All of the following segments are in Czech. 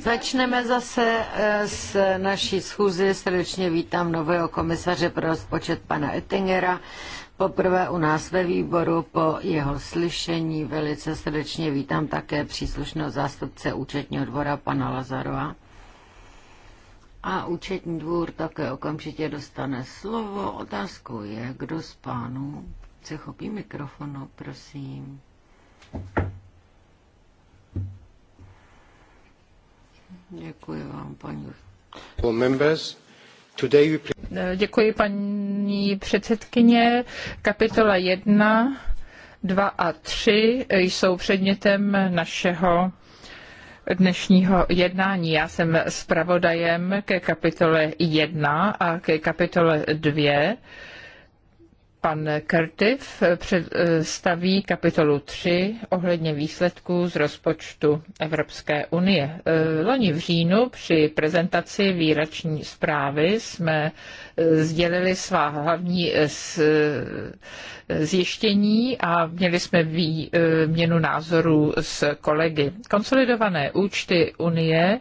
Začneme zase eh, s naší schůzi. Srdečně vítám nového komisaře pro rozpočet pana Ettingera. Poprvé u nás ve výboru po jeho slyšení velice srdečně vítám také příslušného zástupce účetního dvora pana Lazarova. A účetní dvůr také okamžitě dostane slovo. Otázkou je, kdo z pánů se chopí mikrofonu, prosím. Děkuji vám, paní. Eh, děkuji, paní předsedkyně. Kapitola 1, 2 a 3 jsou předmětem našeho dnešního jednání. Já jsem zpravodajem ke kapitole 1 a ke kapitole 2 pan Kertiv představí kapitolu 3 ohledně výsledků z rozpočtu Evropské unie. Loni v říjnu při prezentaci výrační zprávy jsme sdělili svá hlavní zjištění a měli jsme výměnu názorů s kolegy. Konsolidované účty unie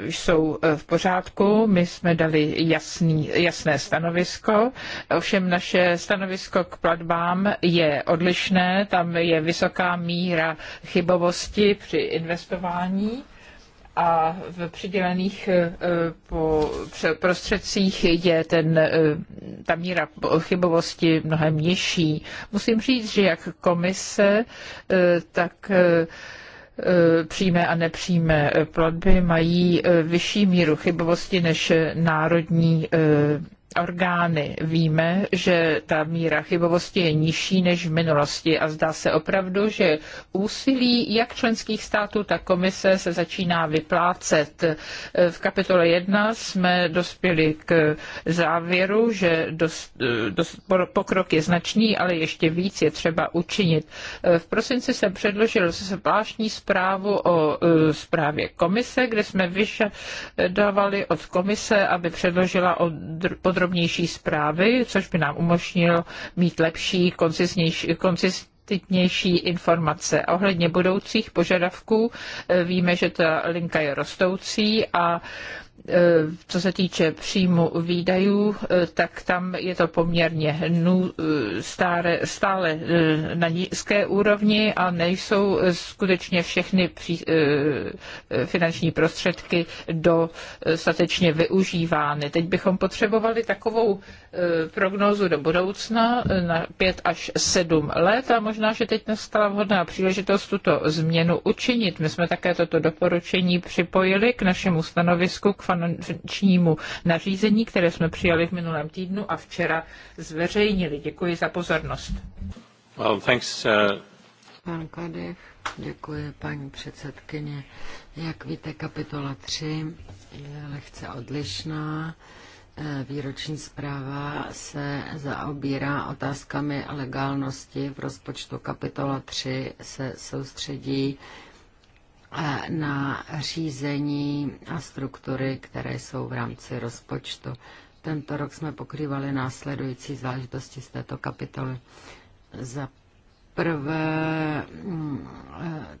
jsou eh, v pořádku. My jsme dali jasný, jasné stanovisko. Ovšem naše stanovisko k platbám je odlišné. Tam je vysoká míra chybovosti při investování a v přidělených eh, po prostředcích je ten, eh, ta míra chybovosti mnohem nižší. Musím říct, že jak komise, tak Eh, přímé a nepřímé eh, platby mají eh, vyšší míru chybovosti než národní orgány. Víme, že ta míra chybovosti je nižší než v minulosti a zdá se opravdu, že úsilí jak členských států, tak komise se začíná vyplácet. V kapitole 1 jsme dospěli k závěru, že dost, dost, pokrok je značný, ale ještě víc je třeba učinit. V prosinci jsem předložil zvláštní zprávu o e, zprávě komise, kde jsme vyžadovali od komise, aby předložila podrobnosti podrobnější zprávy, což by nám umožnilo mít lepší, koncistnější informace explicitnější informace. Ohledně budoucích požadavků eh, víme, že ta linka je rostoucí a Eh, co se týče příjmu výdajů, eh, tak tam je to poměrně eh, stále, stále na nízké úrovni a nejsou skutečně všechny finanční prostředky dostatečně využívány. Teď bychom potřebovali takovou E, prognózu do budoucna na pět až sedm let a možná, že teď nastala vhodná příležitost tuto změnu učinit. My jsme také toto doporučení připojili k našemu stanovisku k finančnímu nařízení, které jsme přijali v minulém týdnu a včera zveřejnili. Děkuji za pozornost. Well, thanks, uh... Pan Kadech, děkuji paní předsedkyně. Jak víte, kapitola 3 je lehce odlišná E, výroční zpráva se zaobírá otázkami legálnosti v rozpočtu. Kapitola 3 se soustředí e, na řízení a struktury, které jsou v rámci rozpočtu. Tento rok jsme pokrývali následující záležitosti z této kapitoly. Za prvé mm, e,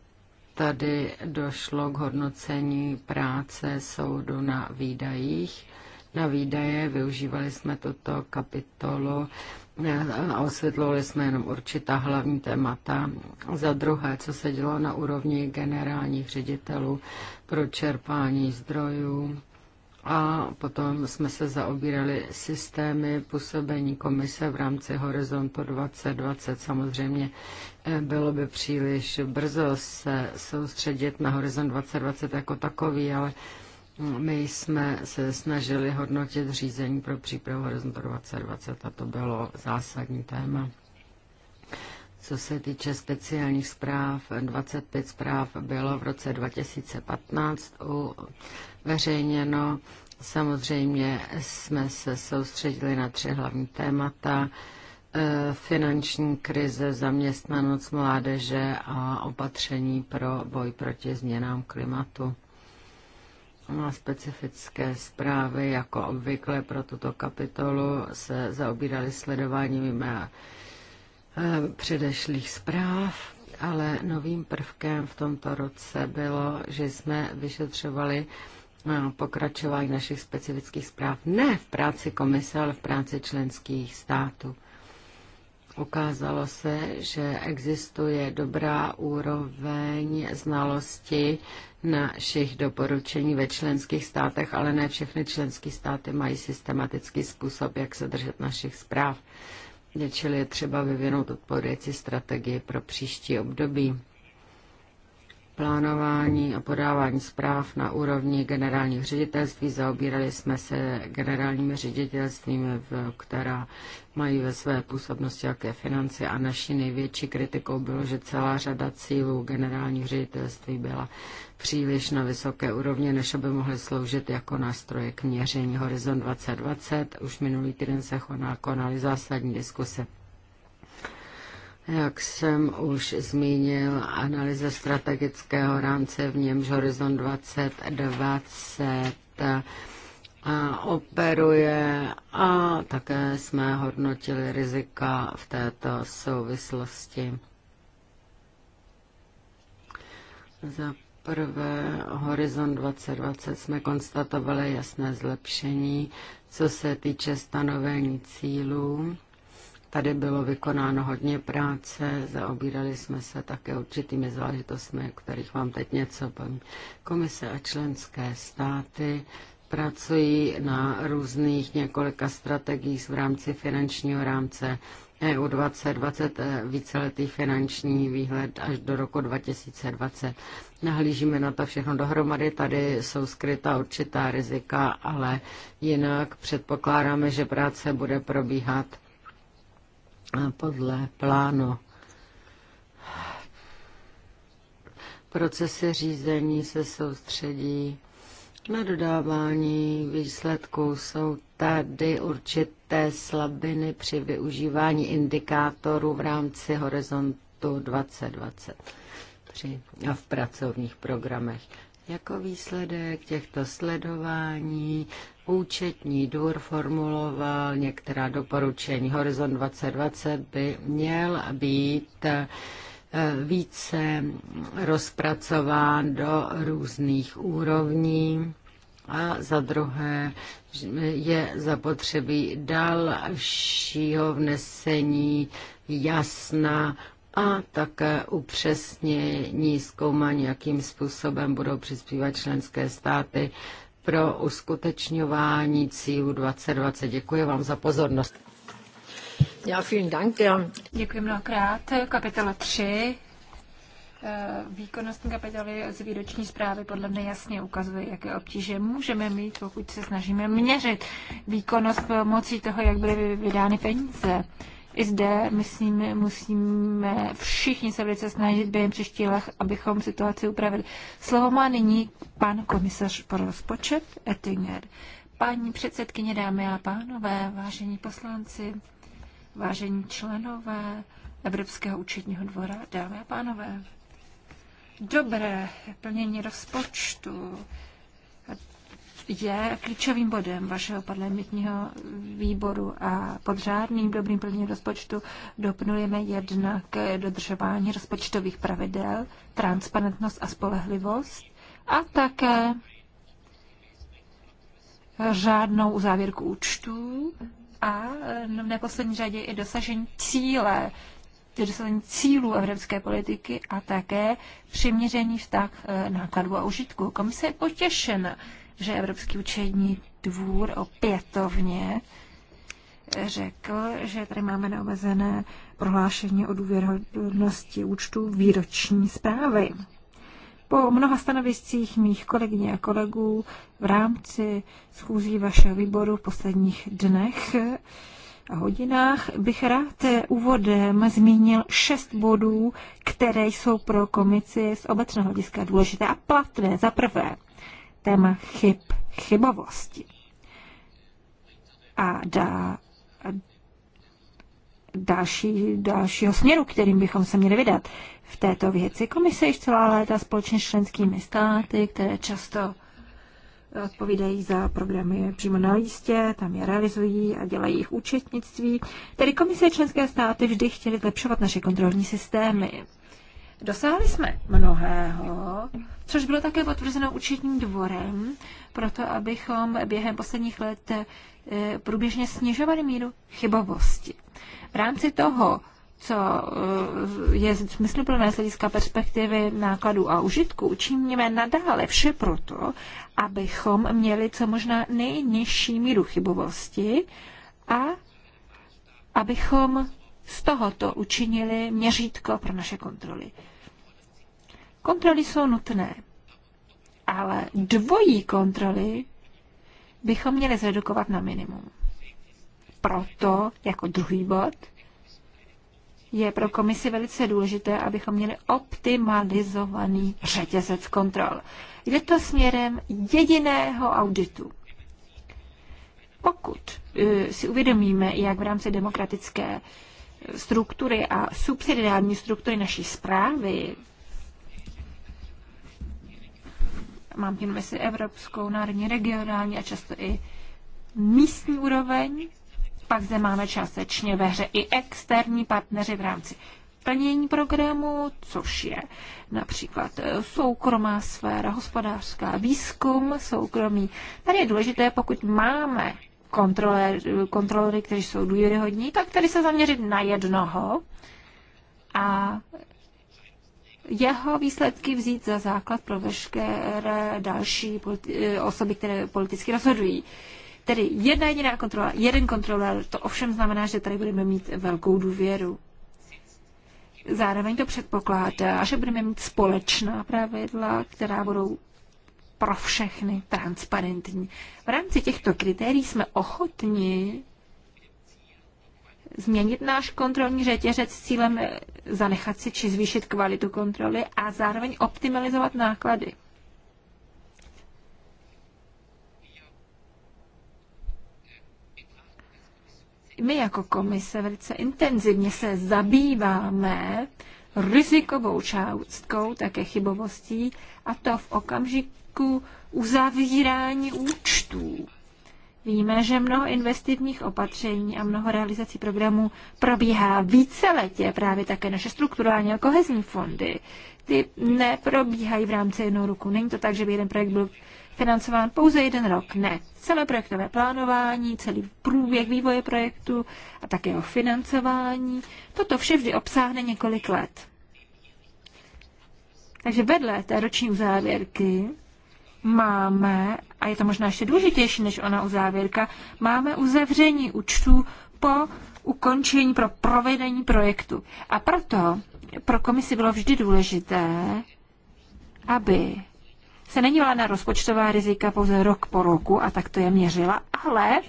tady došlo k hodnocení práce soudu na výdajích na výdaje. Využívali jsme tuto kapitolu eh, a osvětlovali jsme jenom určitá hlavní témata. Za druhé, co se dělo na úrovni generálních ředitelů pro čerpání zdrojů. A potom jsme se zaobírali systémy působení komise v rámci Horizontu 2020. Samozřejmě eh, bylo by příliš brzo se soustředit na Horizont 2020 jako takový, ale my jsme se snažili hodnotit řízení pro přípravu horizontu 2020 a to bylo zásadní téma. Co se týče speciálních zpráv, 25 zpráv bylo v roce 2015 uveřejněno. Samozřejmě jsme se soustředili na tři hlavní témata. E, finanční krize, zaměstnanost mládeže a opatření pro boj proti změnám klimatu má specifické zprávy, jako obvykle pro tuto kapitolu se zaobírali sledováním mé eh, předešlých zpráv, ale novým prvkem v tomto roce bylo, že jsme vyšetřovali eh, pokračování našich specifických zpráv ne v práci komise, ale v práci členských států. Ukázalo se, že existuje dobrá úroveň znalosti našich doporučení ve členských státech, ale ne všechny členské státy mají systematický způsob, jak se držet našich zpráv. Čili je třeba vyvinout odpovědějící strategii pro příští období plánování a podávání zpráv na úrovni generálních ředitelství. Zaobírali jsme se generálními ředitelstvími, která mají ve své působnosti jaké finance a naší největší kritikou bylo, že celá řada cílů generálních ředitelství byla příliš na vysoké úrovni, než aby mohly sloužit jako nástroje k měření Horizon 2020. Už minulý týden se konaly zásadní diskuse jak jsem už zmínil, analýza strategického rámce v němž Horizon 2020 a operuje a také jsme hodnotili rizika v této souvislosti. Za prvé Horizon 2020 jsme konstatovali jasné zlepšení, co se týče stanovení cílů Tady bylo vykonáno hodně práce, zaobírali jsme se také určitými záležitostmi, o kterých vám teď něco povím. Komise a členské státy pracují na různých několika strategiích v rámci finančního rámce EU 2020, eh, víceletý finanční výhled až do roku 2020. Nahlížíme na to všechno dohromady, tady jsou skryta určitá rizika, ale jinak předpokládáme, že práce bude probíhat podle plánu. Procesy řízení se soustředí na dodávání výsledků. Jsou tady určité slabiny při využívání indikátorů v rámci horizontu 2020 při, a v pracovních programech. Jako výsledek těchto sledování Účetní dvůr formuloval některá doporučení. Horizont 2020 by měl být eh, více rozpracován do různých úrovní. A za druhé je zapotřebí dalšího vnesení jasna a také upřesnění zkoumání, jakým způsobem budou přispívat členské státy pro uskutečňování cílu 2020. Děkuji vám za pozornost. Já vielen Dank. Děkuji mnohokrát. Kapitola 3. Eh, výkonnostní kapitoly z výroční zprávy podle mě jasně ukazuje, jaké obtíže můžeme mít, pokud se snažíme měřit výkonnost pomocí toho, jak byly vydány peníze. I zde, myslím, musíme všichni se velice snažit během příští let, abychom situaci upravili. Slovo má nyní pan komisař pro rozpočet Ettinger. Paní předsedkyně, dámy a pánové, vážení poslanci, vážení členové Evropského účetního dvora, dámy a pánové, dobré plnění rozpočtu je klíčovým bodem vašeho parlamentního výboru a pod řádným dobrým plněním rozpočtu doplňujeme jednak dodržování rozpočtových pravidel, transparentnost a spolehlivost a také řádnou uzávěrku účtů a v neposlední řadě i dosažení cíle dosažení cílů evropské politiky a také přiměřený vztah eh, nákladů a užitku. Komise je potěšena, že Evropský učení dvůr opětovně řekl, že tady máme neomezené prohlášení o důvěrhodnosti účtu výroční zprávy. Po mnoha stanoviscích mých kolegyně a kolegů v rámci schůzí vašeho výboru v posledních dnech a hodinách bych rád úvodem zmínil šest bodů, které jsou pro komici z obecného hlediska důležité a platné. Za prvé, téma chyb, chybovosti. A dá, další, dalšího směru, kterým bychom se měli vydat v této věci. Komise již celá léta společně s členskými státy, které často odpovídají za programy přímo na místě, tam je realizují a dělají jejich účetnictví. Tedy komise členské státy vždy chtěly zlepšovat naše kontrolní systémy. Dosáhli jsme mnohého, což bylo také potvrzeno účetním dvorem, proto abychom během posledních let eh, průběžně snižovali míru chybovosti. V rámci toho, co eh, je smysluplné z hlediska perspektivy nákladů a užitku, učiníme nadále vše proto, abychom měli co možná nejnižší míru chybovosti a abychom z tohoto učinili měřítko pro naše kontroly. Kontroly jsou nutné, ale dvojí kontroly bychom měli zredukovat na minimum. Proto, jako druhý bod, je pro komisi velice důležité, abychom měli optimalizovaný řetězec kontrol. Jde to směrem jediného auditu. Pokud eh, si uvědomíme, jak v rámci demokratické struktury a subsidiární struktury naší zprávy mám tím mysli evropskou, národní, regionální a často i místní úroveň. Pak zde máme částečně ve hře i externí partneři v rámci plnění programu, což je například eh, soukromá sféra, hospodářská, výzkum, soukromí. Tady je důležité, pokud máme kontrolory, kteří jsou důvěryhodní, tak tady se zaměřit na jednoho a jeho výsledky vzít za základ pro veškeré další eh, osoby, které politicky rozhodují. Tedy jedna jediná kontrola, jeden kontroler, to ovšem znamená, že tady budeme mít velkou důvěru. Zároveň to předpokládá, že budeme mít společná pravidla, která budou pro všechny transparentní. V rámci těchto kritérií jsme ochotni změnit náš kontrolní řetěřec s cílem eh, zanechat si či zvýšit kvalitu kontroly a zároveň optimalizovat náklady. My jako komise velice intenzivně se zabýváme rizikovou částkou, také chybovostí, a to v okamžiku uzavírání účtů. Víme, že mnoho investivních opatření a mnoho realizací programů probíhá víceletě, právě také naše strukturální a kohezní fondy. Ty neprobíhají v rámci jednoho roku. Není to tak, že by jeden projekt byl financován pouze jeden rok. Ne. Celé projektové plánování, celý průběh vývoje projektu a také jeho financování. Toto vše vždy obsáhne několik let. Takže vedle té roční uzávěrky máme, a je to možná ještě důležitější než ona uzávěrka, máme uzavření účtů po ukončení pro provedení projektu. A proto pro komisi bylo vždy důležité, aby se nedívala na rozpočtová rizika pouze rok po roku a tak to je měřila, ale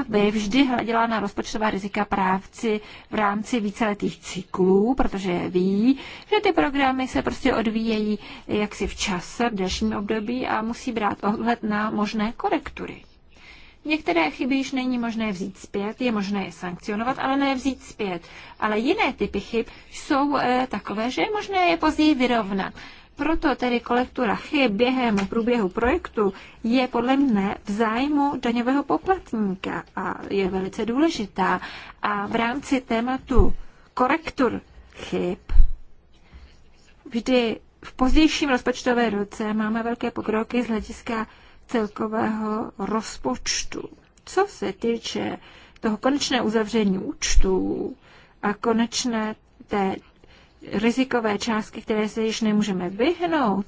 aby vždy hleděla na rozpočtová rizika právci v rámci víceletých cyklů, protože ví, že ty programy se prostě odvíjejí jaksi v čase, v dalším období a musí brát ohled na možné korektury. Některé chyby již není možné vzít zpět, je možné je sankcionovat, ale ne vzít zpět. Ale jiné typy chyb jsou e, takové, že je možné je později vyrovnat. Proto tedy kolektura chyb během průběhu projektu je podle mne v zájmu daňového poplatníka a je velice důležitá. A v rámci tématu korektur chyb vždy v pozdějším rozpočtové roce máme velké pokroky z hlediska celkového rozpočtu. Co se týče toho konečné uzavření účtů a konečné té rizikové částky, které se již nemůžeme vyhnout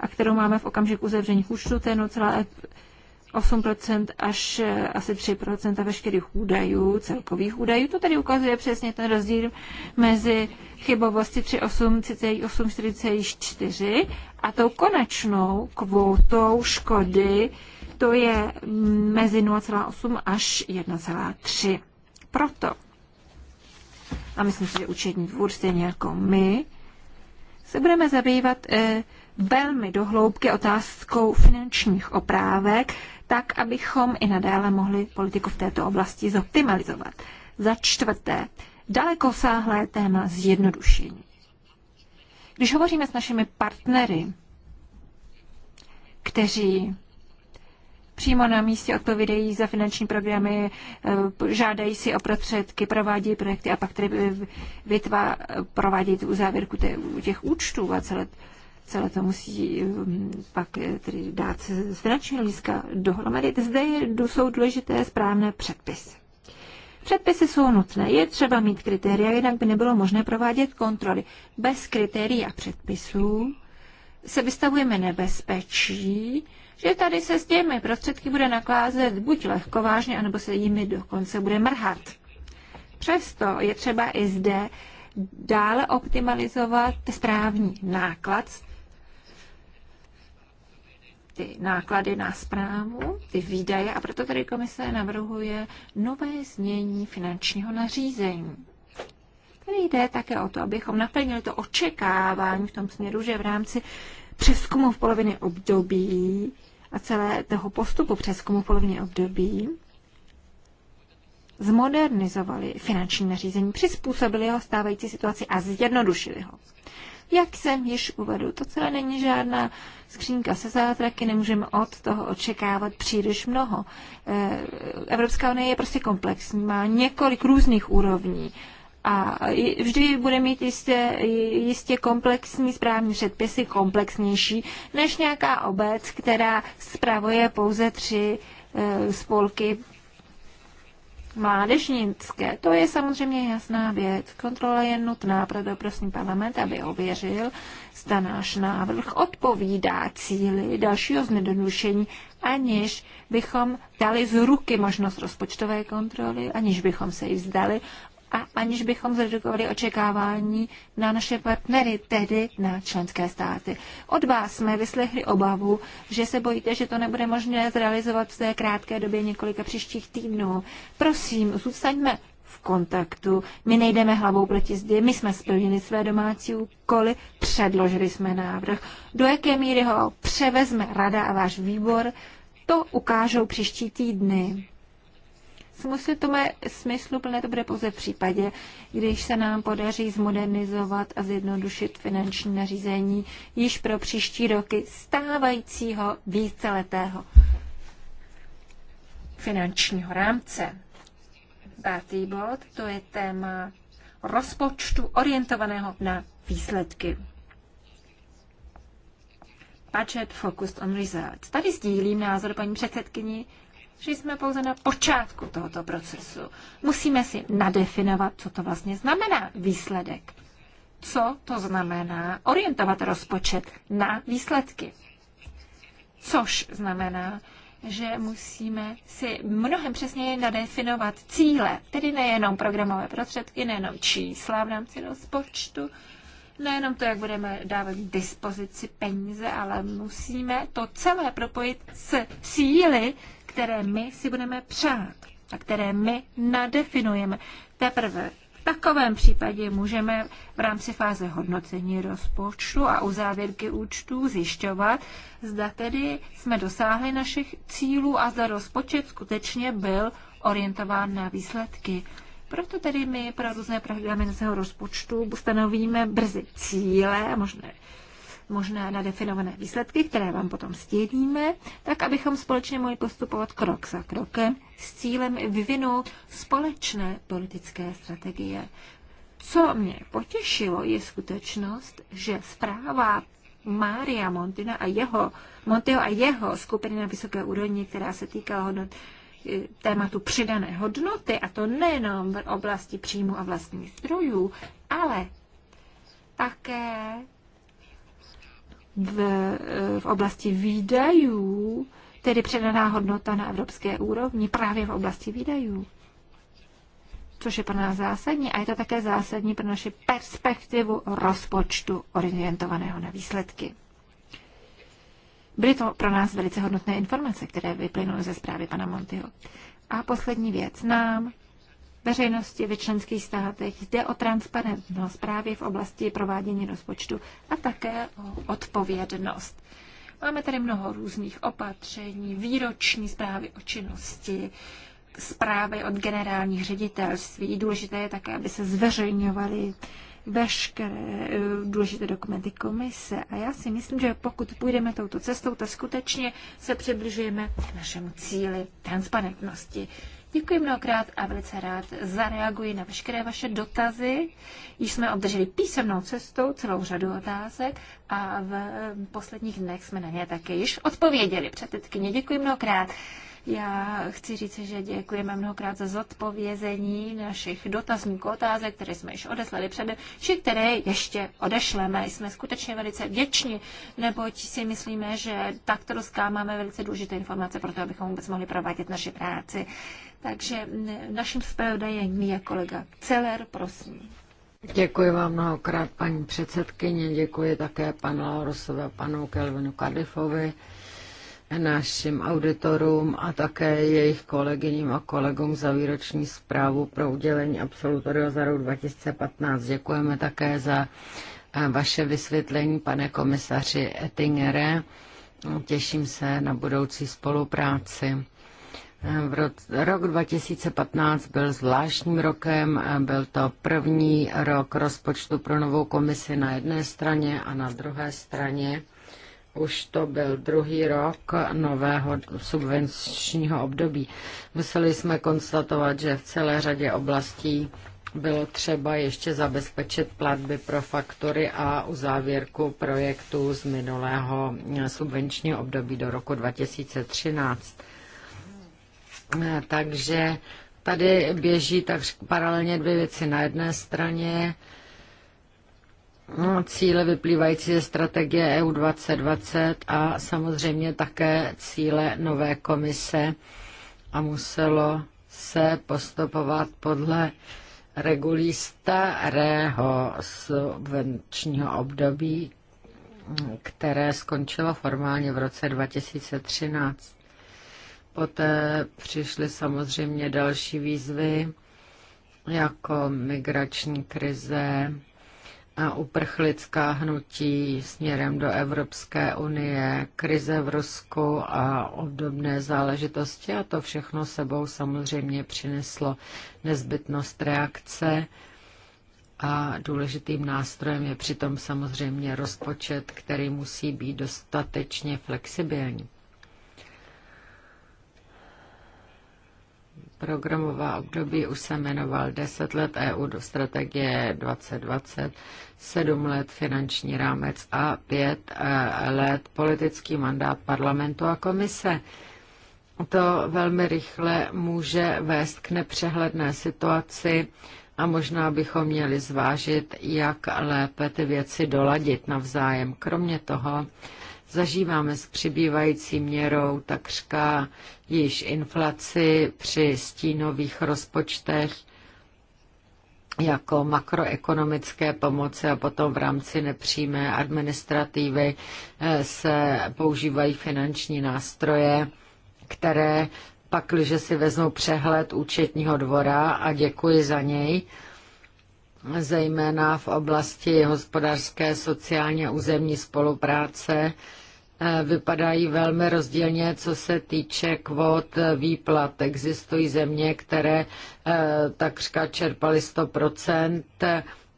a kterou máme v okamžiku uzavření účtu, to je 0,8% e- až e, asi 3% veškerých údajů, celkových údajů. To tady ukazuje přesně ten rozdíl mezi chybovosti 3,8, 3,8, a tou konečnou kvótou škody, to je mezi 0,8 až 1,3. Proto a myslím si, že účetní dvůr stejně jako my, se budeme zabývat e, velmi dohloubky otázkou finančních oprávek, tak, abychom i nadále mohli politiku v této oblasti zoptimalizovat. Za čtvrté, sáhlé téma zjednodušení. Když hovoříme s našimi partnery, kteří přímo na místě odpovídají za finanční programy, eh, žádají si o prostředky, provádějí projekty a pak tedy vytvá, provádějí tu závěrku těch účtů a celé, celé to musí eh, pak eh, tedy dát z finančního hlediska dohromady. Zde jsou důležité správné předpisy. Předpisy jsou nutné, je třeba mít kritéria, jinak by nebylo možné provádět kontroly. Bez kritérií a předpisů se vystavujeme nebezpečí, že tady se s těmi prostředky bude nakládat buď lehkovážně, anebo se jimi dokonce bude mrhat. Přesto je třeba i zde dále optimalizovat správní náklad, ty náklady na správu, ty výdaje a proto tady komise navrhuje nové změní finančního nařízení. Tady jde také o to, abychom naplnili to očekávání v tom směru, že v rámci přeskumu v polovině období a celé toho postupu přeskumu v polovině období zmodernizovali finanční nařízení, přizpůsobili ho stávající situaci a zjednodušili ho. Jak jsem již uvedl, to celé není žádná skřínka se zátraky, nemůžeme od toho očekávat příliš mnoho. Eh, Evropská unie je prostě komplexní, má několik různých úrovní a vždy bude mít jistě, jistě komplexní správní předpisy, komplexnější než nějaká obec, která spravuje pouze tři e, spolky mládežnické. To je samozřejmě jasná věc. Kontrola je nutná, proto prosím parlament, aby ověřil, zda náš návrh odpovídá cíli dalšího znedonušení, aniž bychom dali z ruky možnost rozpočtové kontroly, aniž bychom se jí vzdali a aniž bychom zredukovali očekávání na naše partnery, tedy na členské státy. Od vás jsme vyslechli obavu, že se bojíte, že to nebude možné zrealizovat v té krátké době několika příštích týdnů. Prosím, zůstaňme v kontaktu. My nejdeme hlavou proti zdi, my jsme splnili své domácí úkoly, předložili jsme návrh. Do jaké míry ho převezme rada a váš výbor, to ukážou příští týdny smysl, to mé smyslu plné to bude pouze v případě, když se nám podaří zmodernizovat a zjednodušit finanční nařízení již pro příští roky stávajícího víceletého finančního rámce. Pátý bod, to je téma rozpočtu orientovaného na výsledky. Budget Focused on Results. Tady sdílím názor paní předsedkyni že jsme pouze na počátku tohoto procesu. Musíme si nadefinovat, co to vlastně znamená výsledek. Co to znamená orientovat rozpočet na výsledky. Což znamená, že musíme si mnohem přesněji nadefinovat cíle, tedy nejenom programové prostředky, nejenom čísla v rámci rozpočtu, nejenom to, jak budeme dávat k dispozici peníze, ale musíme to celé propojit s cíly, které my si budeme přát a které my nadefinujeme. Teprve v takovém případě můžeme v rámci fáze hodnocení rozpočtu a uzávěrky účtů zjišťovat, zda tedy jsme dosáhli našich cílů a zda rozpočet skutečně byl orientován na výsledky. Proto tedy my pro různé programy našeho rozpočtu stanovíme brzy cíle, možné možná nadefinované výsledky, které vám potom sdělíme, tak abychom společně mohli postupovat krok za krokem s cílem vyvinout společné politické strategie. Co mě potěšilo, je skutečnost, že zpráva Mária Montina a jeho, Monteo a jeho skupiny na vysoké úrovni, která se týkala hodnot, eh, tématu přidané hodnoty, a to nejenom v oblasti příjmu a vlastních zdrojů, ale také v, eh, v oblasti výdajů, tedy předaná hodnota na evropské úrovni právě v oblasti výdajů. Což je pro nás zásadní a je to také zásadní pro naši perspektivu rozpočtu orientovaného na výsledky. Byly to pro nás velice hodnotné informace, které vyplynuly ze zprávy pana Montyho. A poslední věc. Nám veřejnosti ve členských státech. Jde o transparentnost právě v oblasti provádění rozpočtu a také o odpovědnost. Máme tady mnoho různých opatření, výroční zprávy o činnosti, zprávy od generálních ředitelství. Důležité je také, aby se zveřejňovaly veškeré eh, důležité dokumenty komise. A já si myslím, že pokud půjdeme touto cestou, tak skutečně se přibližujeme k našemu cíli transparentnosti. Děkuji mnohokrát a velice rád zareaguji na veškeré vaše dotazy. Již jsme obdrželi písemnou cestou celou řadu otázek a v posledních dnech jsme na ně také již odpověděli. Předtedkyně, děkuji mnohokrát. Já chci říct, že děkujeme mnohokrát za zodpovězení našich dotazníků otázek, které jsme již odeslali předem, či které ještě odešleme. Jsme skutečně velice vděční, neboť si myslíme, že takto máme velice důležité informace pro to, abychom vůbec mohli provádět naši práci. Takže naším zpravodajem je kolega Celer, prosím. Děkuji vám mnohokrát, paní předsedkyně, děkuji také panu Laurosovi a panu Kelvinu Kadifovi našim auditorům a také jejich kolegyním a kolegům za výroční zprávu pro udělení absolutoria za rok 2015. Děkujeme také za eh, vaše vysvětlení, pane komisaři Ettingere. Těším se na budoucí spolupráci. Eh, rok 2015 byl zvláštním rokem, eh, byl to první rok rozpočtu pro novou komisi na jedné straně a na druhé straně už to byl druhý rok nového subvenčního období. Museli jsme konstatovat, že v celé řadě oblastí bylo třeba ještě zabezpečit platby pro faktory a uzávěrku projektů z minulého subvenčního období do roku 2013. Takže tady běží tak paralelně dvě věci. Na jedné straně No, cíle vyplývající ze strategie EU 2020 a samozřejmě také cíle nové komise a muselo se postupovat podle regulí starého subvenčního období, které skončilo formálně v roce 2013. Poté přišly samozřejmě další výzvy, jako migrační krize, a uprchlická hnutí směrem do Evropské unie, krize v Rusku a obdobné záležitosti. A to všechno sebou samozřejmě přineslo nezbytnost reakce. A důležitým nástrojem je přitom samozřejmě rozpočet, který musí být dostatečně flexibilní. programová období už se jmenoval 10 let EU do strategie 2020, 7 let finanční rámec a 5 eh, let politický mandát parlamentu a komise. To velmi rychle může vést k nepřehledné situaci a možná bychom měli zvážit, jak lépe ty věci doladit navzájem. Kromě toho, Zažíváme s přibývající měrou takřka již inflaci při stínových rozpočtech jako makroekonomické pomoci a potom v rámci nepřímé administrativy eh, se používají finanční nástroje, které pak, když si vezmou přehled účetního dvora a děkuji za něj, zejména v oblasti hospodářské, sociálně územní spolupráce, eh, vypadají velmi rozdílně, co se týče kvót výplat. Existují země, které eh, takřka čerpaly 100%,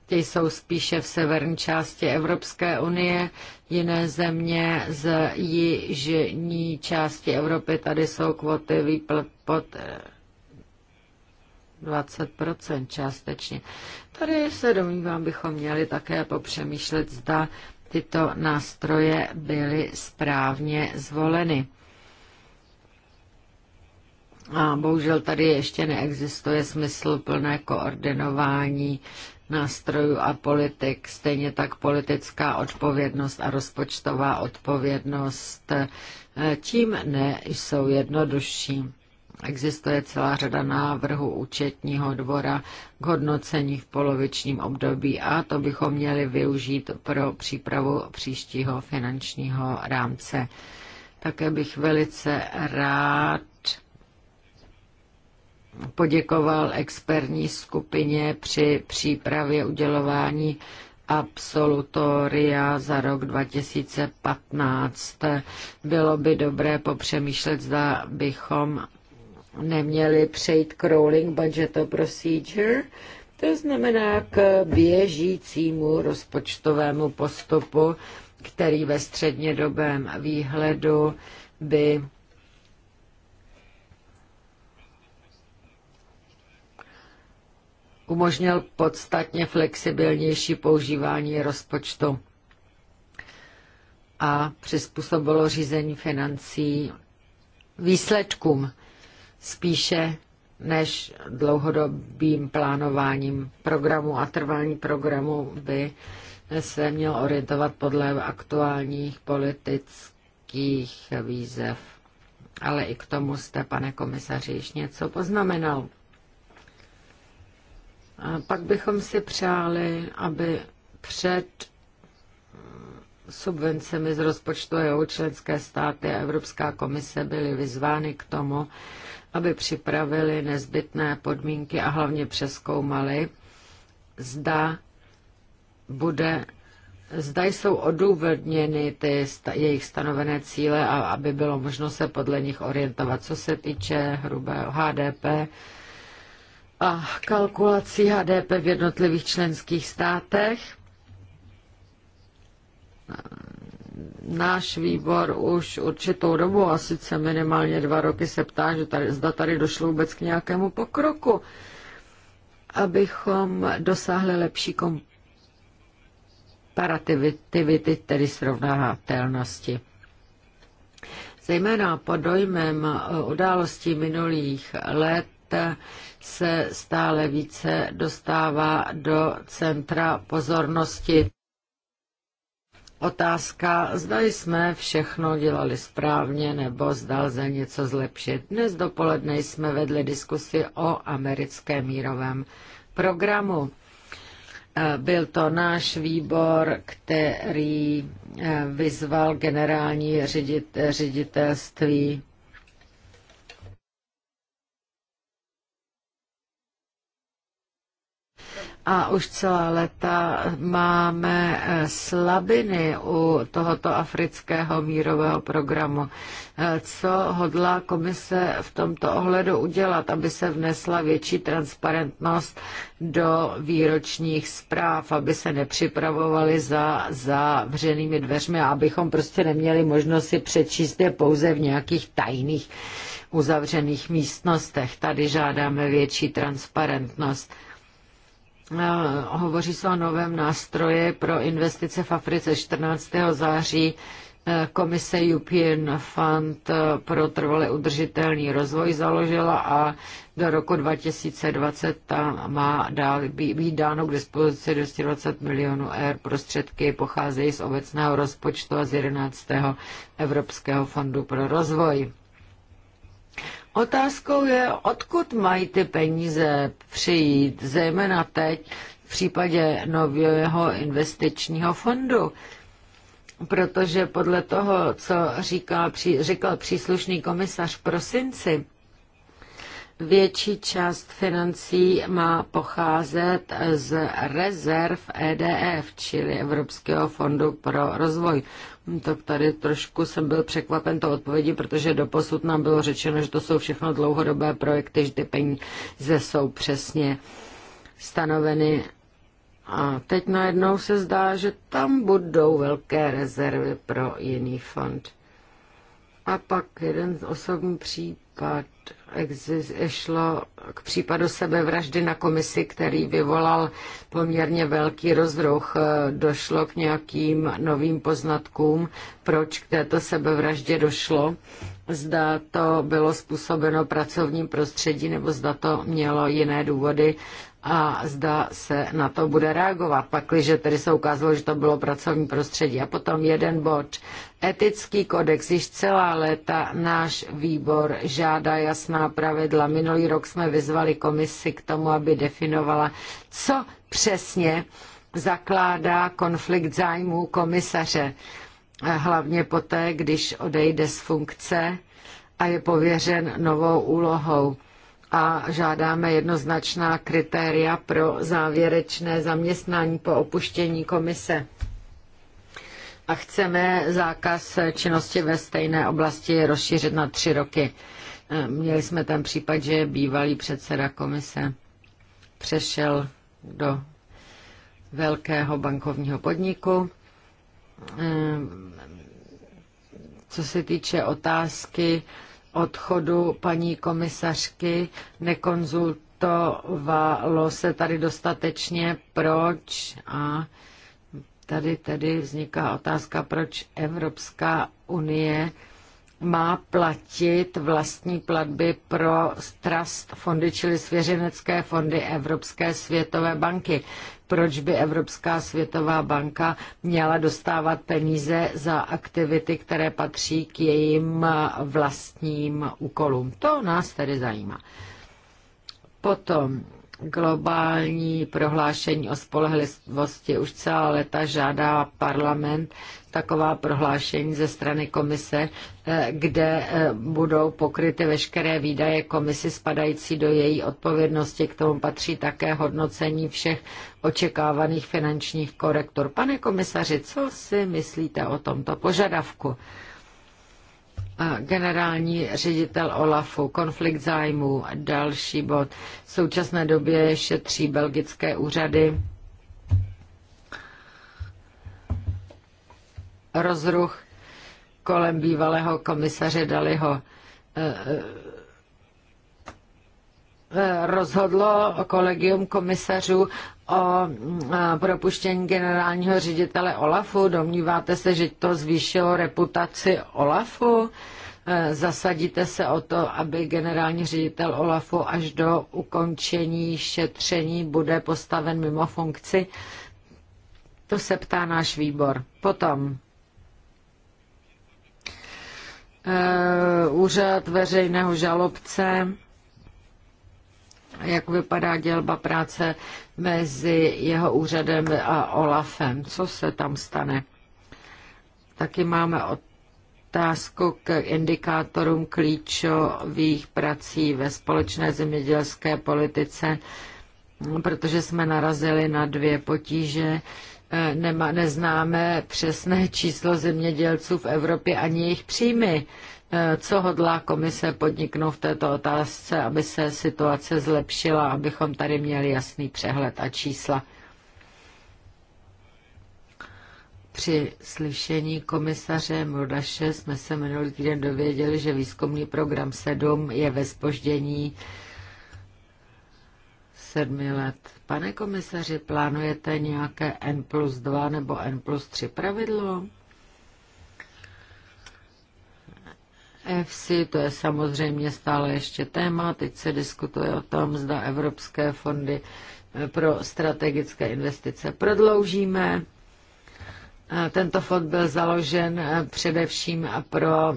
ty jsou spíše v severní části Evropské unie, jiné země z jižní části Evropy, tady jsou kvoty výplat pod eh, 20% částečně. Tady se domnívám, bychom měli také popřemýšlet, zda tyto nástroje byly správně zvoleny. A bohužel tady ještě neexistuje smysl plné koordinování nástrojů a politik, stejně tak politická odpovědnost a rozpočtová odpovědnost, eh, tím ne jsou jednodušší. Existuje celá řada návrhů účetního dvora k hodnocení v polovičním období a to bychom měli využít pro přípravu příštího finančního rámce. Také bych velice rád poděkoval expertní skupině při přípravě udělování absolutoria za rok 2015. Bylo by dobré popřemýšlet, zda bychom neměli přejít k rolling budgeto procedure, to znamená k běžícímu rozpočtovému postupu, který ve střednědobém výhledu by umožnil podstatně flexibilnější používání rozpočtu a přizpůsobilo řízení financí výsledkům spíše než dlouhodobým plánováním programu a trvání programu by se měl orientovat podle aktuálních politických výzev. Ale i k tomu jste, pane komisaři, již něco poznamenal. A pak bychom si přáli, aby před subvencemi z rozpočtu EU členské státy a Evropská komise byly vyzvány k tomu, aby připravili nezbytné podmínky a hlavně přeskoumali, zda bude Zda jsou odůvodněny ty sta, jejich stanovené cíle a aby bylo možno se podle nich orientovat. Co se týče hrubého HDP a kalkulací HDP v jednotlivých členských státech, náš výbor už určitou dobu, a sice minimálně dva roky, se ptá, že tady, zda tady došlo vůbec k nějakému pokroku, abychom dosáhli lepší komparativity, tedy srovnatelnosti. Zejména pod dojmem eh, událostí minulých let se stále více dostává do centra pozornosti Otázka, zda jsme všechno dělali správně nebo zda lze něco zlepšit. Dnes dopoledne jsme vedli diskusi o americkém mírovém programu. Eh, byl to náš výbor, který eh, vyzval generální ředit, ředitelství a už celá léta máme eh, slabiny u tohoto afrického mírového programu. Eh, co hodlá komise v tomto ohledu udělat, aby se vnesla větší transparentnost do výročních zpráv, aby se nepřipravovali za zavřenými dveřmi a abychom prostě neměli možnost si přečíst je pouze v nějakých tajných uzavřených místnostech. Tady žádáme větší transparentnost Eh, hovoří se o novém nástroji pro investice v Africe 14. září. Eh, komise European Fund eh, pro trvalý udržitelný rozvoj založila a do roku 2020 tam má dál, být dáno k dispozici 220 milionů eur. Prostředky pocházejí z obecného rozpočtu a z 11. Evropského fondu pro rozvoj. Otázkou je, odkud mají ty peníze přijít, zejména teď v případě nového investičního fondu. Protože podle toho, co říkal, říkal příslušný komisař v prosinci, Větší část financí má pocházet z rezerv EDF, čili Evropského fondu pro rozvoj. Tak tady trošku jsem byl překvapen to odpovědi, protože doposud nám bylo řečeno, že to jsou všechno dlouhodobé projekty, že ty peníze jsou přesně stanoveny. A teď najednou se zdá, že tam budou velké rezervy pro jiný fond. A pak jeden osobní případ šlo k případu sebevraždy na komisi, který vyvolal poměrně velký rozruch. Došlo k nějakým novým poznatkům, proč k této sebevraždě došlo. Zda to bylo způsobeno pracovním prostředí, nebo zda to mělo jiné důvody a zda se na to bude reagovat, pakliže tedy se ukázalo, že to bylo pracovní prostředí. A potom jeden bod. Etický kodex. Již celá léta náš výbor žádá jasná pravidla. Minulý rok jsme vyzvali komisi k tomu, aby definovala, co přesně zakládá konflikt zájmů komisaře. Hlavně poté, když odejde z funkce a je pověřen novou úlohou a žádáme jednoznačná kritéria pro závěrečné zaměstnání po opuštění komise. A chceme zákaz činnosti ve stejné oblasti rozšířit na tři roky. Eh, měli jsme tam případ, že bývalý předseda komise přešel do velkého bankovního podniku. Eh, co se týče otázky odchodu paní komisařky nekonzultovalo se tady dostatečně, proč a tady tedy vzniká otázka, proč Evropská unie má platit vlastní platby pro trust fondy, čili svěřenecké fondy Evropské světové banky. Proč by Evropská světová banka měla dostávat peníze za aktivity, které patří k jejím vlastním úkolům? To nás tedy zajímá. Potom globální prohlášení o spolehlivosti. Už celá leta žádá parlament taková prohlášení ze strany komise, eh, kde eh, budou pokryty veškeré výdaje komisi spadající do její odpovědnosti. K tomu patří také hodnocení všech očekávaných finančních korektur. Pane komisaři, co si myslíte o tomto požadavku? generální ředitel OLAFu, konflikt zájmů, další bod. V současné době šetří belgické úřady rozruch kolem bývalého komisaře Daliho e, e, Eh, rozhodlo kolegium komisařů o eh, propuštění generálního ředitele Olafu. Domníváte se, že to zvýšilo reputaci Olafu? Eh, zasadíte se o to, aby generální ředitel Olafu až do ukončení šetření bude postaven mimo funkci? To se ptá náš výbor. Potom úřad veřejného žalobce jak vypadá dělba práce mezi jeho úřadem a OLAFem. Co se tam stane? Taky máme otázku k indikátorům klíčových prací ve společné zemědělské politice, protože jsme narazili na dvě potíže. E, nema, neznáme přesné číslo zemědělců v Evropě ani jejich příjmy. Eh, co hodlá komise podniknout v této otázce, aby se situace zlepšila, abychom tady měli jasný přehled a čísla? Při slyšení komisaře Mordaše jsme se minulý týden dověděli, že výzkumný program 7 je ve spoždění sedmi let. Pane komisaři, plánujete nějaké N plus 2 nebo N plus 3 pravidlo? EFSI, to je samozřejmě stále ještě téma. Teď se diskutuje o tom, zda evropské fondy eh, pro strategické investice prodloužíme. Eh, tento fond byl založen eh, především pro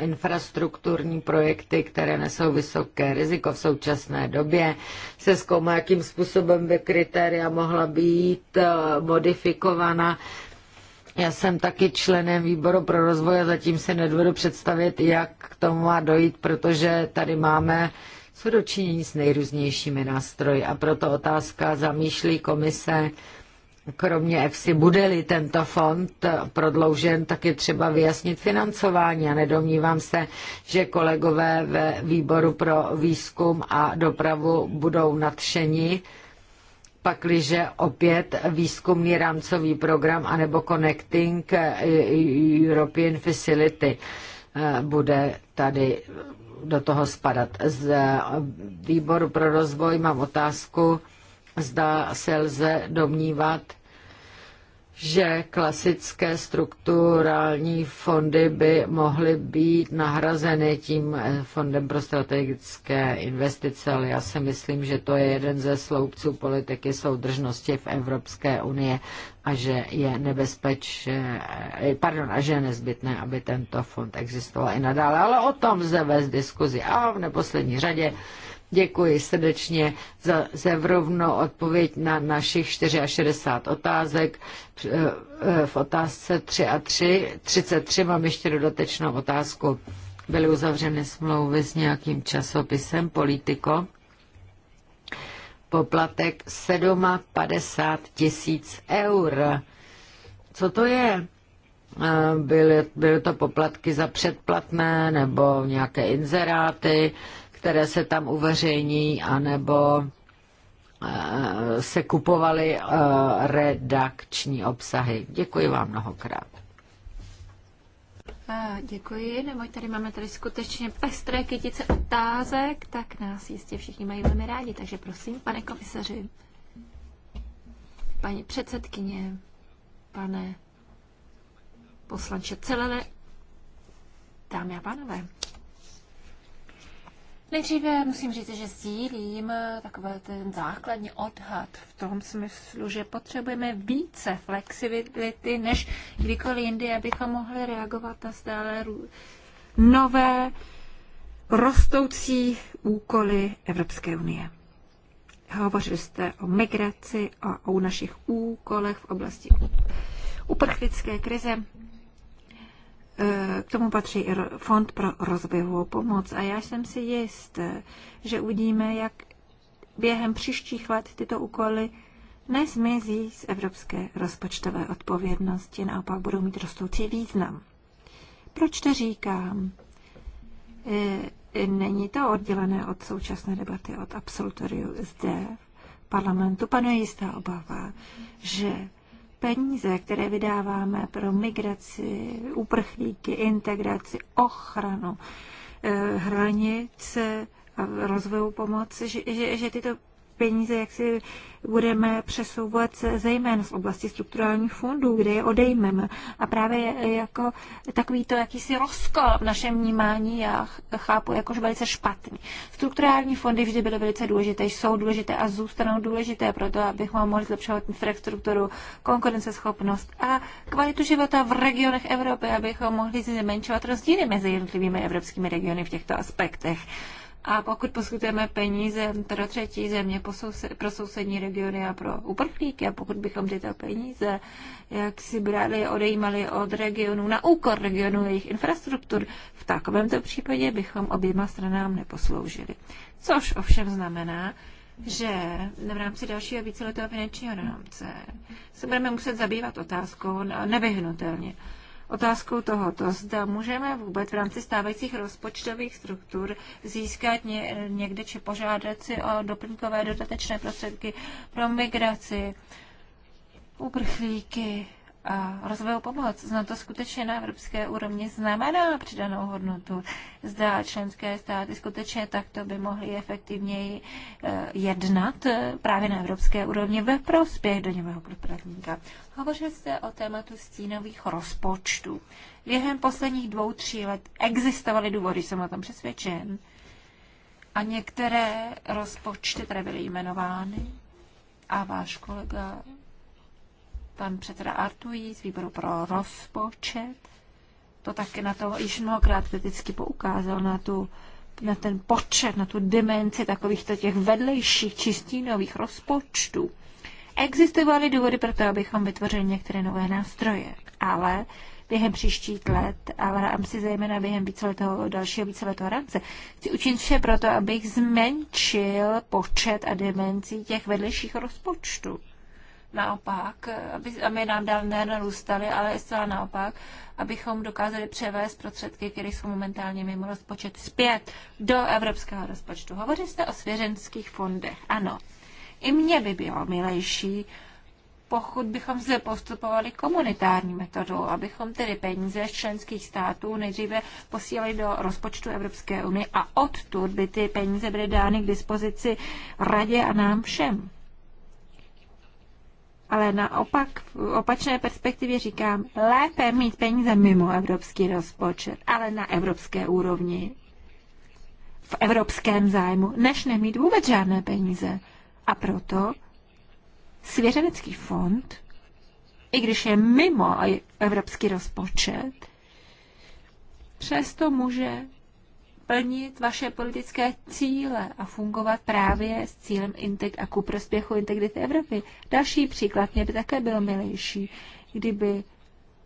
infrastrukturní projekty, které nesou vysoké riziko v současné době. Se zkoumá, jakým způsobem by kritéria mohla být modifikovaná já jsem taky členem výboru pro rozvoj a zatím se nedovedu představit, jak k tomu má dojít, protože tady máme co dočinění s nejrůznějšími nástroji. A proto otázka zamýšlí komise, kromě EFSI, bude-li tento fond prodloužen, tak je třeba vyjasnit financování. A nedomnívám se, že kolegové ve výboru pro výzkum a dopravu budou nadšeni, pakliže opět výzkumný rámcový program anebo Connecting European Facility eh, bude tady do toho spadat. Z výboru pro rozvoj mám otázku, zda se lze domnívat, že klasické strukturální fondy by mohly být nahrazeny tím eh, fondem pro strategické investice, ale já si myslím, že to je jeden ze sloupců politiky soudržnosti v Evropské unii a že je nebezpeč, eh, pardon, a že je nezbytné, aby tento fond existoval i nadále. Ale o tom zde vést diskuzi a v neposlední řadě Děkuji srdečně za zevrovnou odpověď na našich 64 otázek. Eh, v otázce 3 a 3, 33 mám ještě dodatečnou otázku. Byly uzavřeny smlouvy s nějakým časopisem Politico. Poplatek 750 tisíc eur. Co to je? Eh, byly, byly to poplatky za předplatné nebo nějaké inzeráty? které se tam uveřejní, anebo eh, se kupovaly eh, redakční obsahy. Děkuji vám mnohokrát. Děkuji, neboť tady máme tady skutečně pestré kytice otázek, tak nás jistě všichni mají velmi rádi, takže prosím, pane komisaři, paní předsedkyně, pane poslanče Celele, dámy a pánové. Nejdříve musím říct, že sdílím eh, takový ten základní odhad v tom smyslu, že potřebujeme více flexibility než kdykoliv jindy, abychom mohli reagovat na stále nové rostoucí úkoly Evropské unie. Hovořili jste o migraci a o našich úkolech v oblasti uprchlické krize. Eh, k tomu patří i Fond pro rozvojovou pomoc a já jsem si jist, že uvidíme, jak během příštích let tyto úkoly nezmizí z evropské rozpočtové odpovědnosti, naopak budou mít rostoucí význam. Proč to říkám? Eh, není to oddělené od současné debaty, od absolutoriu zde v parlamentu. Panuje jistá obava, že peníze, které vydáváme pro migraci, uprchlíky, integraci, ochranu eh, hranic rozvoju rozvojovou pomoc, že, že, že tyto peníze, jak si budeme přesouvat zejména z oblasti strukturálních fondů, kde je odejmeme. A právě jako takový to jakýsi rozkol v našem vnímání já chápu jakož velice špatný. Strukturální fondy vždy byly velice důležité, jsou důležité a zůstanou důležité pro to, abychom mohli zlepšovat infrastrukturu, konkurenceschopnost a kvalitu života v regionech Evropy, abychom mohli zmenšovat rozdíly mezi jednotlivými evropskými regiony v těchto aspektech. A pokud poskytujeme peníze pro třetí země, pro, sousední regiony a pro uprchlíky, a pokud bychom tyto peníze jak si brali, odejímali od regionu na úkor regionu jejich infrastruktur, v takovémto případě bychom oběma stranám neposloužili. Což ovšem znamená, že v rámci dalšího víceletého finančního rámce se budeme muset zabývat otázkou nevyhnutelně otázkou tohoto, zda můžeme vůbec v rámci stávajících rozpočtových struktur získat ně, někde či požádat si o doplňkové dodatečné prostředky pro migraci, uprchlíky, a rozvojovou pomoc. Zna to skutečně na evropské úrovni znamená přidanou hodnotu. Zda členské státy skutečně takto by mohly efektivněji eh, jednat eh, právě na evropské úrovni ve prospěch daňového poplatníka. Hovořil jste o tématu stínových rozpočtů. Během posledních dvou, tří let existovaly důvody, jsem o tom přesvědčen. A některé rozpočty tady byly jmenovány a váš kolega pan předseda Artují z výboru pro rozpočet, to taky na to již mnohokrát kriticky poukázal, na, tu, na ten počet, na tu dimenzi takovýchto těch vedlejších čistínových rozpočtů. Existovaly důvody pro to, abychom vytvořili některé nové nástroje, ale během příštích let a v rámci zejména během víceletého, dalšího víceletého rámce. Chci učinit vše proto, abych zmenšil počet a dimenzí těch vedlejších rozpočtů naopak, aby, aby nám dál nerůstaly, ale zcela naopak, abychom dokázali převést prostředky, které jsou momentálně mimo rozpočet, zpět do evropského rozpočtu. Hovoří jste o svěřenských fondech. Ano, i mně by bylo milejší, pokud bychom se postupovali komunitární metodou, abychom tedy peníze z členských států nejdříve posílali do rozpočtu Evropské unie a odtud by ty peníze byly dány k dispozici radě a nám všem ale naopak v opačné perspektivě říkám, lépe mít peníze mimo evropský rozpočet, ale na evropské úrovni, v evropském zájmu, než nemít vůbec žádné peníze. A proto svěřenecký fond, i když je mimo evropský rozpočet, přesto může plnit vaše politické cíle a fungovat právě s cílem integ a ku prospěchu integrity Evropy. Další příklad mě by také byl milejší, kdyby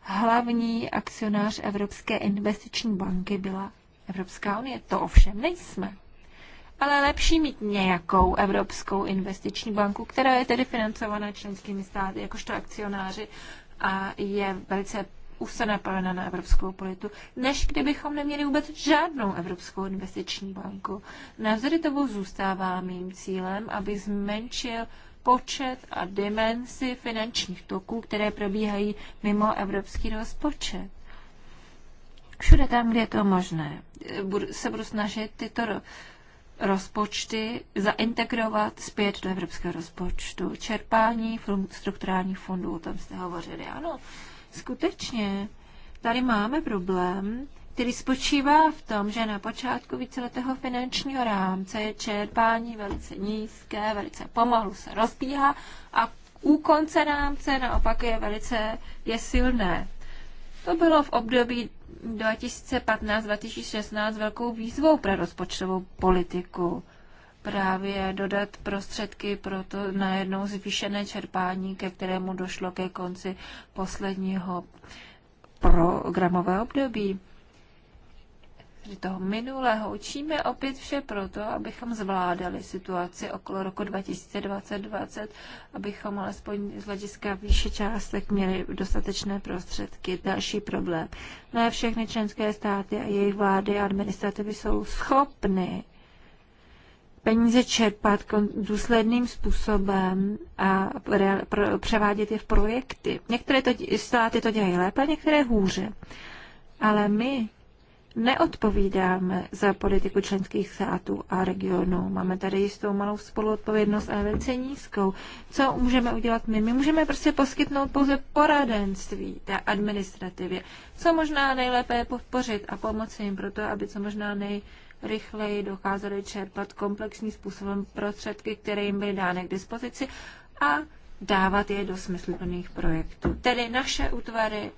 hlavní akcionář Evropské investiční banky byla Evropská unie. To ovšem nejsme. Ale lepší mít nějakou Evropskou investiční banku, která je tedy financovaná členskými státy jakožto akcionáři a je velice už se napálená na evropskou politu, než kdybychom neměli vůbec žádnou evropskou investiční banku. Navzdory tomu zůstává mým cílem, aby zmenšil počet a dimenzi finančních toků, které probíhají mimo evropský rozpočet. Všude tam, kde je to možné, se budu snažit tyto rozpočty zaintegrovat zpět do evropského rozpočtu. Čerpání strukturálních fondů, o tom jste hovořili, ano. Skutečně, tady máme problém, který spočívá v tom, že na počátku víceletého finančního rámce je čerpání velice nízké, velice pomalu se rozbíhá a u konce rámce naopak je velice je silné. To bylo v období 2015-2016 velkou výzvou pro rozpočtovou politiku právě dodat prostředky pro to najednou zvýšené čerpání, ke kterému došlo ke konci posledního programového období. Tedy toho minulého učíme opět vše proto, abychom zvládali situaci okolo roku 2020-2020, abychom alespoň z hlediska výše částek měli dostatečné prostředky. Další problém. Ne všechny členské státy a jejich vlády a administrativy jsou schopny peníze čerpat důsledným způsobem a převádět je v projekty. Některé to, státy to dělají lépe, některé hůře. Ale my neodpovídáme za politiku členských států a regionů. Máme tady jistou malou spoluodpovědnost, ale velice nízkou. Co můžeme udělat my? My můžeme prostě poskytnout pouze poradenství té administrativě. Co možná nejlépe je podpořit a pomoci jim proto, aby co možná nej rychleji dokázali čerpat komplexním způsobem prostředky, které jim byly dány k dispozici a dávat je do smysluplných projektů. Tedy naše útvary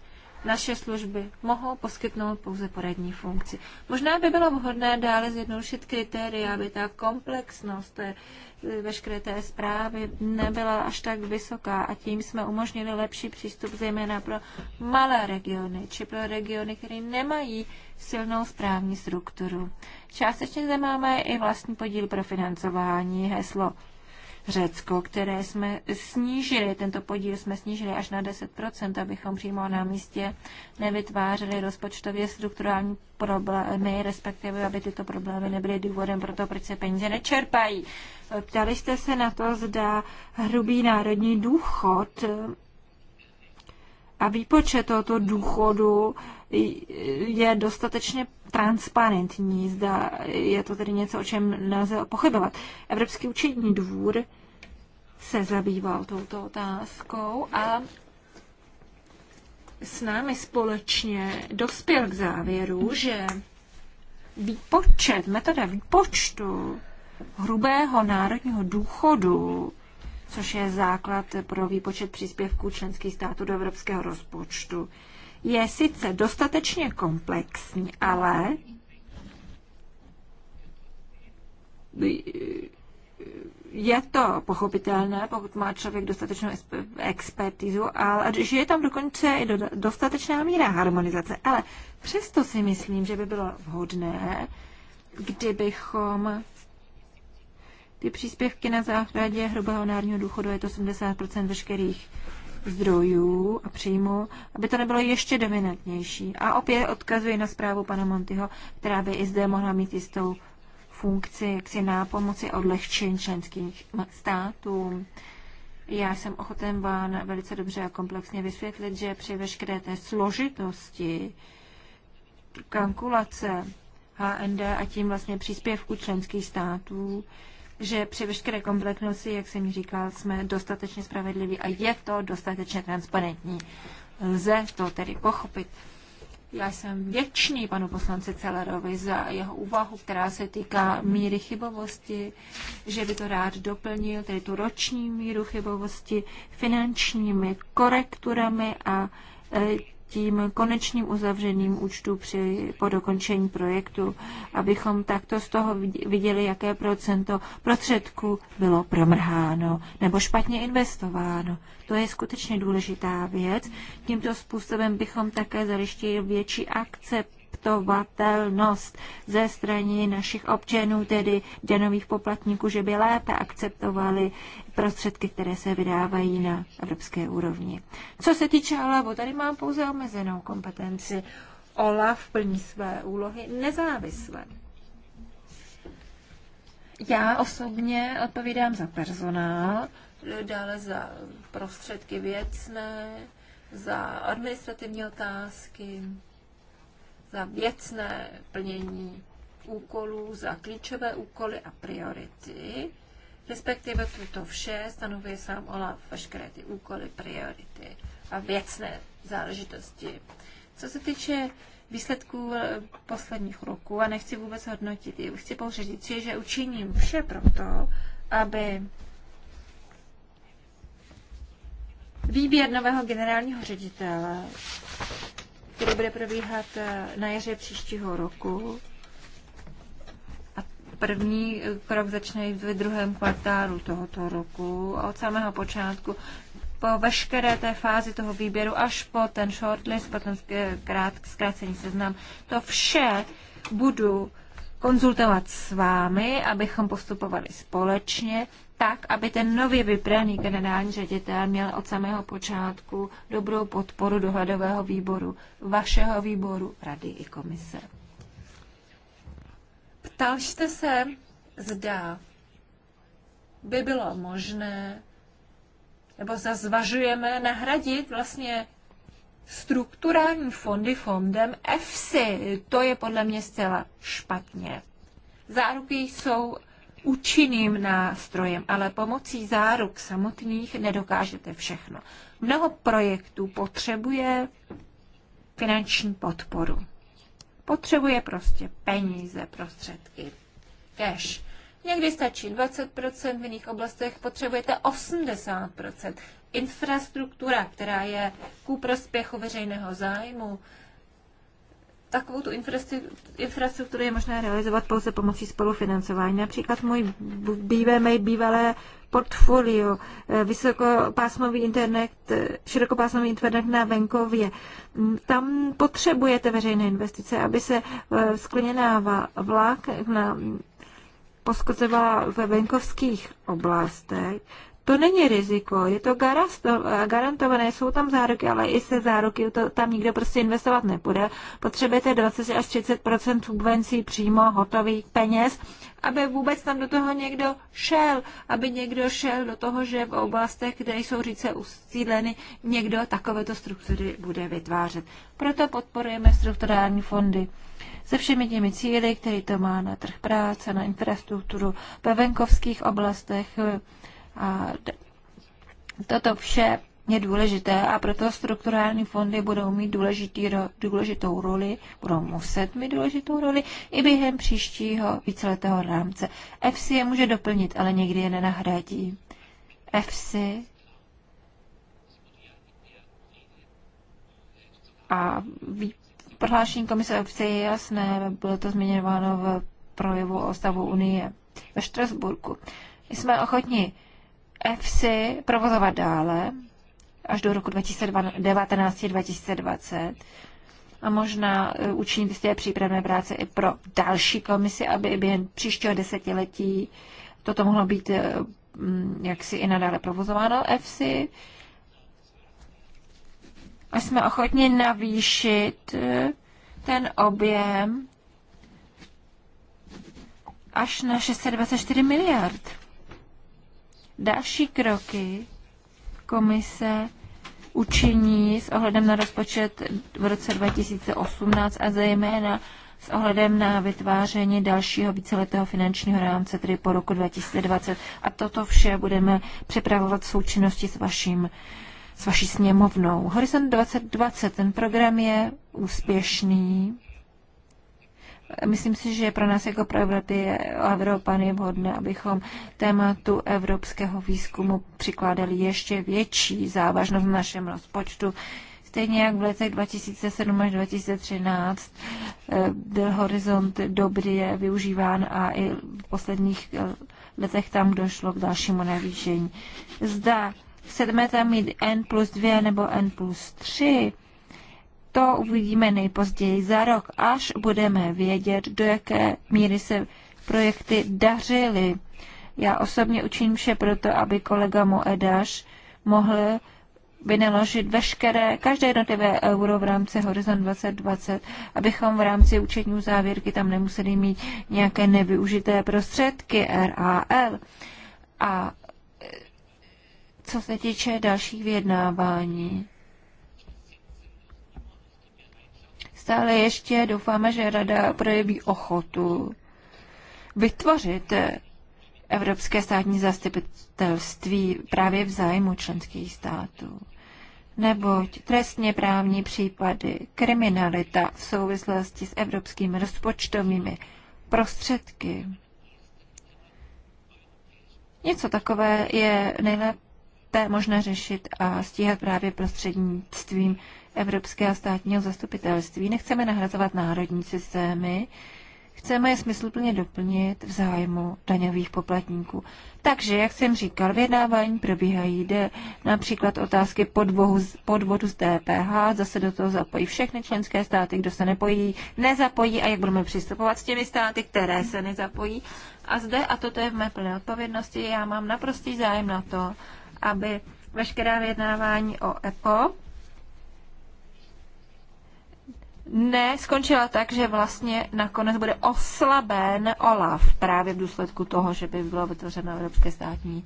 naše služby mohou poskytnout pouze poradní funkci. Možná by bylo vhodné dále zjednodušit kritéria, aby ta komplexnost té, eh, veškeré té zprávy nebyla až tak vysoká a tím jsme umožnili lepší přístup zejména pro malé regiony či pro regiony, které nemají silnou správní strukturu. Částečně zde máme i vlastní podíl pro financování, heslo Řecko, které jsme snížili, tento podíl jsme snížili až na 10%, abychom přímo na místě nevytvářeli rozpočtově strukturální problémy, respektive aby tyto problémy nebyly důvodem pro to, proč se peníze nečerpají. Ptali jste se na to, zda hrubý národní důchod a výpočet tohoto důchodu je dostatečně transparentní. Zda je to tedy něco, o čem nelze pochybovat. Evropský účetní dvůr se zabýval touto otázkou a s námi společně dospěl k závěru, že výpočet, metoda výpočtu hrubého národního důchodu, což je základ pro výpočet příspěvků členských států do evropského rozpočtu, je sice dostatečně komplexní, ale je to pochopitelné, pokud má člověk dostatečnou expertizu, ale že je tam dokonce i dostatečná míra harmonizace. Ale přesto si myslím, že by bylo vhodné, kdybychom ty příspěvky na základě hrubého národního důchodu je to 70% veškerých zdrojů a příjmů, aby to nebylo ještě dominantnější. A opět odkazuji na zprávu pana Montyho, která by i zde mohla mít jistou funkci, jak si na pomoci odlehčení členských států. Já jsem ochoten vám velice dobře a komplexně vysvětlit, že při veškeré té složitosti kalkulace HND a tím vlastně příspěvku členských států že při veškeré komplexnosti, jak jsem říkal, jsme dostatečně spravedliví a je to dostatečně transparentní. Lze to tedy pochopit. Já jsem věčný panu poslanci Celerovi za jeho úvahu, která se týká míry chybovosti, že by to rád doplnil, tedy tu roční míru chybovosti finančními korekturami a e, tím konečným uzavřeným účtu při, po dokončení projektu, abychom takto z toho viděli, jaké procento prostředků bylo promrháno nebo špatně investováno. To je skutečně důležitá věc. Tímto způsobem bychom také zajistili větší akceptovatelnost ze strany našich občanů, tedy danových poplatníků, že by lépe akceptovali prostředky, které se vydávají na evropské úrovni. Co se týče OLAVu, tady mám pouze omezenou kompetenci. OLAV plní své úlohy nezávisle. Já osobně odpovídám za personál, dále za prostředky věcné, za administrativní otázky, za věcné plnění úkolů, za klíčové úkoly a priority Respektive tuto vše stanovuje sám Olaf, veškeré ty úkoly, priority a věcné záležitosti. Co se týče výsledků eh, posledních roků, a nechci vůbec hodnotit, chci pouze říct, že učiním vše proto, aby výběr nového generálního ředitele, který bude probíhat eh, na jaře příštího roku, První krok začne ve druhém kvartálu tohoto roku a od samého počátku po veškeré té fázi toho výběru až po ten shortlist, po ten krát, zkrácený seznam, to vše budu konzultovat s vámi, abychom postupovali společně, tak, aby ten nově vybraný generální ředitel měl od samého počátku dobrou podporu dohledového výboru, vašeho výboru, rady i komise. Ptal jste se, zda by bylo možné, nebo zazvažujeme nahradit vlastně strukturální fondy fondem EFSI. To je podle mě zcela špatně. Záruky jsou účinným nástrojem, ale pomocí záruk samotných nedokážete všechno. Mnoho projektů potřebuje finanční podporu. Potřebuje prostě peníze, prostředky, cash. Někdy stačí 20%, v jiných oblastech potřebujete 80%. Infrastruktura, která je ku prospěchu veřejného zájmu, Takovou tu infrastrukturu je možné realizovat pouze pomocí spolufinancování. Například můj bývé, mé bývalé portfolio, eh, vysokopásmový internet, eh, širokopásmový internet na venkově. Mm, tam potřebujete veřejné investice, aby se eh, skliněná vlak na ve venkovských oblastech, to není riziko, je to garantované, jsou tam záruky, ale i se záruky to tam nikdo prostě investovat nepůjde. Potřebujete 20 až 30 subvencí přímo hotových peněz, aby vůbec tam do toho někdo šel, aby někdo šel do toho, že v oblastech, kde jsou říce usídleny, někdo takovéto struktury bude vytvářet. Proto podporujeme strukturální fondy se všemi těmi cíly, které to má na trh práce, na infrastrukturu, ve venkovských oblastech, a toto vše je důležité a proto strukturální fondy budou mít důležitý, důležitou roli, budou muset mít důležitou roli i během příštího víceletého rámce. FC je může doplnit, ale někdy je nenahradí. FC a prohlášení komise FC je jasné, bylo to zmiňováno v projevu o stavu Unie ve Štrasburku. Jsme ochotni EFSI provozovat dále až do roku 2019-2020 a možná eh, učinit jisté přípravné práce i pro další komisi, aby i během příštího desetiletí toto mohlo být eh, mm, jaksi i nadále provozováno EFSI. A jsme ochotni navýšit eh, ten objem až na 624 miliard další kroky komise učiní s ohledem na rozpočet v roce 2018 a zejména s ohledem na vytváření dalšího víceletého finančního rámce, tedy po roku 2020. A toto vše budeme připravovat v součinnosti s vaším s vaší sněmovnou. Horizont 2020, ten program je úspěšný. Myslím si, že pro nás jako pro Evropy, Evropan je vhodné, abychom tématu evropského výzkumu přikládali ještě větší závažnost v našem rozpočtu. Stejně jak v letech 2007 až 2013 eh, byl horizont dobrý je využíván a i v posledních eh, letech tam došlo k dalšímu navýšení. Zda chceme tam mít N plus 2 nebo N plus 3, to uvidíme nejpozději za rok, až budeme vědět, do jaké míry se projekty dařily. Já osobně učiním vše proto, aby kolega Moedaš mohl vynaložit veškeré, každé jednotlivé euro v rámci Horizon 2020, abychom v rámci účetní závěrky tam nemuseli mít nějaké nevyužité prostředky RAL. A co se týče dalších vyjednávání, Stále ještě doufáme, že Rada projeví ochotu vytvořit Evropské státní zastupitelství právě v zájmu členských států. Neboť trestně právní případy, kriminalita v souvislosti s evropskými rozpočtovými prostředky. Něco takové je nejlépe možné řešit a stíhat právě prostřednictvím Evropského státního zastupitelství. Nechceme nahrazovat národní systémy, chceme je smysluplně doplnit v zájmu daňových poplatníků. Takže, jak jsem říkal, vyjednávání probíhají, jde například otázky podvohu, podvodu z DPH, zase do toho zapojí všechny členské státy, kdo se nepojí, nezapojí a jak budeme přistupovat s těmi státy, které se nezapojí. A zde, a toto je v mé plné odpovědnosti, já mám naprostý zájem na to, aby veškerá vyjednávání o EPO ne, skončila tak, že vlastně nakonec bude oslaben OLAF právě v důsledku toho, že by bylo vytvořeno Evropské státní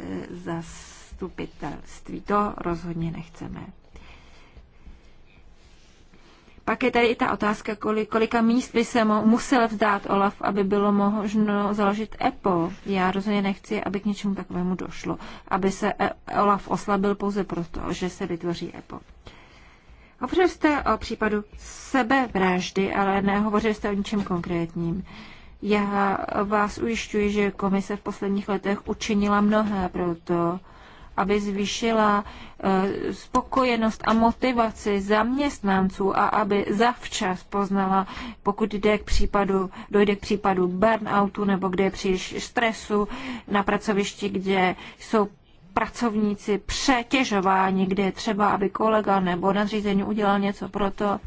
e, zastupitelství. To rozhodně nechceme. Pak je tady i ta otázka, kolik, kolika míst by se mo, musel vzdát Olaf, aby bylo možno založit EPO. Já rozhodně nechci, aby k něčemu takovému došlo. Aby se e, Olaf oslabil pouze proto, že se vytvoří EPO. Uh, Hovořil jste o případu sebevraždy, ale nehovořil jste o ničem konkrétním. Já vás ujišťuji, že komise v posledních letech učinila mnohé pro to, aby zvýšila eh, spokojenost a motivaci zaměstnanců a aby zavčas poznala, pokud jde k případu, dojde k případu burnoutu nebo kde je příliš stresu na pracovišti, kde jsou pracovníci přetěžováni, kdy je třeba, aby kolega nebo nadřízení udělal něco pro to,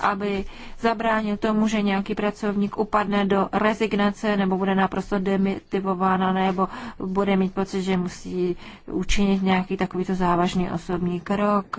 aby zabránil tomu, že nějaký pracovník upadne do rezignace nebo bude naprosto demitivována nebo bude mít pocit, že musí učinit nějaký takovýto závažný osobní krok.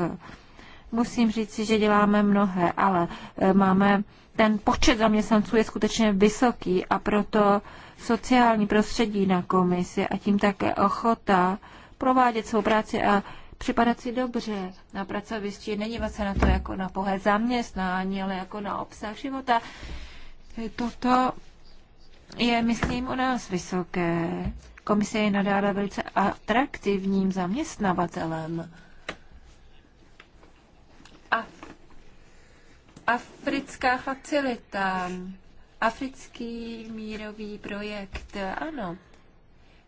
Musím říct, že děláme mnohé, ale e, máme ten počet zaměstnanců je skutečně vysoký a proto sociální prostředí na komisi a tím také ochota provádět svou práci a připadat si dobře na pracovišti, nedívat se na to jako na pohled zaměstnání, ale jako na obsah života. Toto je, myslím, u nás vysoké. Komise je nadále velice atraktivním zaměstnavatelem. A africká facilita, africký mírový projekt, ano.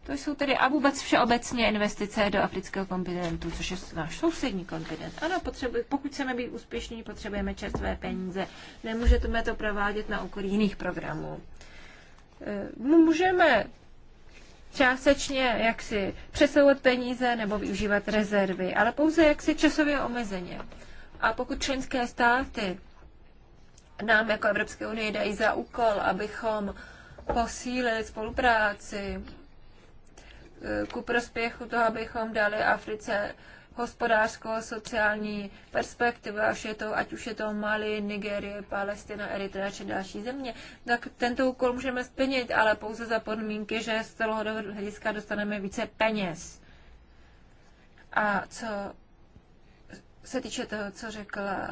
To jsou tedy a vůbec všeobecně investice do afrického kontinentu, což je náš sousední kontinent. Ano, potřebuj, pokud chceme být úspěšní, potřebujeme čerstvé peníze. Nemůžeme to provádět na úkor jiných programů. Eh, můžeme částečně jaksi přesouvat peníze nebo využívat rezervy, ale pouze jaksi časově omezeně. A pokud členské státy nám jako Evropské unie dají za úkol, abychom posílili spolupráci ku prospěchu toho, abychom dali Africe hospodářskou, sociální perspektivu, až je to, ať už je to Mali, Nigerie, Palestina, Eritrea či další země, tak tento úkol můžeme splnit, ale pouze za podmínky, že z dlouhodobého hlediska dostaneme více peněz. A co se týče toho, co řekla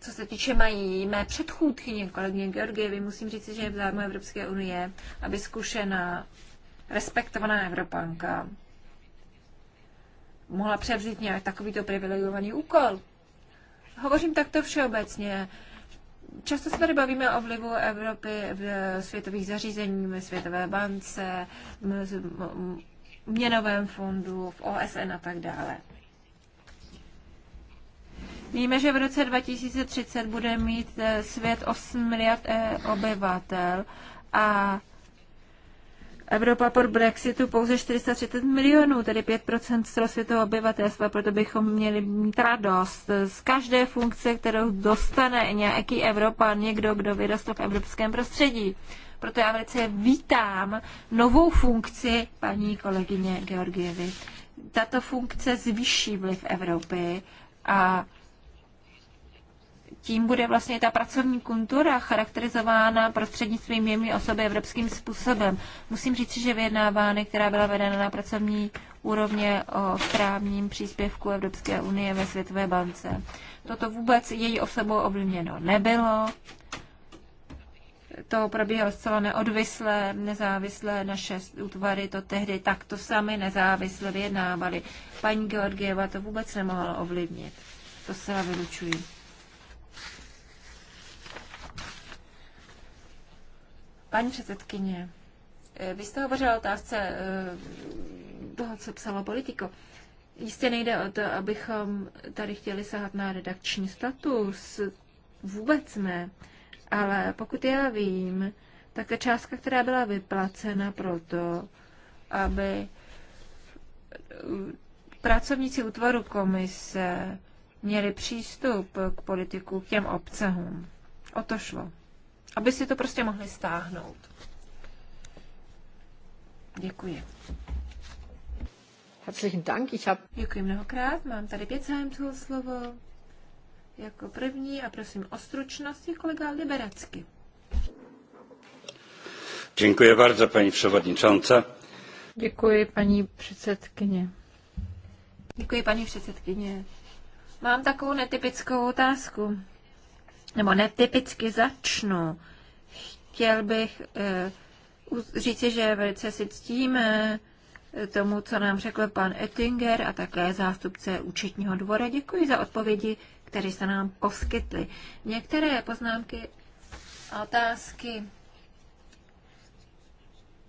co se týče mají mé předchůdkyně, kolegyně Georgie, musím říct, že je v zájmu Evropské unie, aby zkušená respektovaná Evropanka mohla převzít nějak takovýto privilegovaný úkol. Hovořím takto všeobecně. Často se tady bavíme o vlivu Evropy v světových zařízení, ve Světové bance, měnovém fondu, v OSN a tak dále. Víme, že v roce 2030 bude mít eh, svět 8 miliard eh, obyvatel a Evropa pod Brexitu pouze 430 milionů, tedy 5% celosvětového obyvatelstva, proto bychom měli mít radost z každé funkce, kterou dostane nějaký Evropa, někdo, kdo vyrostl v evropském prostředí. Proto já velice vítám novou funkci paní kolegyně Georgievy. Tato funkce zvýší vliv Evropy a tím bude vlastně ta pracovní kultura charakterizována prostřednictvím jemní osoby evropským způsobem. Musím říct, že vyjednávány, která byla vedena na pracovní úrovně o právním příspěvku Evropské unie ve Světové bance. Toto vůbec její osobou ovlivněno nebylo. To probíhalo zcela neodvislé, nezávislé naše útvary to tehdy takto sami nezávisle vyjednávali. Paní Georgieva to vůbec nemohla ovlivnit. To se vylučuji. Paní předsedkyně, eh, vy jste hovořila o otázce, eh, toho, co psalo politiko. Jistě nejde o to, abychom tady chtěli sahat na redakční status. Vůbec ne. Ale pokud já vím, tak ta částka, která byla vyplacena proto, aby eh, pracovníci útvaru komise měli přístup k politiku, k těm obcehům. O to šlo aby si to prostě mohli stáhnout. Děkuji. Herzlichen Dank. Ich hab... Děkuji mnohokrát. Mám tady pět zájemců slovo. Jako první a prosím o stručnost kolega Liberacky. Děkuji bardzo, paní przewodnicząca. Děkuji, paní předsedkyně. Děkuji, paní předsedkyně. Mám takovou netypickou otázku nebo netypicky začnu. Chtěl bych eh, říci, že velice si ctím eh, tomu, co nám řekl pan Ettinger a také zástupce účetního dvora. Děkuji za odpovědi, které se nám poskytly. Některé poznámky a otázky.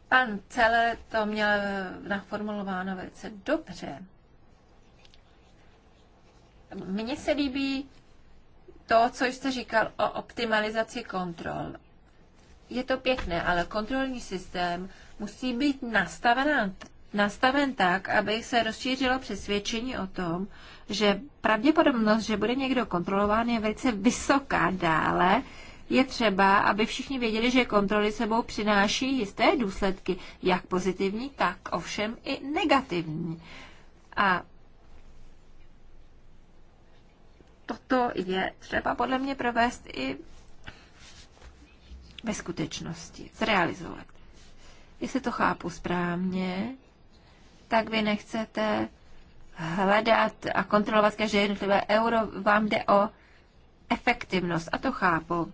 Pan Celé to měl eh, naformulováno velice dobře. Mně se líbí to, co jste říkal o optimalizaci kontrol. Je to pěkné, ale kontrolní systém musí být nastaven, nastaven tak, aby se rozšířilo přesvědčení o tom, že pravděpodobnost, že bude někdo kontrolován, je velice vysoká dále, je třeba, aby všichni věděli, že kontroly sebou přináší jisté důsledky, jak pozitivní, tak ovšem i negativní. A toto je třeba podle mě provést i ve skutečnosti, zrealizovat. Jestli to chápu správně, tak vy nechcete hledat a kontrolovat každé jednotlivé euro, vám jde o efektivnost. A to chápu.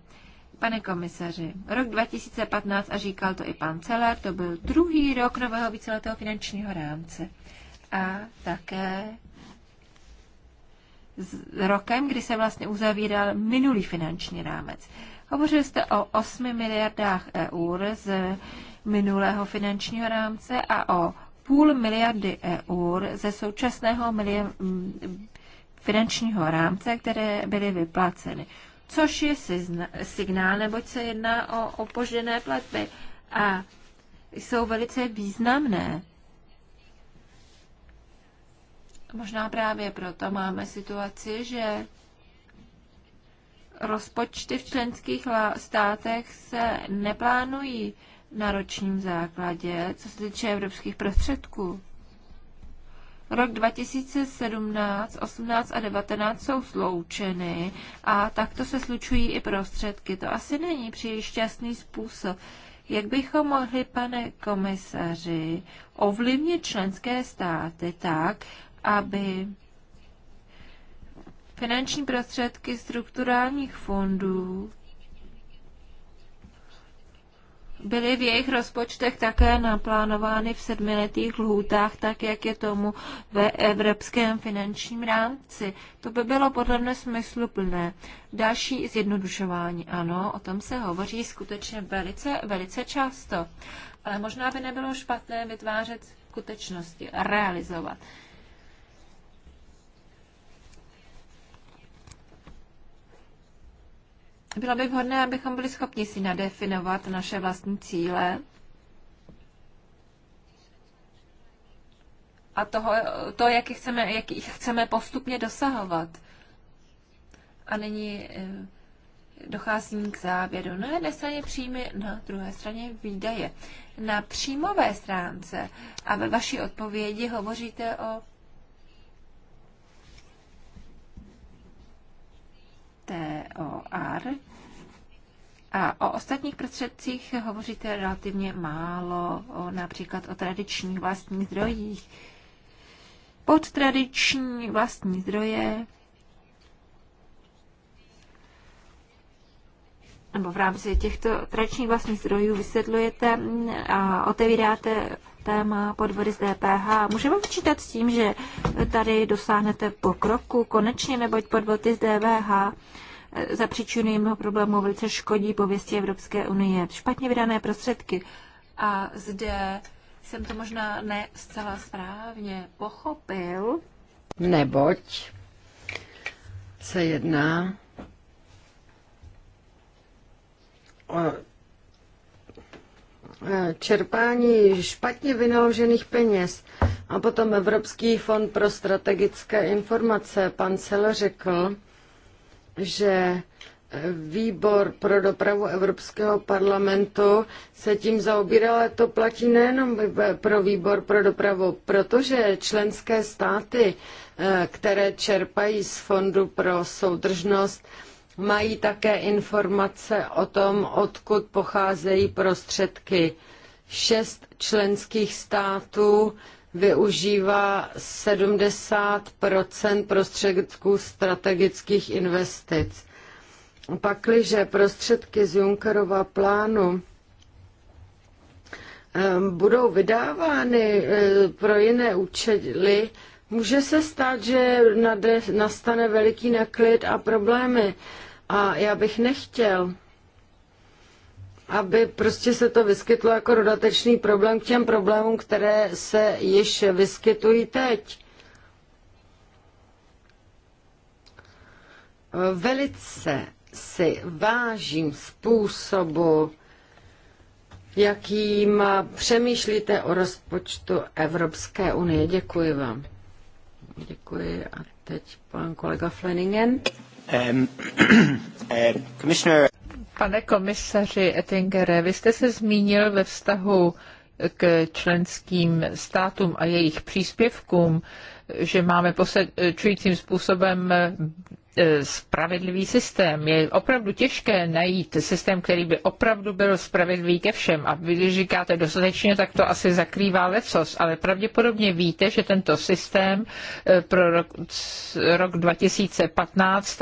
Pane komisaři, rok 2015, a říkal to i pan Celer, to byl druhý rok nového víceletého finančního rámce. A také s rokem, kdy se vlastně uzavíral minulý finanční rámec. Hovořil jste o 8 miliardách eur z minulého finančního rámce a o půl miliardy eur ze současného finančního rámce, které byly vyplaceny. Což je signál, neboť se jedná o opožděné platby a jsou velice významné. Možná právě proto máme situaci, že rozpočty v členských státech se neplánují na ročním základě, co se týče evropských prostředků. Rok 2017, 18 a 19 jsou sloučeny a takto se slučují i prostředky. To asi není příliš šťastný způsob. Jak bychom mohli, pane komisaři, ovlivnit členské státy tak, aby finanční prostředky strukturálních fondů byly v jejich rozpočtech také naplánovány v sedmiletých lhůtách, tak jak je tomu ve evropském finančním rámci. To by bylo podle mne smysluplné. Další zjednodušování, ano, o tom se hovoří skutečně velice, velice často. Ale možná by nebylo špatné vytvářet skutečnosti, realizovat. Bylo by vhodné, abychom byli schopni si nadefinovat naše vlastní cíle a toho, to, jak chceme, jak chceme postupně dosahovat. A nyní eh, docházím k závěru. Na jedné straně příjmy, na druhé straně výdaje. Na příjmové stránce a ve vaší odpovědi hovoříte o TOR a o ostatních prostředcích hovoříte relativně málo, o, například o tradičních vlastních zdrojích. Pod tradiční vlastní zdroje nebo v rámci těchto tradičních vlastních zdrojů vysvětlujete a otevíráte téma podvody z DPH. Můžeme počítat s tím, že tady dosáhnete pokroku konečně, neboť podvody z DPH eh, za příčinu mnoho problémů velice škodí pověsti Evropské unie. Špatně vydané prostředky. A zde jsem to možná ne zcela správně pochopil. Neboť se jedná o Eh, čerpání špatně vynaložených peněz a potom Evropský fond pro strategické informace, pan Sel řekl, že eh, výbor pro dopravu Evropského parlamentu se tím zaobíral, ale to platí nejenom pro výbor pro dopravu, protože členské státy, eh, které čerpají z fondu pro soudržnost, mají také informace o tom, odkud pocházejí prostředky. Šest členských států využívá 70 prostředků strategických investic. Pakliže prostředky z Junckerova plánu budou vydávány e, pro jiné účely, může se stát, že nastane veliký neklid a problémy. A já bych nechtěl, aby prostě se to vyskytlo jako dodatečný problém k těm problémům, které se již vyskytují teď. Velice si vážím způsobu, jakým přemýšlíte o rozpočtu Evropské unie. Děkuji vám. Děkuji. A teď pan kolega Fleningen. Um, uh, Pane komisaři Ettingere, vy jste se zmínil ve vztahu k členským státům a jejich příspěvkům, že máme posedčujícím způsobem E, spravedlivý systém. Je opravdu těžké najít systém, který by opravdu byl spravedlivý ke všem. A vy, když říkáte dostatečně, tak to asi zakrývá lecos, ale pravděpodobně víte, že tento systém e, pro rok, rok 2015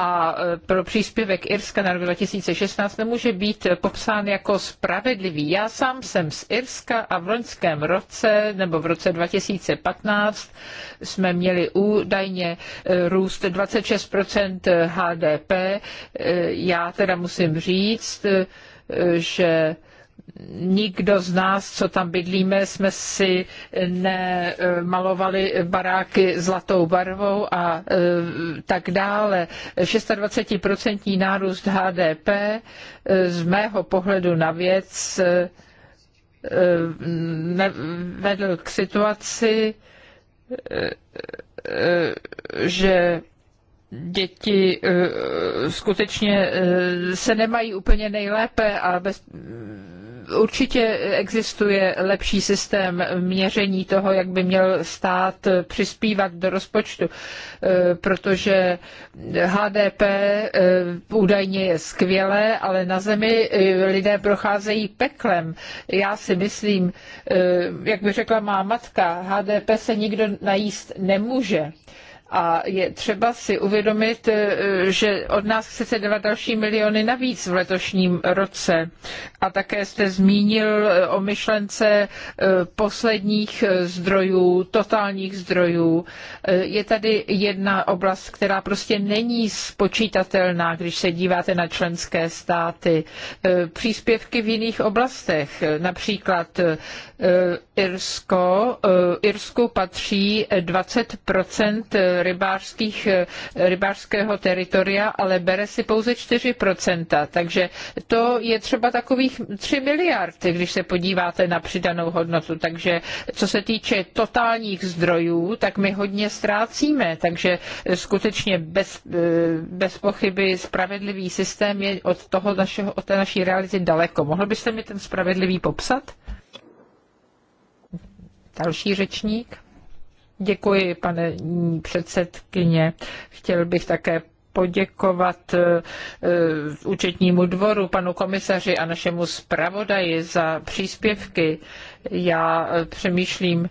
a e, pro příspěvek Irska na rok 2016 nemůže být popsán jako spravedlivý. Já sám jsem z Irska a v loňském roce nebo v roce 2015 jsme měli údajně e, růst 26% HDP. E, já teda musím říct, že nikdo z nás, co tam bydlíme, jsme si nemalovali baráky zlatou barvou a e, tak dále. 26% nárůst HDP e, z mého pohledu na věc e, vedl k situaci, že děti eh, skutečně eh, se nemají úplně nejlépe a bez, eh, určitě existuje lepší systém měření toho, jak by měl stát přispívat do rozpočtu, protože HDP údajně je skvělé, ale na zemi lidé procházejí peklem. Já si myslím, jak by řekla má matka, HDP se nikdo najíst nemůže. A je třeba si uvědomit, eh, že od nás chcete dva další miliony navíc v letošním roce. A také jste zmínil eh, o myšlence eh, posledních zdrojů, totálních zdrojů. Je tady jedna oblast, která prostě není spočítatelná, když se díváte na členské státy. Příspěvky v jiných oblastech, například Irsko, Irsku patří 20 rybářských, rybářského teritoria, ale bere si pouze 4%. Takže to je třeba takových 3 miliardy, když se podíváte na přidanou hodnotu. Takže co se týče totálních zdrojů, tak my hodně ztrácíme. Takže skutečně bez, eh, bez pochyby spravedlivý systém je od, toho našeho, od té naší reality daleko. Mohl byste mi ten spravedlivý popsat? Další řečník. Děkuji, pane předsedkyně. Chtěl bych také poděkovat eh, eh, účetnímu dvoru, panu komisaři a našemu zpravodaji za příspěvky. Já eh, přemýšlím,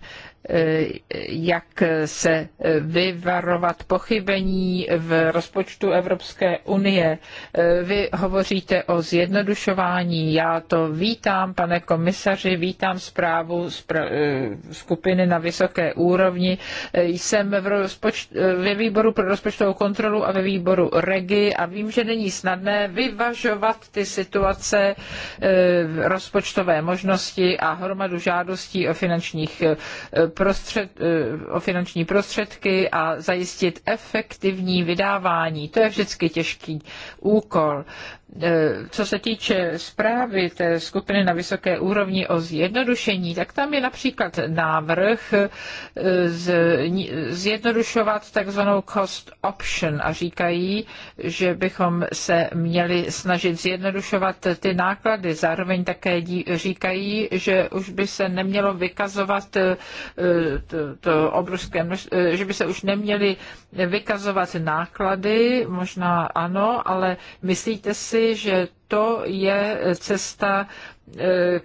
Eh, jak se vyvarovat pochybení v rozpočtu Evropské unie. Eh, vy hovoříte o zjednodušování. Já to vítám, pane komisaři, vítám zprávu eh, skupiny na vysoké úrovni. Jsem v ve výboru pro rozpočtovou kontrolu a ve výboru REGI a vím, že není snadné vyvažovat ty situace rozpočtové možnosti a hromadu žádostí o finančních prostřed, eh, o finanční prostředky a zajistit efektivní vydávání. To je vždycky těžký úkol E, co se týče zprávy té skupiny na vysoké úrovni o zjednodušení, tak tam je například návrh e, zjednodušovat takzvanou cost option a říkají, že bychom se měli snažit zjednodušovat ty náklady. Zároveň také říkají, že už by se nemělo vykazovat e, to, obrovské že by se už neměly vykazovat náklady, možná ano, ale myslíte si, že to je cesta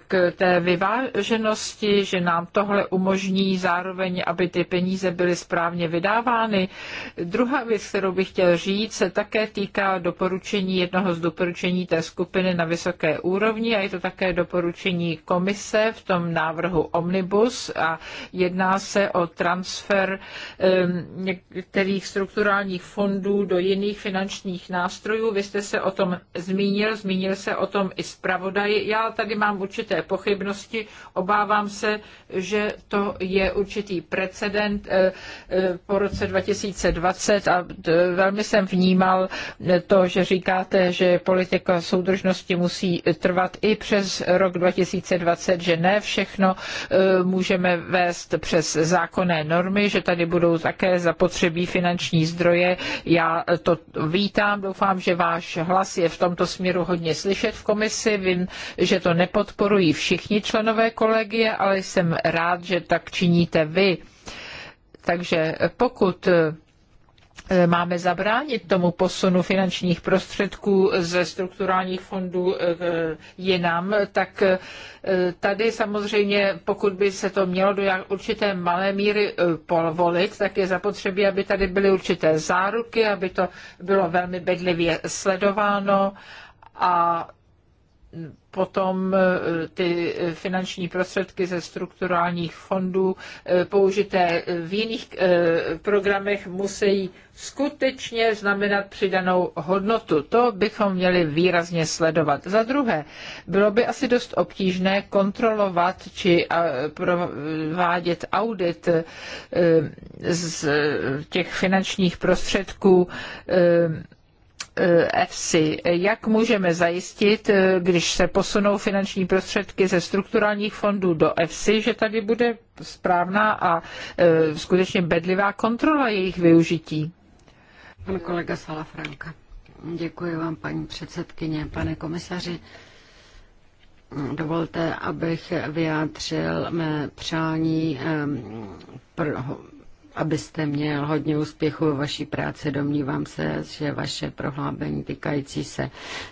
k té vyváženosti, že nám tohle umožní zároveň, aby ty peníze byly správně vydávány. Druhá věc, kterou bych chtěl říct, se také týká doporučení jednoho z doporučení té skupiny na vysoké úrovni a je to také doporučení komise v tom návrhu Omnibus a jedná se o transfer některých strukturálních fondů do jiných finančních nástrojů. Vy jste se o tom zmínil, zmínil se o tom i zpravodaj. Já tady někdy mám určité pochybnosti. Obávám se, že to je určitý precedent eh, eh, po roce 2020 a velmi jsem vnímal eh, to, že říkáte, že politika soudržnosti musí trvat i přes rok 2020, že ne všechno můžeme vést přes zákonné normy, že tady budou také zapotřebí finanční zdroje. Já to vítám, doufám, že váš hlas je v tomto směru hodně slyšet v komisi. Vím, že to ne nepodporují všichni členové kolegie, ale jsem rád, že tak činíte vy. Takže pokud e, máme zabránit tomu posunu finančních prostředků ze strukturálních fondů e, jinam, tak e, tady samozřejmě, pokud by se to mělo do určité malé míry povolit, tak je zapotřebí, aby tady byly určité záruky, aby to bylo velmi bedlivě sledováno a potom e, ty finanční prostředky ze strukturálních fondů e, použité v jiných e, programech musí skutečně znamenat přidanou hodnotu. To bychom měli výrazně sledovat. Za druhé, bylo by asi dost obtížné kontrolovat či provádět audit z těch finančních prostředků EFSI. Jak můžeme zajistit, eh, když se posunou finanční prostředky ze strukturálních fondů do EFSI, že tady bude správná a eh, skutečně bedlivá kontrola jejich využití? Pan kolega Salafranka. Děkuji vám, paní předsedkyně, pane komisaři. Dovolte, abych vyjádřil mé přání eh, abyste měl hodně úspěchu ve vaší práci. Domnívám se, že vaše prohlábení týkající se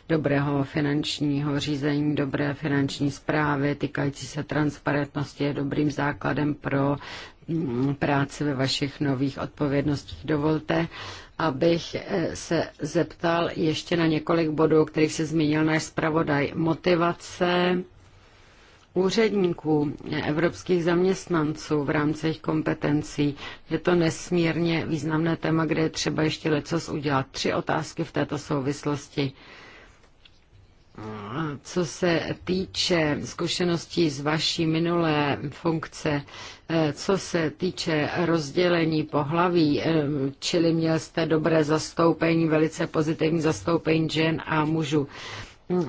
dobrého finančního řízení, dobré finanční zprávy, týkající se transparentnosti je dobrým základem pro mm, práci ve vašich nových odpovědnostích. Dovolte, abych eh, se zeptal ještě na několik bodů, o kterých se zmínil náš zpravodaj. Motivace úředníků, evropských zaměstnanců v rámci jejich kompetencí. Je to nesmírně významné téma, kde je třeba ještě lecos udělat. Tři otázky v této souvislosti. Co se týče zkušeností z vaší minulé funkce, co se týče rozdělení pohlaví, čili měl jste dobré zastoupení, velice pozitivní zastoupení žen a mužů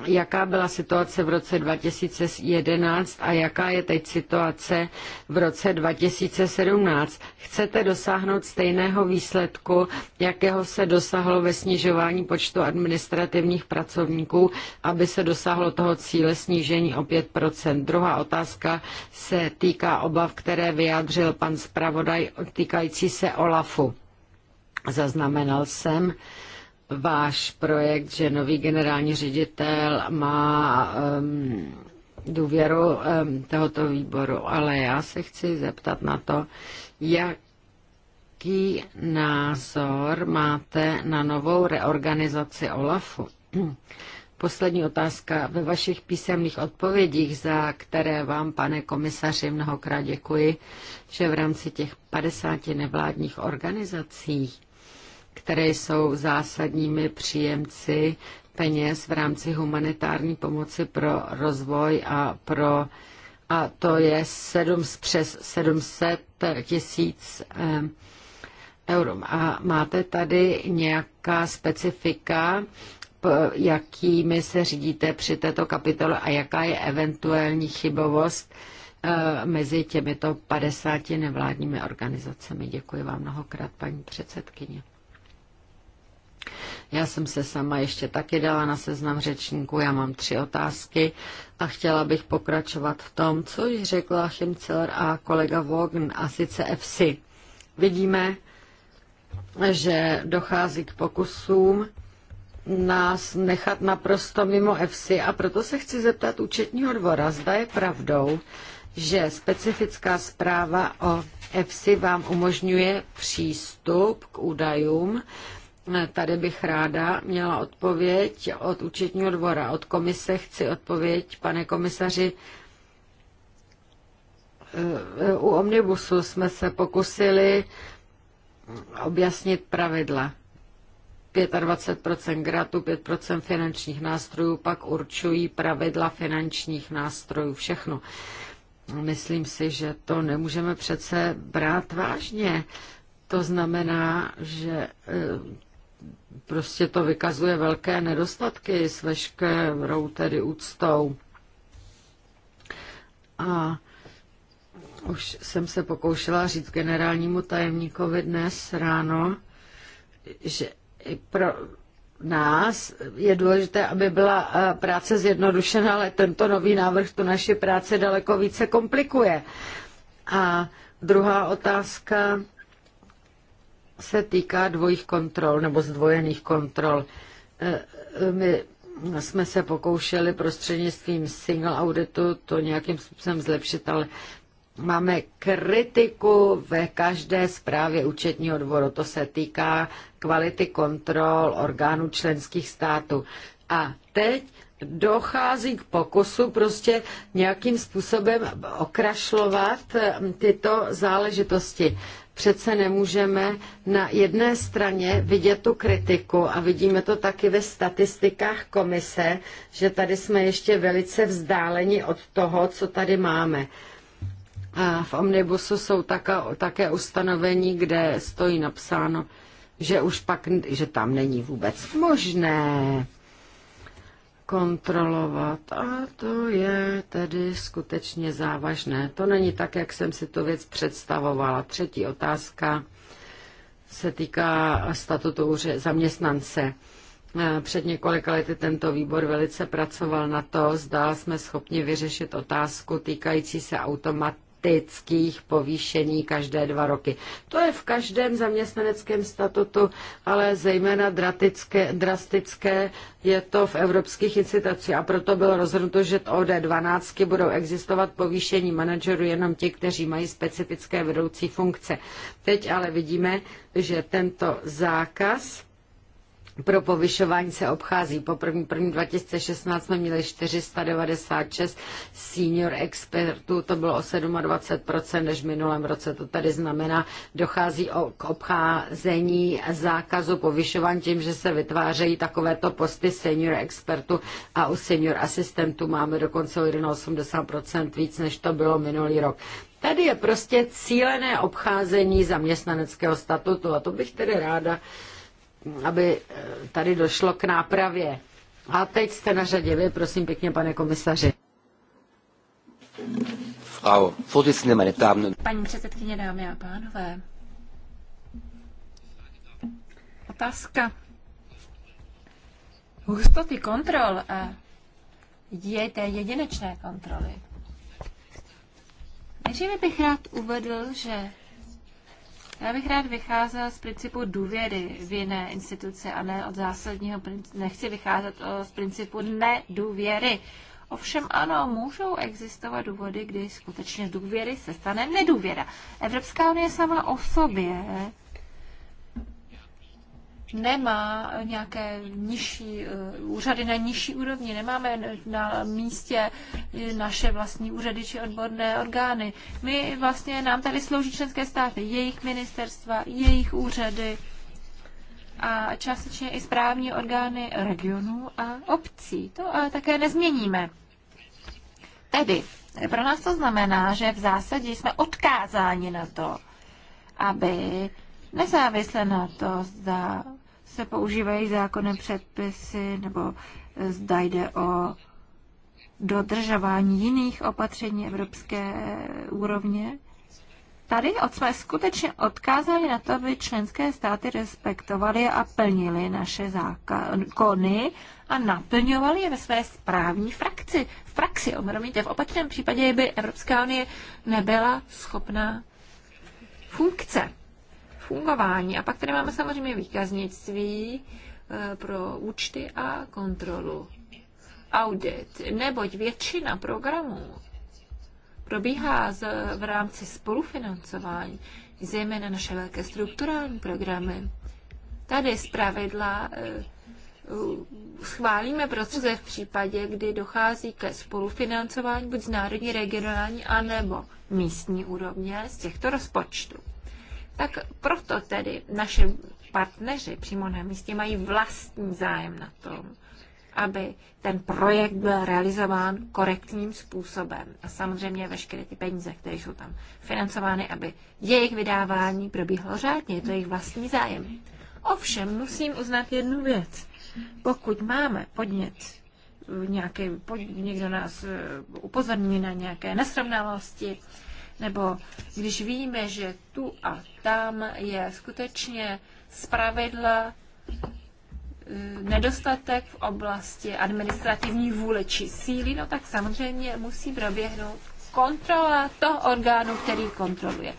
jaká byla situace v roce 2011 a jaká je teď situace v roce 2017. Chcete dosáhnout stejného výsledku, jakého se dosáhlo ve snižování počtu administrativních pracovníků, aby se dosáhlo toho cíle snížení o 5 Druhá otázka se týká obav, které vyjádřil pan zpravodaj týkající se OLAFu. Zaznamenal jsem, váš projekt, že nový generální ředitel má um, důvěru um, tohoto výboru, ale já se chci zeptat na to, jaký názor máte na novou reorganizaci OLAFu? Poslední otázka. Ve vašich písemných odpovědích, za které vám, pane komisaři, mnohokrát děkuji, že v rámci těch 50 nevládních organizací které jsou zásadními příjemci peněz v rámci humanitární pomoci pro rozvoj a pro a to je 7, přes 700 tisíc eh, eur. A máte tady nějaká specifika, jakými se řídíte při této kapitole a jaká je eventuální chybovost eh, mezi těmito 50 nevládními organizacemi? Děkuji vám mnohokrát, paní předsedkyně. Já jsem se sama ještě taky dala na seznam řečníků, já mám tři otázky a chtěla bych pokračovat v tom, co již řekla Chimceler a kolega Vogn a sice FC. Vidíme, že dochází k pokusům nás nechat naprosto mimo FC a proto se chci zeptat účetního dvora, zda je pravdou, že specifická zpráva o EFSI vám umožňuje přístup k údajům, Tady bych ráda měla odpověď od účetního dvora, od komise chci odpověď, pane komisaři. E, u omnibusu jsme se pokusili objasnit pravidla. 25 gratu, 5 finančních nástrojů, pak určují pravidla finančních nástrojů, všechno. Myslím si, že to nemůžeme přece brát vážně. To znamená, že e, prostě to vykazuje velké nedostatky s veškerou tedy úctou. A už jsem se pokoušela říct generálnímu tajemníkovi dnes ráno, že i pro nás je důležité, aby byla eh, práce zjednodušena, ale tento nový návrh tu naši práci daleko více komplikuje. A druhá otázka se týká dvojích kontrol nebo zdvojených kontrol. Eh, eh, my jsme se pokoušeli prostřednictvím single auditu to nějakým způsobem zlepšit, ale máme kritiku ve každé zprávě účetního dvoru. To se týká kvality kontrol orgánů členských států. A teď dochází k pokusu prostě nějakým způsobem okrašlovat eh, tyto záležitosti. Přece nemůžeme na jedné straně vidět tu kritiku a vidíme to taky ve statistikách komise, že tady jsme ještě velice vzdáleni od toho, co tady máme. A v omnibusu jsou také, také ustanovení, kde stojí napsáno, že už pak, že tam není vůbec možné kontrolovat. A to je tedy skutečně závažné. To není tak, jak jsem si tu věc představovala. Třetí otázka se týká statutu zaměstnance. Eh, před několika lety tento výbor velice pracoval na to, zda jsme schopni vyřešit otázku týkající se automat, drastických povýšení každé dva roky. To je v každém zaměstnaneckém statutu, ale zejména drastické, drastické je to v evropských institucích a proto bylo rozhodnuto, že od 12 budou existovat povýšení manažerů jenom ti, kteří mají specifické vedoucí funkce. Teď ale vidíme, že tento zákaz pro povyšování se obchází. Po první, první 2016 jsme měli 496 senior expertů, to bylo o 27% než v minulém roce. To tady znamená, dochází o, k obcházení zákazu povyšování tím, že se vytvářejí takovéto posty senior expertů a u senior asistentů máme dokonce o 81% víc, než to bylo minulý rok. Tady je prostě cílené obcházení zaměstnaneckého statutu a to bych tedy ráda aby eh, tady došlo k nápravě. A teď jste na řadě vy, prosím pěkně, pane komisaři. Paní předsedkyně, dámy a pánové. Otázka hustoty kontrol a je té jedinečné kontroly. Nejdříve bych rád uvedl, že já bych rád vycházel z principu důvěry v jiné instituce a ne od zásadního principu, nechci vycházet eh, z principu nedůvěry. Ovšem ano, můžou existovat důvody, kdy skutečně důvěry se stane nedůvěra. Evropská unie sama o sobě nemá nějaké nižší eh, úřady na nižší úrovni. Nemáme na místě naše vlastní úřady či odborné orgány. My vlastně nám tady slouží členské státy, jejich ministerstva, jejich úřady a částečně i správní orgány regionů a obcí. To ale také nezměníme. Tedy, pro nás to znamená, že v zásadě jsme odkázáni na to, aby nezávisle na to, zda se používají zákonné předpisy nebo eh, zda jde o dodržování jiných opatření evropské úrovně. Tady od jsme skutečně odkázali na to, aby členské státy respektovaly a plnili naše zákony a naplňovali je ve své správní frakci. V praxi, omromíte, v opačném případě by Evropská unie nebyla schopná funkce fungování. A pak tady máme samozřejmě výkaznictví eh, pro účty a kontrolu. Audit, neboť většina programů probíhá z, v rámci spolufinancování, zejména naše velké strukturální programy. Tady z pravidla eh, schválíme proces v případě, kdy dochází ke spolufinancování buď z národní, regionální, anebo místní úrovně z těchto rozpočtů tak proto tedy naše partneři přímo na místě mají vlastní zájem na tom, aby ten projekt byl realizován korektním způsobem. A samozřejmě veškeré ty peníze, které jsou tam financovány, aby jejich vydávání probíhlo řádně. Je to jejich vlastní zájem. Ovšem, musím uznat jednu věc. Pokud máme podnět, nějaký, pod, někdo nás eh, upozorní na nějaké nesrovnalosti, nebo když víme, že tu a tam je skutečně zpravidla eh, nedostatek v oblasti administrativní vůle či síly, no tak samozřejmě musí proběhnout kontrola toho orgánu, který kontroluje.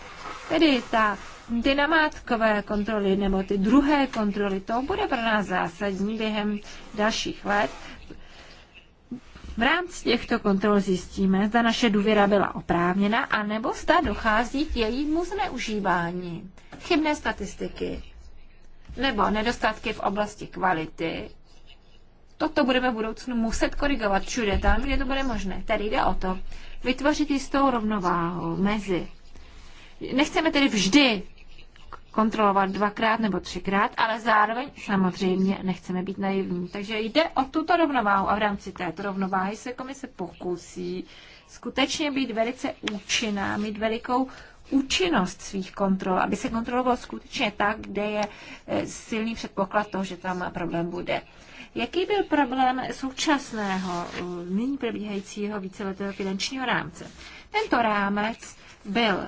Tedy ta, ty namátkové kontroly nebo ty druhé kontroly, to bude pro nás zásadní během dalších let, v rámci těchto kontrol zjistíme, zda naše důvěra byla oprávněna, anebo zda dochází k jejímu zneužívání. Chybné statistiky nebo nedostatky v oblasti kvality. Toto budeme v budoucnu muset korigovat všude tam, kde to bude možné. Tady jde o to vytvořit jistou rovnováhu mezi. Nechceme tedy vždy kontrolovat dvakrát nebo třikrát, ale zároveň samozřejmě nechceme být naivní. Takže jde o tuto rovnováhu a v rámci této rovnováhy se komise pokusí skutečně být velice účinná, mít velikou účinnost svých kontrol, aby se kontrolovalo skutečně tak, kde je eh, silný předpoklad toho, že tam problém bude. Jaký byl problém současného, eh, nyní probíhajícího víceletého finančního rámce? Tento rámec byl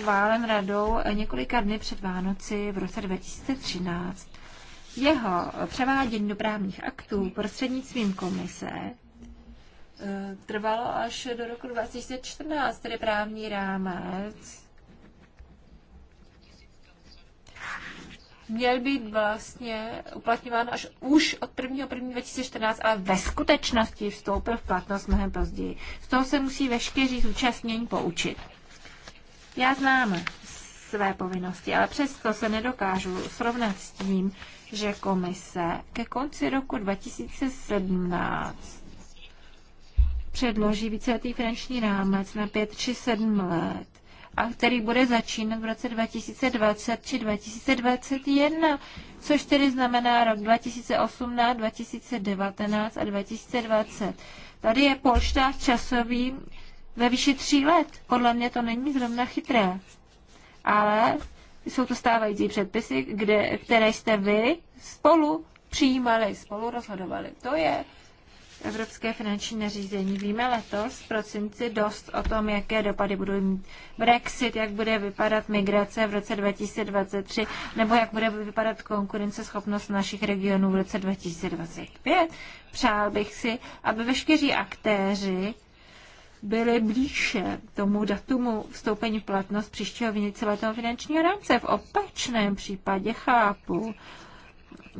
schválen radou několika dny před Vánoci v roce 2013. Jeho převádění do právních aktů prostřednictvím komise eh, trvalo až do roku 2014, tedy právní rámec. Měl být vlastně uplatňován až už od 1.1.2014, 2014, ale ve skutečnosti vstoupil v platnost mnohem později. Z toho se musí veškerý zúčastnění poučit. Já znám své povinnosti, ale přesto se nedokážu srovnat s tím, že komise ke konci roku 2017 předloží víceletý finanční rámec na 5 či 7 let a který bude začínat v roce 2020 či 2021, což tedy znamená rok 2018, 2019 a 2020. Tady je polštář časový ve výši tří let. Podle mě to není zrovna chytré. Ale jsou to stávající předpisy, kde, které jste vy spolu přijímali, spolu rozhodovali. To je Evropské finanční nařízení. Víme letos v prosinci dost o tom, jaké dopady budou mít Brexit, jak bude vypadat migrace v roce 2023, nebo jak bude vypadat konkurenceschopnost našich regionů v roce 2025. Přál bych si, aby veškeří aktéři byly blíže tomu datumu vstoupení v platnost příštího vnitřního finančního rámce. V opačném případě chápu,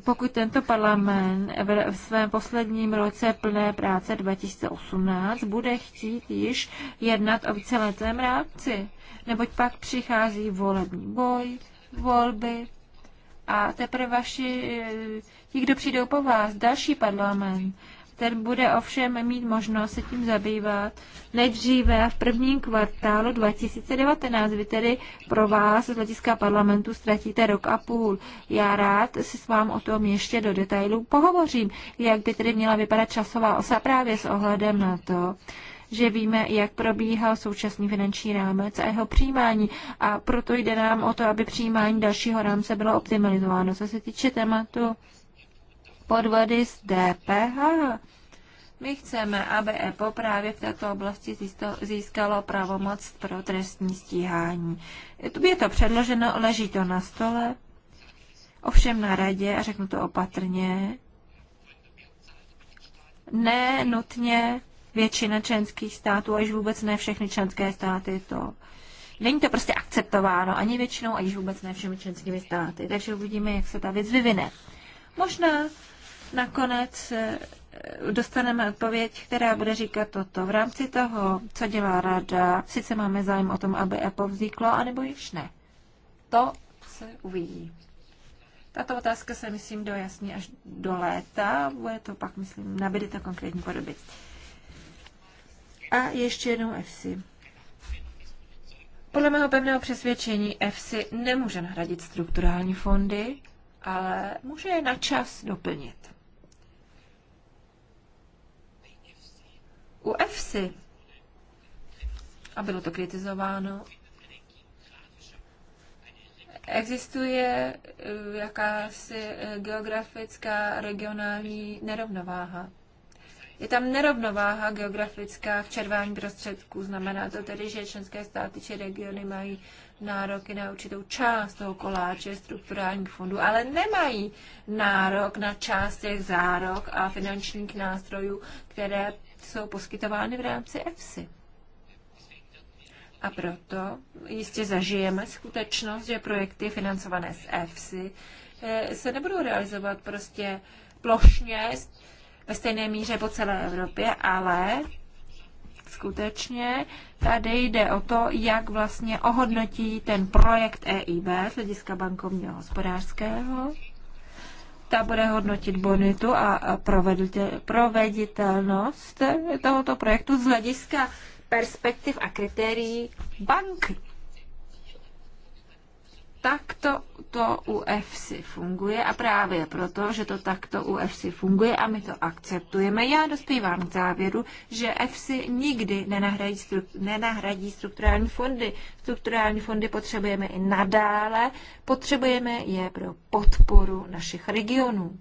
pokud tento parlament v svém posledním roce plné práce 2018 bude chtít již jednat o víceletém rámci, neboť pak přichází volební boj, volby a teprve vaši, ti, kdo přijdou po vás, další parlament, ten bude ovšem mít možnost se tím zabývat nejdříve v prvním kvartálu 2019. Vy tedy pro vás z hlediska parlamentu ztratíte rok a půl. Já rád si s vám o tom ještě do detailů pohovořím, jak by tedy měla vypadat časová osa právě s ohledem na to, že víme, jak probíhal současný finanční rámec a jeho přijímání. A proto jde nám o to, aby přijímání dalšího rámce bylo optimalizováno. Co se týče tématu podvody s DPH. My chceme, aby EPO právě v této oblasti získalo pravomoc pro trestní stíhání. Je to předloženo, leží to na stole, ovšem na radě, a řeknu to opatrně, ne nutně většina členských států, až vůbec ne všechny členské státy to. Není to prostě akceptováno ani většinou, až vůbec ne všemi členskými státy. Takže uvidíme, jak se ta věc vyvine. Možná nakonec eh, dostaneme odpověď, která bude říkat toto. V rámci toho, co dělá rada, sice máme zájem o tom, aby Apple vzniklo, anebo již ne. To se uvidí. Tato otázka se, myslím, dojasní až do léta. Bude to pak, myslím, nabíde to konkrétní podoby. A ještě jednou FC. Podle mého pevného přesvědčení FC nemůže nahradit strukturální fondy, ale může je na čas doplnit. u EFSI. A bylo to kritizováno. Existuje eh, jakási eh, geografická regionální nerovnováha. Je tam nerovnováha geografická v červání prostředků. Znamená to tedy, že členské státy či regiony mají nároky na určitou část toho koláče strukturálních fondů, ale nemají nárok na část těch zárok a finančních nástrojů, které jsou poskytovány v rámci EFSI. A proto jistě zažijeme skutečnost, že projekty financované z EFSI eh, se nebudou realizovat prostě plošně ve stejné míře po celé Evropě, ale skutečně tady jde o to, jak vlastně ohodnotí ten projekt EIB z hlediska bankovního hospodářského ta bude hodnotit bonitu a proveditelnost tohoto projektu z hlediska perspektiv a kritérií bank takto to u FC funguje a právě proto, že to takto u FC funguje a my to akceptujeme, já dospívám k závěru, že FC nikdy nenahradí, stru, nenahradí strukturální fondy. Strukturální fondy potřebujeme i nadále, potřebujeme je pro podporu našich regionů.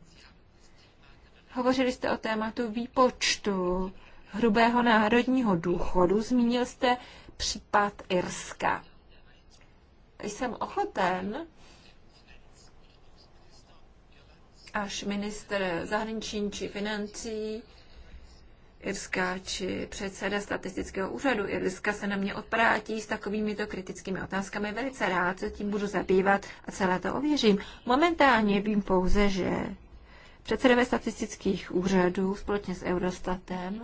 Hovořili jste o tématu výpočtu hrubého národního důchodu, zmínil jste případ Irska jsem ochoten, až minister zahraničí či financí Irska či předseda statistického úřadu Irska se na mě odprátí s takovými to kritickými otázkami. Velice rád se tím budu zabývat a celé to ověřím. Momentálně vím pouze, že předsedové statistických úřadů společně s Eurostatem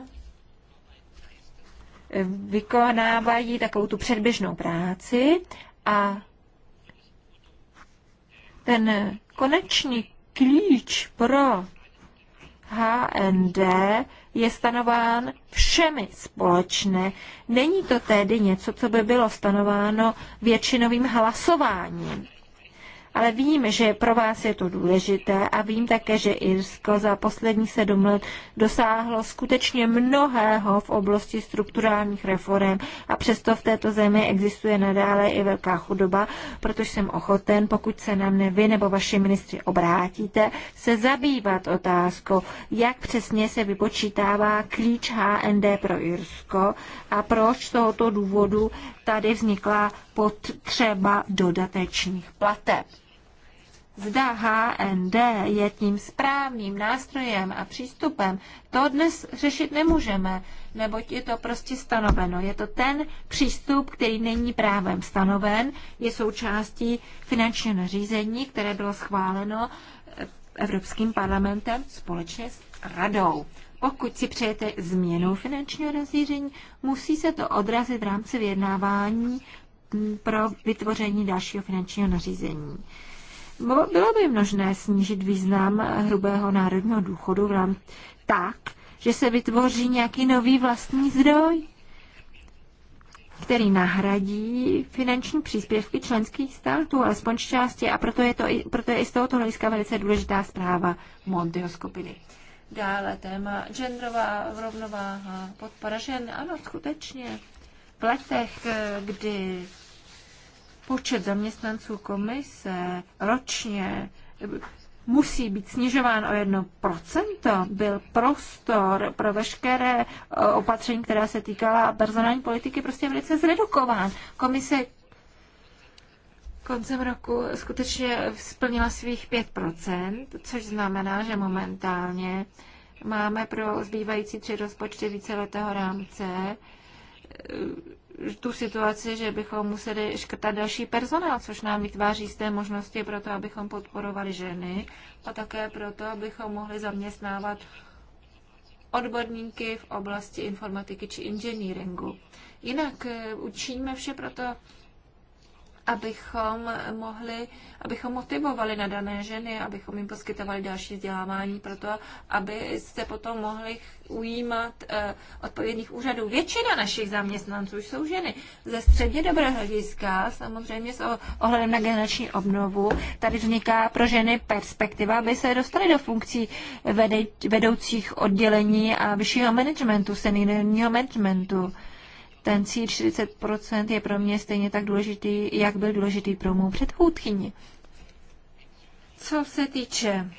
vykonávají takovou tu předběžnou práci a ten konečný klíč pro HND je stanován všemi společně. Není to tedy něco, co by bylo stanováno většinovým hlasováním ale vím, že pro vás je to důležité a vím také, že Irsko za poslední sedm let dosáhlo skutečně mnohého v oblasti strukturálních reform a přesto v této zemi existuje nadále i velká chudoba, protože jsem ochoten, pokud se na mne vy nebo vaši ministři obrátíte, se zabývat otázkou, jak přesně se vypočítává klíč HND pro Irsko a proč z tohoto důvodu tady vznikla potřeba dodatečných plateb zda HND je tím správným nástrojem a přístupem, to dnes řešit nemůžeme, neboť je to prostě stanoveno. Je to ten přístup, který není právem stanoven, je součástí finančního nařízení, které bylo schváleno eh, Evropským parlamentem společně s radou. Pokud si přejete změnu finančního nařízení, musí se to odrazit v rámci vyjednávání mm, pro vytvoření dalšího finančního nařízení. Bylo by možné snížit význam hrubého národního důchodu v tak, že se vytvoří nějaký nový vlastní zdroj, který nahradí finanční příspěvky členských států, alespoň z části, a proto je, to proto je i z tohoto hlediska velice důležitá zpráva Montyho skupiny. Dále téma genderová rovnováha, podpora žen, ano, skutečně. V letech, eh, kdy počet zaměstnanců komise ročně musí být snižován o jedno procento. byl prostor pro veškeré e, opatření, která se týkala personální politiky, prostě velice zredukován. Komise koncem roku skutečně splnila svých 5%, což znamená, že momentálně máme pro zbývající tři rozpočty víceletého rámce e, tu situaci, že bychom museli škrtat další personál, což nám vytváří z té možnosti pro to, abychom podporovali ženy a také pro to, abychom mohli zaměstnávat odborníky v oblasti informatiky či inženýringu. Jinak eh, učiníme vše pro to, abychom mohli, abychom motivovali nadané ženy, abychom jim poskytovali další vzdělávání pro to, aby se potom mohli ujímat eh, odpovědných úřadů. Většina našich zaměstnanců jsou ženy. Ze středně dobrého hlediska, samozřejmě s ohledem na generační obnovu, tady vzniká pro ženy perspektiva, aby se dostaly do funkcí vedoucích oddělení a vyššího managementu, seniorního managementu. Ten cíl 40% je pro mě stejně tak důležitý, jak byl důležitý pro mou předchůdkyni. Co se týče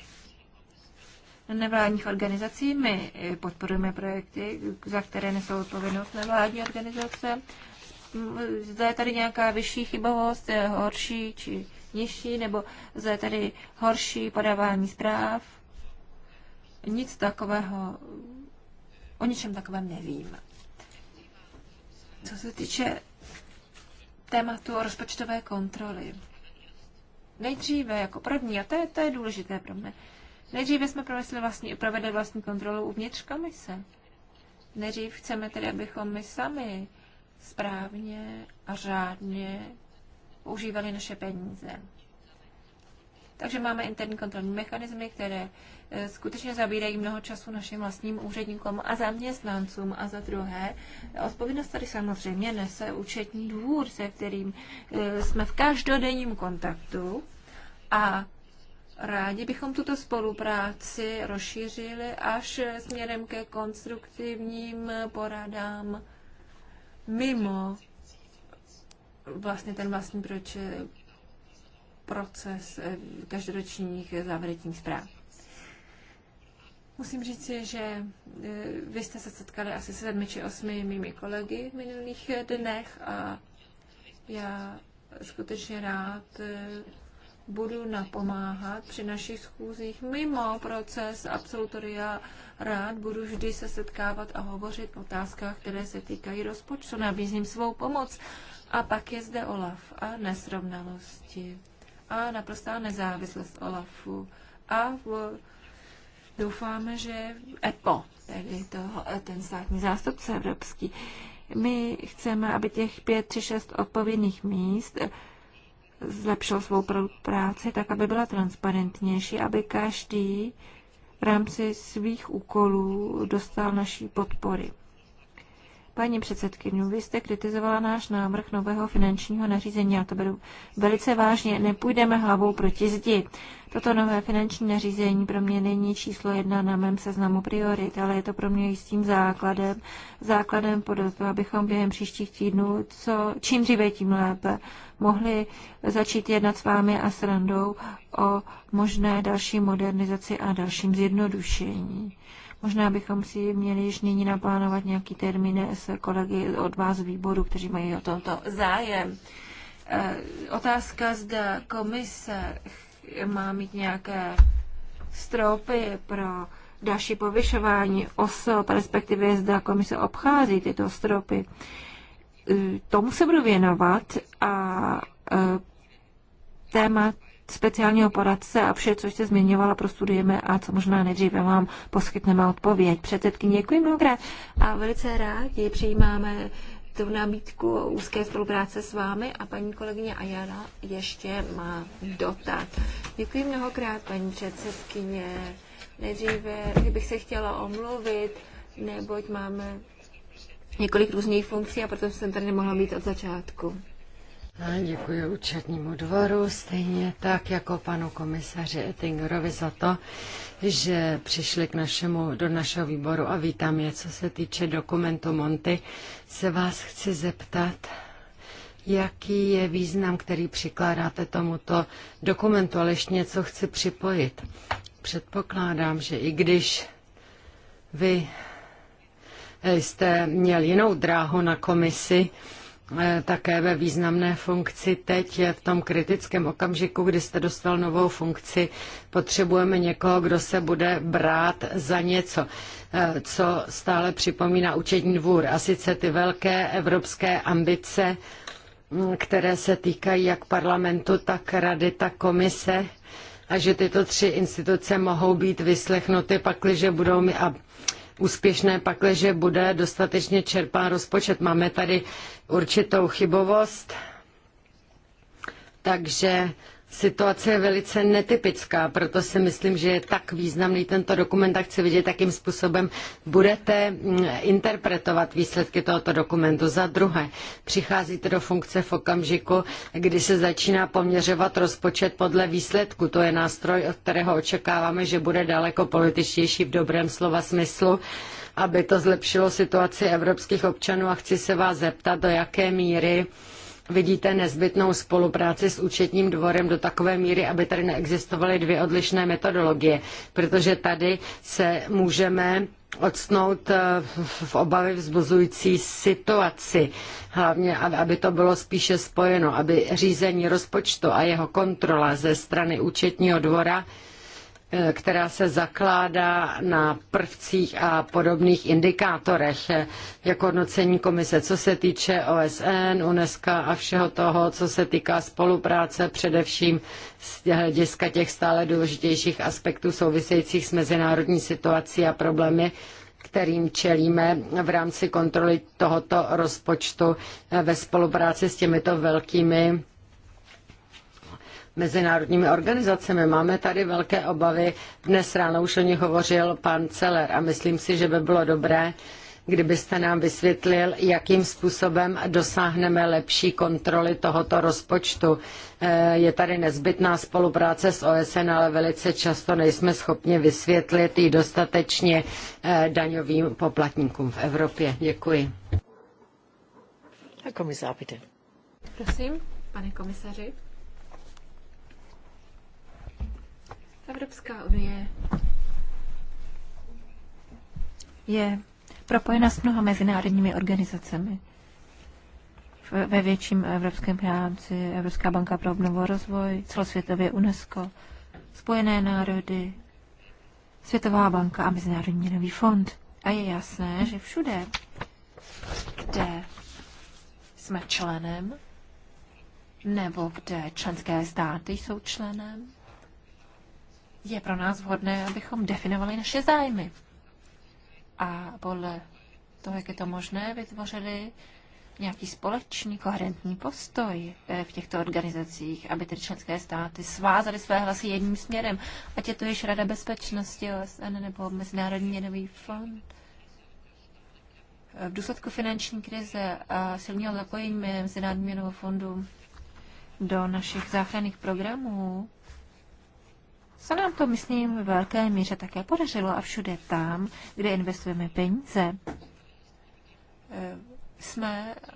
nevládních organizací, my podporujeme projekty, za které nesou odpovědnost nevládní organizace. Zda je tady nějaká vyšší chybovost, horší či nižší, nebo zda je tady horší podávání zpráv. Nic takového, o ničem takovém nevím. Co se týče tématu rozpočtové kontroly. Nejdříve jako první, a to je, to je důležité pro mě, nejdříve jsme provedli vlastní, provedli vlastní kontrolu uvnitř komise. Nejdřív chceme tedy, abychom my sami správně a řádně používali naše peníze. Takže máme interní kontrolní mechanismy, které e, skutečně zabírají mnoho času našim vlastním úředníkům a zaměstnancům. A za druhé, odpovědnost tady samozřejmě nese účetní dvůr, se kterým e, jsme v každodenním kontaktu. A Rádi bychom tuto spolupráci rozšířili až směrem ke konstruktivním poradám mimo vlastně ten vlastní proč proces eh, každoročních závěrečních zpráv. Musím si, že eh, vy jste se setkali asi sedmi či osmi mými kolegy v minulých eh, dnech a já skutečně rád budu napomáhat při našich schůzích mimo proces absolutoria. Rád budu vždy se setkávat a hovořit o otázkách, které se týkají rozpočtu. Nabízím svou pomoc. A pak je zde Olaf a nesrovnalosti a naprostá nezávislost OLAFu. A v, doufáme, že EPO, tedy to, ten státní zástupce evropský, my chceme, aby těch pět či šest odpovědných míst zlepšil svou práci tak, aby byla transparentnější, aby každý v rámci svých úkolů dostal naší podpory. Paní předsedkyně, vy jste kritizovala náš návrh nového finančního nařízení. a to beru velice vážně. Nepůjdeme hlavou proti zdi. Toto nové finanční nařízení pro mě není číslo jedna na mém seznamu priorit, ale je to pro mě jistým základem, základem podle abychom během příštích týdnů, co, čím dříve, tím lépe, mohli začít jednat s vámi a s Randou o možné další modernizaci a dalším zjednodušení. Možná bychom si měli již nyní naplánovat nějaký termín s kolegy od vás z výboru, kteří mají o tomto zájem. E, otázka, zda komise má mít nějaké stropy pro další povyšování osob, respektive zda komise obchází tyto stropy. E, tomu se budu věnovat a e, téma speciálního poradce a vše, co jste zmiňovala, prostudujeme a co možná nejdříve vám poskytneme odpověď. Předsedkyně, děkuji mnohokrát a velice rádi přijímáme tu nabídku úzké spolupráce s vámi a paní kolegyně Ajara ještě má dotaz. Děkuji mnohokrát, paní předsedkyně. Nejdříve bych se chtěla omluvit, neboť máme několik různých funkcí a proto jsem tady nemohla být od začátku. Děkuji účetnímu dvoru, stejně tak jako panu komisaři Ettingerovi za to, že přišli k našemu, do našeho výboru a vítám je. Co se týče dokumentu Monty, se vás chci zeptat, jaký je význam, který přikládáte tomuto dokumentu, ale ještě něco chci připojit. Předpokládám, že i když vy eh, jste měl jinou dráhu na komisi, Eh, také ve významné funkci teď, v tom kritickém okamžiku, kdy jste dostal novou funkci, potřebujeme někoho, kdo se bude brát za něco, eh, co stále připomíná účetní dvůr, a sice ty velké evropské ambice, mm, které se týkají jak parlamentu, tak rady, tak komise, a že tyto tři instituce mohou být vyslechnuty, pakliže budou mi a úspěšné pakliže bude dostatečně čerpán rozpočet. Máme tady určitou chybovost, takže Situace je velice netypická, proto si myslím, že je tak významný tento dokument a chci vidět, jakým způsobem budete mm, interpretovat výsledky tohoto dokumentu. Za druhé, přicházíte do funkce v okamžiku, kdy se začíná poměřovat rozpočet podle výsledku. To je nástroj, od kterého očekáváme, že bude daleko političtější v dobrém slova smyslu aby to zlepšilo situaci evropských občanů a chci se vás zeptat, do jaké míry vidíte nezbytnou spolupráci s účetním dvorem do takové míry, aby tady neexistovaly dvě odlišné metodologie, protože tady se můžeme odsnout eh, v obavy vzbuzující situaci, hlavně aby to bylo spíše spojeno, aby řízení rozpočtu a jeho kontrola ze strany účetního dvora která se zakládá na prvcích a podobných indikátorech jako hodnocení komise, co se týče OSN, UNESCO a všeho toho, co se týká spolupráce především z hlediska těch stále důležitějších aspektů souvisejících s mezinárodní situací a problémy, kterým čelíme v rámci kontroly tohoto rozpočtu ve spolupráci s těmito velkými mezinárodními organizacemi. Máme tady velké obavy. Dnes ráno už o nich hovořil pan Celer a myslím si, že by bylo dobré, kdybyste nám vysvětlil, jakým způsobem dosáhneme lepší kontroly tohoto rozpočtu. Eh, je tady nezbytná spolupráce s OSN, ale velice často nejsme schopni vysvětlit ji dostatečně eh, daňovým poplatníkům v Evropě. Děkuji. Herr Prosím, pane komisaři. Evropská unie je propojena s mnoha mezinárodními organizacemi. Ve větším evropském rámci Evropská banka pro obnovu a rozvoj, celosvětově UNESCO, Spojené národy, Světová banka a Mezinárodní měnový fond. A je jasné, že všude, kde jsme členem, nebo kde členské státy jsou členem, je pro nás vhodné, abychom definovali naše zájmy. A podle toho, jak je to možné, vytvořili nějaký společný, koherentní postoj eh, v těchto organizacích, aby ty členské státy svázaly své hlasy jedním směrem, ať je to již Rada bezpečnosti OSN nebo Mezinárodní měnový fond. Eh, v důsledku finanční krize a silného zapojení Mezinárodního měnového fondu do našich záchranných programů se nám to, myslím, v velké míře také podařilo a všude tam, kde investujeme peníze, eh, jsme eh,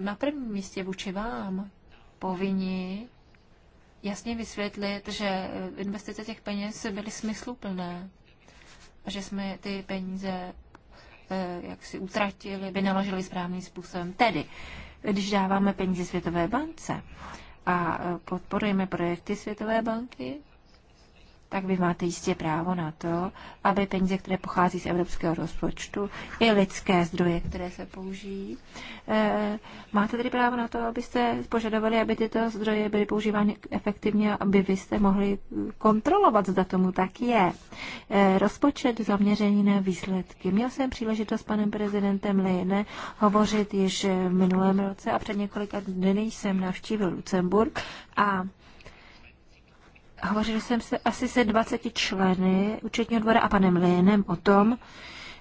na prvním místě vůči vám povinni jasně vysvětlit, že eh, investice těch peněz byly smysluplné a že jsme ty peníze jak si utratili, vynaložili správným způsobem. Tedy, když dáváme peníze Světové bance a podporujeme projekty Světové banky, tak vy máte jistě právo na to, aby peníze, které pochází z evropského rozpočtu, i lidské zdroje, které se použijí, eh, máte tedy právo na to, abyste požadovali, aby tyto zdroje byly používány efektivně, aby vy jste mohli kontrolovat, zda tomu tak je. Eh, rozpočet zaměřený na výsledky. Měl jsem příležitost s panem prezidentem Lejne hovořit již v minulém roce a před několika dny jsem navštívil Lucemburg a hovořil jsem se asi se 20 členy účetního dvora a panem Lénem o tom,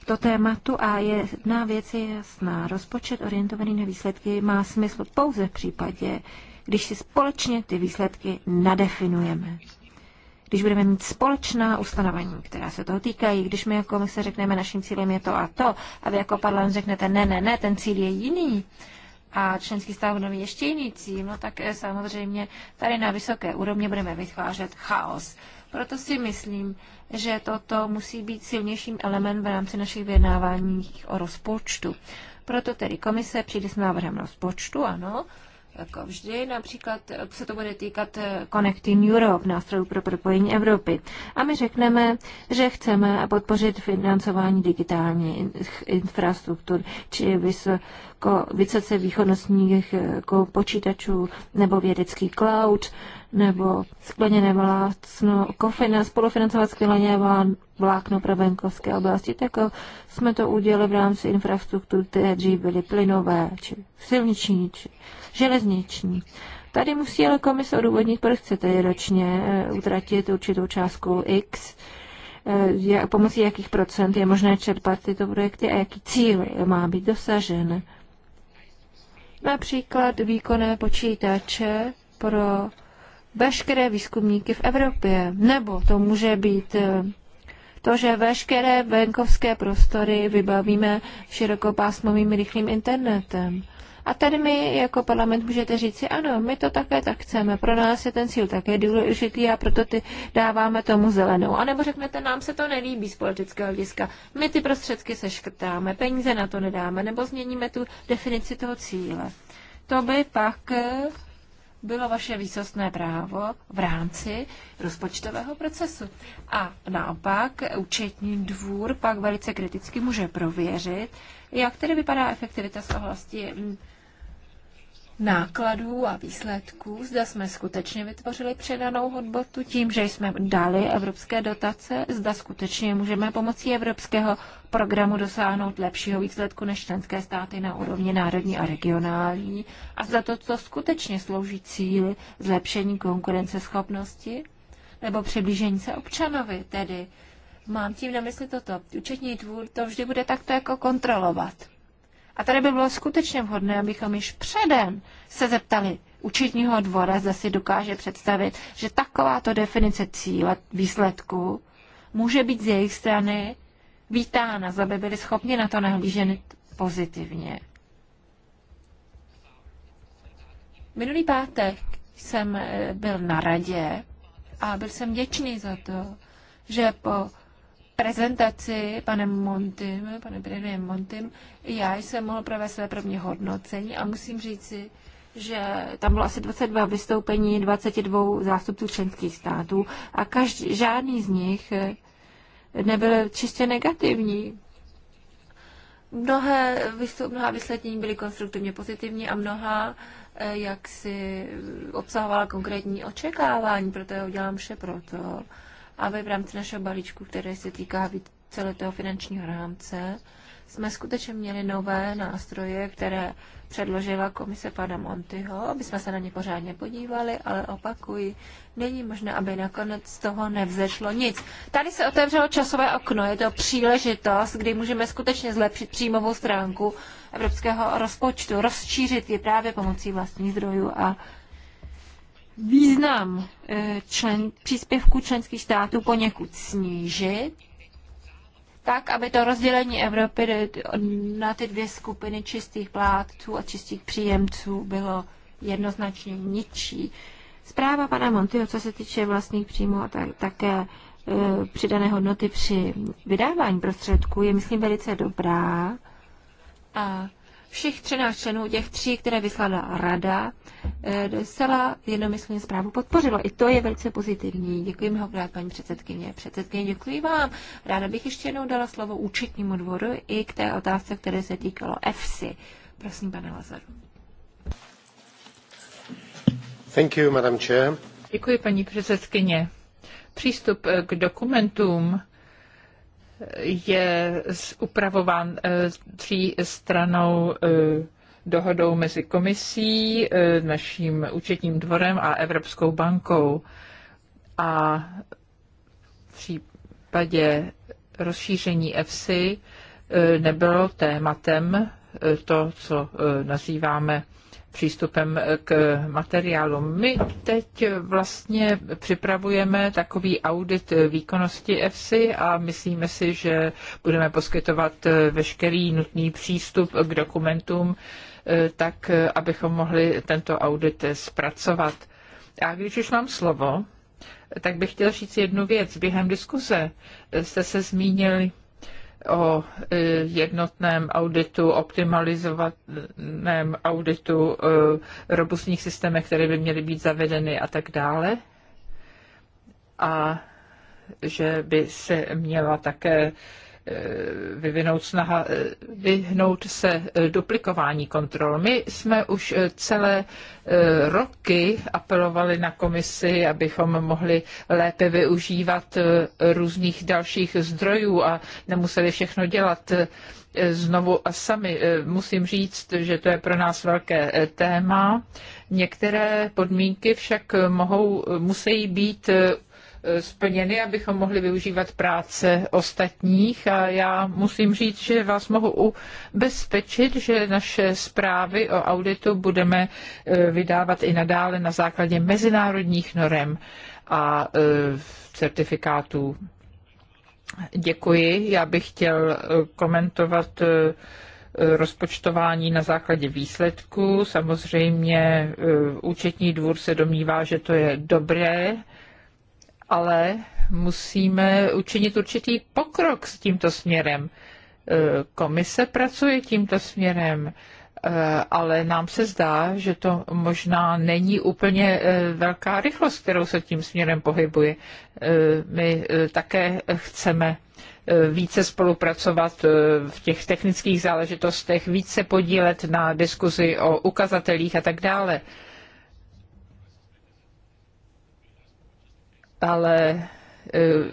to tématu a jedna věc je jasná. Rozpočet orientovaný na výsledky má smysl pouze v případě, když si společně ty výsledky nadefinujeme. Když budeme mít společná ustanovení, která se toho týkají, když my jako my se řekneme, naším cílem je to a to, a vy jako parlament řeknete, ne, ne, ne, ten cíl je jiný, a členský stát budou ještě jiný cíl, no tak eh, samozřejmě tady na vysoké úrovni budeme vytvářet chaos. Proto si myslím, že toto musí být silnějším element v rámci našich vyjednávání o rozpočtu. Proto tedy komise přijde s návrhem rozpočtu, ano, jako vždy. Například se to bude týkat eh, Connecting Europe, nástrojů pro propojení Evropy. A my řekneme, že chceme podpořit financování digitální infrastruktur, či vysoko, vysoce východnostních eh, počítačů nebo vědecký cloud nebo skleněné vlácno, kofina, spolufinancovat skleněné vlákno pro venkovské oblasti, tak eh, jsme to udělali v rámci infrastruktur, které dřív byly plynové, či silniční, či železniční. Tady musí ale komise odůvodnit, proč chcete ročně eh, utratit určitou částku X, eh, pomocí jakých procent je možné čerpat tyto projekty a jaký cíl má být dosažen. Například výkonné počítače pro veškeré výzkumníky v Evropě. Nebo to může být eh, to, že veškeré venkovské prostory vybavíme širokopásmovým rychlým internetem. A tady my jako parlament můžete si, ano, my to také tak chceme, pro nás je ten cíl také důležitý a proto ty dáváme tomu zelenou. A nebo řeknete, nám se to nelíbí z politického hlediska, my ty prostředky seškrtáme, peníze na to nedáme, nebo změníme tu definici toho cíle. To by pak bylo vaše výsostné právo v rámci rozpočtového procesu. A naopak účetní dvůr pak velice kriticky může prověřit, jak tedy vypadá efektivita z oblasti nákladů a výsledků. Zda jsme skutečně vytvořili předanou hodnotu tím, že jsme dali evropské dotace, zda skutečně můžeme pomocí evropského programu dosáhnout lepšího výsledku než členské státy na úrovni národní a regionální a zda to, co skutečně slouží cíli zlepšení konkurenceschopnosti nebo přiblížení se občanovi, tedy Mám tím na mysli toto. Účetní dvůr to vždy bude takto jako kontrolovat. A tady by bylo skutečně vhodné, abychom již předem se zeptali učitního dvora, zda si dokáže představit, že takováto definice cíle, výsledku může být z jejich strany vítána, zda by byli schopni na to nahlížet pozitivně. Minulý pátek jsem eh, byl na radě a byl jsem děčný za to, že po prezentaci panem Montym, panem premiérem Montym, já jsem mohl provést své první hodnocení a musím říci, že tam bylo asi 22 vystoupení 22 zástupců členských států a každý, žádný z nich eh, nebyl čistě negativní. Mnohé, mnoha vysvětlení byly konstruktivně pozitivní a mnoha eh, jak si obsahovala konkrétní očekávání, proto já udělám vše proto, aby v rámci našeho balíčku, které se týká celého finančního rámce, jsme skutečně měli nové nástroje, které předložila komise pana Montyho, aby jsme se na ně pořádně podívali, ale opakuji, není možné, aby nakonec z toho nevzešlo nic. Tady se otevřelo časové okno, je to příležitost, kdy můžeme skutečně zlepšit příjmovou stránku evropského rozpočtu, rozšířit ji právě pomocí vlastních zdrojů a význam eh, člen, příspěvku členských států poněkud snížit, tak, aby to rozdělení Evropy na ty dvě skupiny čistých plátců a čistých příjemců bylo jednoznačně ničí. Zpráva pana Montyho, co se týče vlastních příjmů a tak, také e, přidané hodnoty při vydávání prostředků, je, myslím, velice dobrá. A všech 13 členů, těch tří, které vyslala rada, eh, docela jednomyslně zprávu podpořilo. I to je velice pozitivní. Děkuji mnohokrát, paní předsedkyně. Předsedkyně, děkuji vám. Ráda bych ještě jednou dala slovo účetnímu dvoru i k té otázce, které se týkalo EFSI. Prosím, pane Lazaru. Thank you, madam chair. Děkuji, paní předsedkyně. Přístup k dokumentům je upravován eh, tří stranou eh, dohodou mezi komisí, eh, naším účetním dvorem a Evropskou bankou. A v případě rozšíření EFSI nebylo tématem to, co nazýváme přístupem k materiálu. My teď vlastně připravujeme takový audit výkonnosti EFSI a myslíme si, že budeme poskytovat veškerý nutný přístup k dokumentům, eh, tak abychom mohli tento audit zpracovat. A když už mám slovo, tak bych chtěl říct jednu věc. Během diskuze jste se zmínili o e, jednotném auditu, optimalizovaném auditu, e, robustních systémech, které by měly být zavedeny a tak dále. A že by se měla také Eh, vyvinout snaha eh, vyhnout se eh, duplikování kontrol. My jsme už celé roky apelovali na komisi, abychom mohli lépe využívat různých dalších zdrojů a nemuseli všechno dělat znovu a sami. Musím říct, že to je pro nás velké téma. Některé podmínky však mohou, musí být Eh, splněny, abychom mohli využívat práce ostatních. A já musím říct, že vás mohu ubezpečit, že naše zprávy o auditu budeme eh, vydávat i nadále na základě mezinárodních norem a eh, certifikátů. Děkuji. Já bych chtěl komentovat rozpočtování na základě výsledku. Samozřejmě účetní dvůr se domnívá, že to je dobré ale musíme učinit určitý pokrok s tímto směrem. E, komise pracuje tímto směrem, e, ale nám se zdá, že to možná není úplně e, velká rychlost, kterou se tím směrem pohybuje. My také chceme více spolupracovat v těch technických záležitostech, více podílet na diskuzi o ukazatelích a tak dále. ale eh,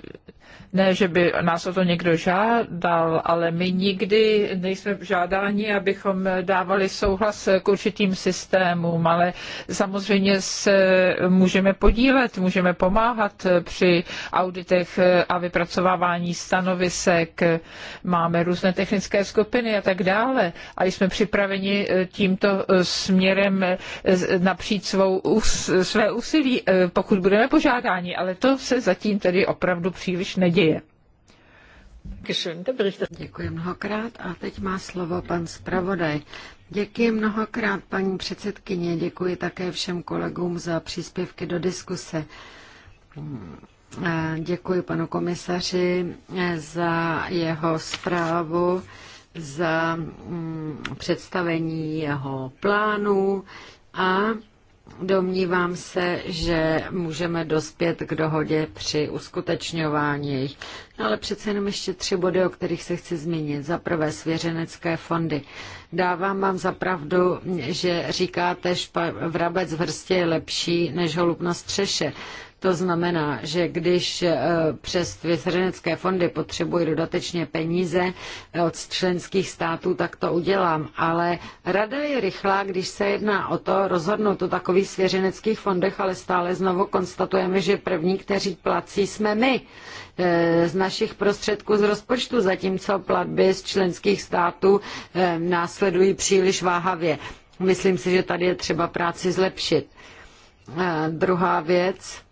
ne, že by nás o to někdo žádal, ale my nikdy nejsme žádáni, abychom dávali souhlas k určitým systémům, ale samozřejmě se můžeme podílet, můžeme pomáhat při auditech a vypracovávání stanovisek, máme různé technické skupiny a tak dále. A jsme připraveni tímto směrem napřít svou, své úsilí, pokud budeme požádáni, ale to se zatím tedy opravdu příliš neděje děje. Děkuji mnohokrát a teď má slovo pan zpravodaj. Děkuji mnohokrát, paní předsedkyně, děkuji také všem kolegům za příspěvky do diskuse. Hmm. Eh, děkuji panu komisaři eh, za jeho zprávu, za hmm, představení jeho plánu a Domnívám se, že můžeme dospět k dohodě při uskutečňování jejich. No ale přece jenom ještě tři body, o kterých se chci zmínit. Za prvé svěřenecké fondy. Dávám vám zapravdu, že říkáte, že vrabec v hrstě je lepší než holub na střeše. To znamená, že když eh, přes svěřenecké fondy potřebuji dodatečně peníze eh, od členských států, tak to udělám. Ale rada je rychlá, když se jedná o to rozhodnout o takových svěřeneckých fondech, ale stále znovu konstatujeme, že první, kteří plací, jsme my eh, z našich prostředků z rozpočtu, zatímco platby z členských států následují příliš váhavě. Myslím si, že tady je třeba práci zlepšit. Uh, druhá věc,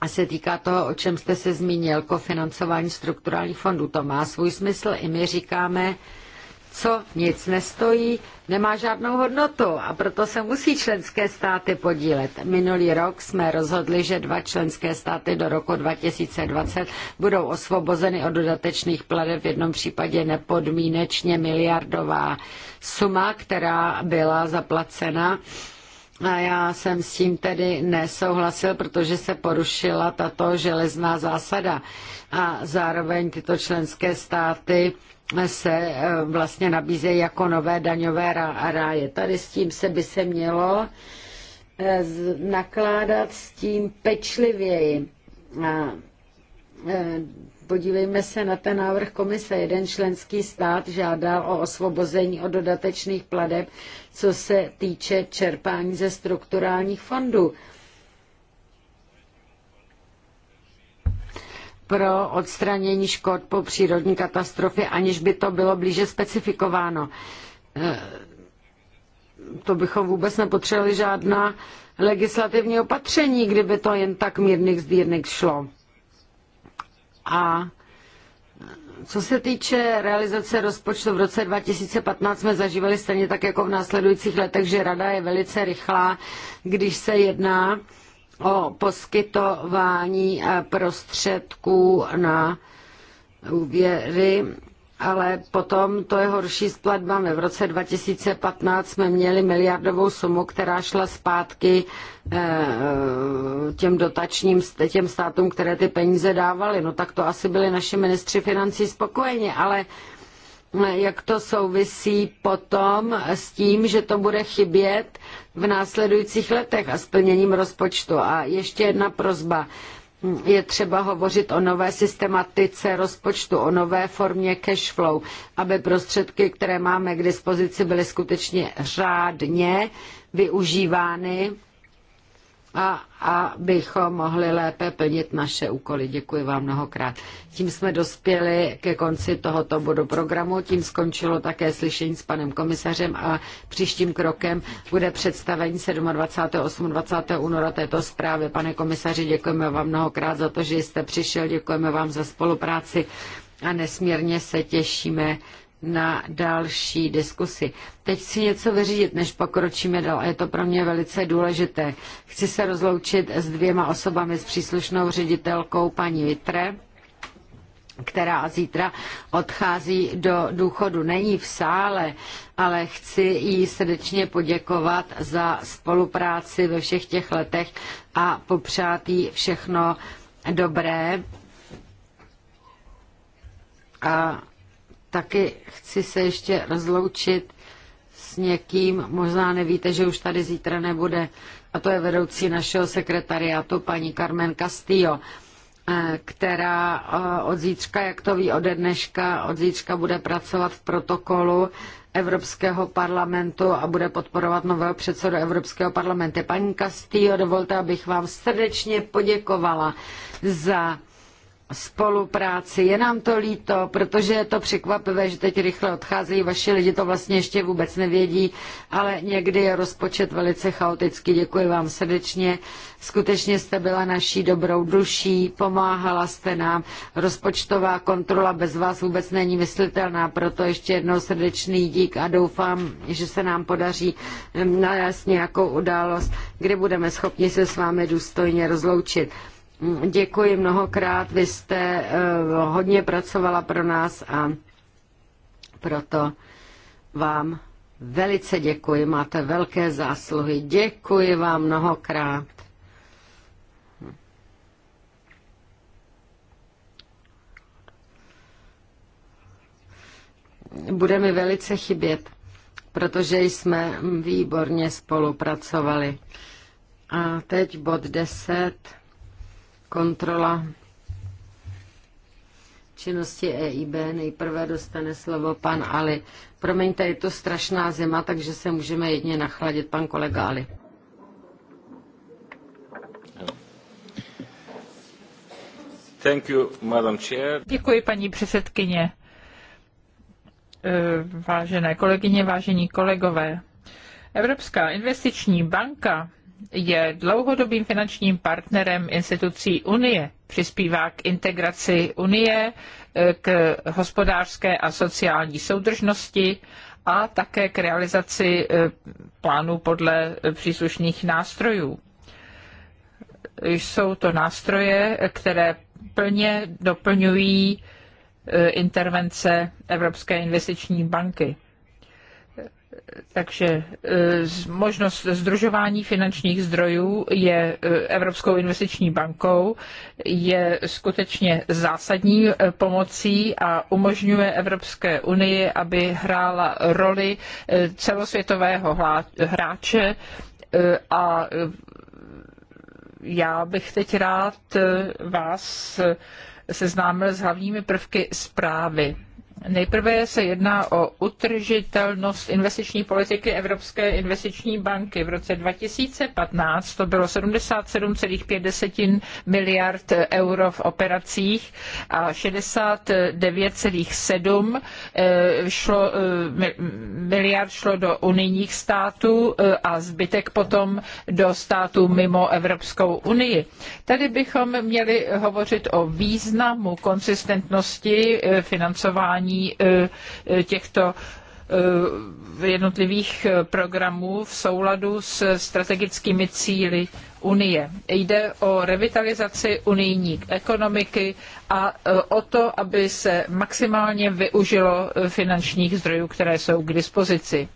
a se týká toho, o čem jste se zmínil, kofinancování strukturálních fondů. To má svůj smysl i my říkáme, co nic nestojí, nemá žádnou hodnotu a proto se musí členské státy podílet. Minulý rok jsme rozhodli, že dva členské státy do roku 2020 budou osvobozeny od dodatečných pladeb, v jednom případě nepodmínečně miliardová suma, která byla zaplacena a já jsem s tím tedy nesouhlasil, protože se porušila tato železná zásada. A zároveň tyto členské státy se eh, vlastně nabízejí jako nové daňové ráje. Tady s tím se by se mělo eh, nakládat s tím pečlivěji. A eh, podívejme se na ten návrh komise. Jeden členský stát žádal o osvobození od dodatečných pladeb co se týče čerpání ze strukturálních fondů. pro odstranění škod po přírodní katastrofě, aniž by to bylo blíže specifikováno. Eh, to bychom vůbec nepotřebovali žádná legislativní opatření, kdyby to jen tak mírných sbírnek šlo. A co se týče realizace rozpočtu v roce 2015, jsme zažívali stejně tak jako v následujících letech, že rada je velice rychlá, když se jedná o poskytování eh, prostředků na úvěry ale potom to je horší s platbami. V roce 2015 jsme měli miliardovou sumu, která šla zpátky eh, těm dotačním těm státům, které ty peníze dávaly. No tak to asi byli naši ministři financí spokojeni, ale eh, jak to souvisí potom s tím, že to bude chybět v následujících letech a splněním rozpočtu. A ještě jedna prozba je třeba hovořit o nové systematice rozpočtu, o nové formě cash flow, aby prostředky, které máme k dispozici, byly skutečně řádně využívány a abychom mohli lépe plnit naše úkoly. Děkuji vám mnohokrát. Tím jsme dospěli ke konci tohoto bodu programu, tím skončilo také slyšení s panem komisařem a příštím krokem bude představení 27. 28. února této zprávy. Pane komisaři, děkujeme vám mnohokrát za to, že jste přišel, děkujeme vám za spolupráci a nesmírně se těšíme na další diskusi. Teď si něco vyřídit, než pokročíme dál. A je to pro mě velice důležité. Chci se rozloučit s dvěma osobami, s příslušnou ředitelkou paní Vitre která zítra odchází do důchodu. Není v sále, ale chci jí srdečně poděkovat za spolupráci ve všech těch letech a popřát jí všechno dobré. A taky chci se ještě rozloučit s někým, možná nevíte, že už tady zítra nebude, a to je vedoucí našeho sekretariátu, paní Carmen Castillo, eh, která eh, od zítřka, jak to ví ode dneška, od zítřka bude pracovat v protokolu Evropského parlamentu a bude podporovat nového předsedu Evropského parlamentu. Paní Castillo, dovolte, abych vám srdečně poděkovala za spolupráci. Je nám to líto, protože je to překvapivé, že teď rychle odcházejí vaši lidi, to vlastně ještě vůbec nevědí, ale někdy je rozpočet velice chaotický. Děkuji vám srdečně. Skutečně jste byla naší dobrou duší, pomáhala jste nám. Rozpočtová kontrola bez vás vůbec není myslitelná, proto ještě jednou srdečný dík a doufám, že se nám podaří hm, nalézt nějakou událost, kdy budeme schopni se s vámi důstojně rozloučit. Děkuji mnohokrát, vy jste eh, hodně pracovala pro nás a proto vám velice děkuji, máte velké zásluhy. Děkuji vám mnohokrát. Bude mi velice chybět, protože jsme výborně spolupracovali. A teď bod 10. Kontrola činnosti EIB nejprve dostane slovo pan Ali. Promiňte, je to strašná zima, takže se můžeme jedně nachladit, pan kolega Ali. Thank you, Madam Chair. Děkuji, paní předsedkyně. Eh, vážené kolegyně, vážení kolegové, Evropská investiční banka je dlouhodobým finančním partnerem institucí Unie, přispívá k integraci Unie, e, k hospodářské a sociální soudržnosti a také k realizaci e, plánů podle příslušných nástrojů. Jsou to nástroje, které plně doplňují e, intervence Evropské investiční banky takže e, možnost združování finančních zdrojů je e, Evropskou investiční bankou, je skutečně zásadní e, pomocí a umožňuje Evropské unii, aby hrála roli celosvětového hráče a já bych teď rád vás seznámil s hlavními prvky zprávy. Nejprve se jedná o utržitelnost investiční politiky Evropské investiční banky. V roce 2015 to bylo 77,5 miliard euro v operacích a 69,7 eh, šlo, eh, miliard šlo do unijních států eh, a zbytek potom do států mimo Evropskou unii. Tady bychom měli hovořit o významu konsistentnosti financování fungování eh, eh, těchto eh, jednotlivých programů v souladu s strategickými cíli Unie. Jde o revitalizaci unijní ekonomiky a o to, aby se maximálně využilo finančních zdrojů, které jsou k dispozici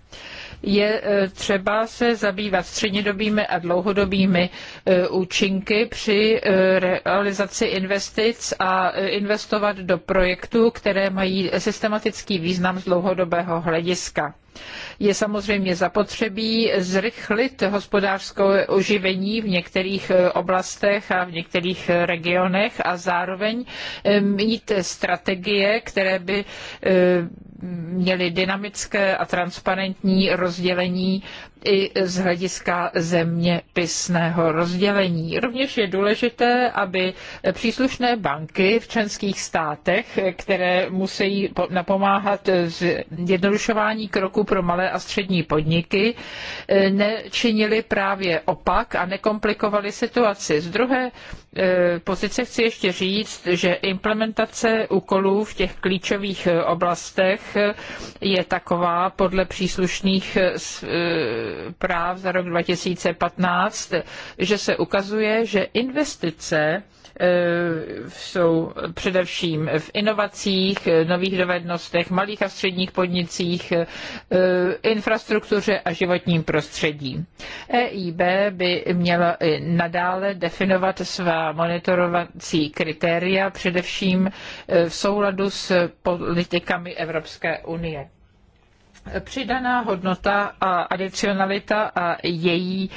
je e, třeba se zabývat střednědobými a dlouhodobými e, účinky při e, realizaci investic a investovat do projektů, které mají systematický význam z dlouhodobého hlediska je samozřejmě zapotřebí zrychlit hospodářské oživení v některých eh, oblastech a v některých eh, regionech a zároveň eh, mít strategie, které by měly dynamické a transparentní rozdělení i z hlediska zeměpisného rozdělení. Rovněž je důležité, aby příslušné banky v členských státech, které musí napomáhat zjednodušování kroku pro malé a střední podniky, eh, nečinili právě opak a nekomplikovali situaci. Z druhé E, pozice chci ještě říct, že implementace úkolů v těch klíčových e, oblastech je taková podle příslušných e, práv za rok 2015, že se ukazuje, že investice Eh, jsou především v inovacích, nových dovednostech, malých a středních podnicích, eh, infrastruktuře a životním prostředí. EIB by měla i nadále definovat svá monitorovací kritéria, především eh, v souladu s politikami Evropské unie přidaná hodnota a adicionalita a její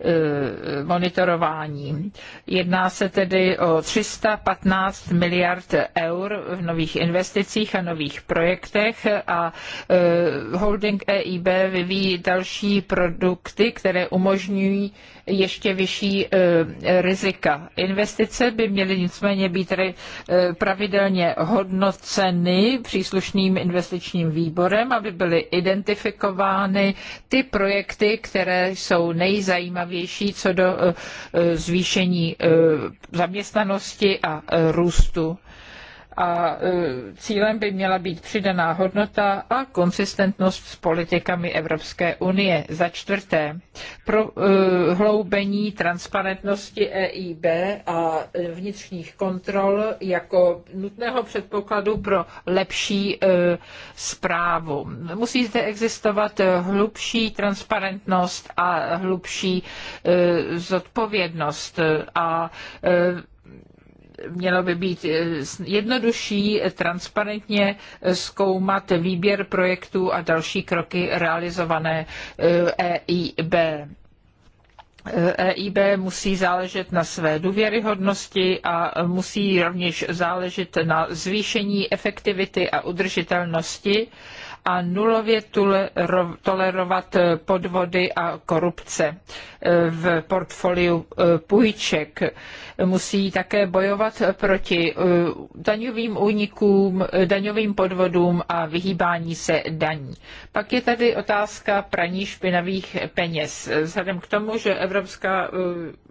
Eh, monitorování. Jedná se tedy o 315 miliard eur v nových investicích a nových projektech a eh, holding EIB vyvíjí další produkty, které umožňují ještě vyšší eh, rizika. Investice by měly nicméně být eh, pravidelně hodnoceny příslušným investičním výborem, aby byly identifikovány ty projekty, které jsou nejzajímavější co do eh, zvýšení zaměstnanosti a růstu a e, cílem by měla být přidaná hodnota a konsistentnost s politikami Evropské unie. Za čtvrté, prohloubení e, transparentnosti EIB a vnitřních kontrol jako nutného předpokladu pro lepší zprávu. E, Musí zde existovat hlubší transparentnost a hlubší zodpovědnost a mělo by být eh, jednodušší eh, transparentně eh, zkoumat výběr projektů a další kroky realizované EIB. E EIB e musí záležet na své důvěryhodnosti a musí rovněž záležet na zvýšení efektivity a udržitelnosti a nulově tolerovat podvody a korupce v portfoliu půjček musí také bojovat proti uh, daňovým únikům, daňovým podvodům a vyhýbání se daní. Pak je tady otázka praní špinavých peněz. Vzhledem k tomu, že Evropská uh,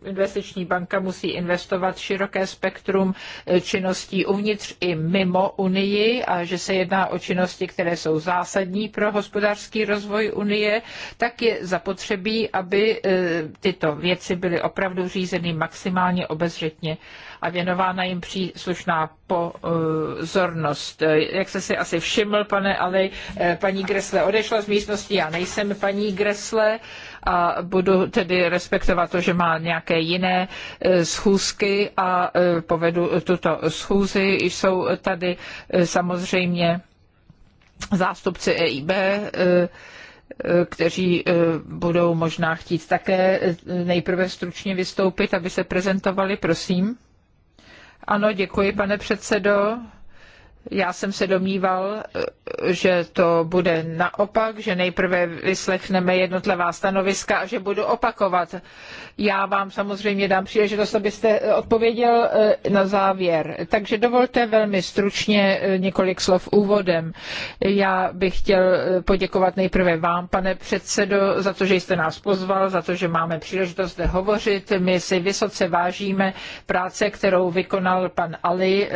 investiční banka musí investovat široké spektrum uh, činností uvnitř i mimo Unii a že se jedná o činnosti, které jsou zásadní pro hospodářský rozvoj Unie, tak je zapotřebí, aby tyto věci byly opravdu řízeny maximálně obezřetně obezřetně a věnována jim příslušná pozornost. Jak jste si asi všiml, pane Ali, eh, paní Gresle odešla z místnosti, já nejsem paní Gresle a budu tedy respektovat to, že má nějaké jiné eh, schůzky a eh, povedu tuto schůzi. Jsou tady samozřejmě zástupci EIB, kteří e, budou možná chtít také e, nejprve stručně vystoupit, aby se prezentovali, prosím. Ano, děkuji, pane předsedo. Já jsem se domníval, že to bude naopak, že nejprve vyslechneme jednotlivá stanoviska a že budu opakovat. Já vám samozřejmě dám příležitost, abyste eh, odpověděl eh, na závěr. Takže dovolte velmi stručně eh, několik slov úvodem. Já bych chtěl poděkovat nejprve vám, pane předsedo, za to, že jste nás pozval, za to, že máme příležitost zde hovořit. My si vysoce vážíme práce, kterou vykonal pan Ali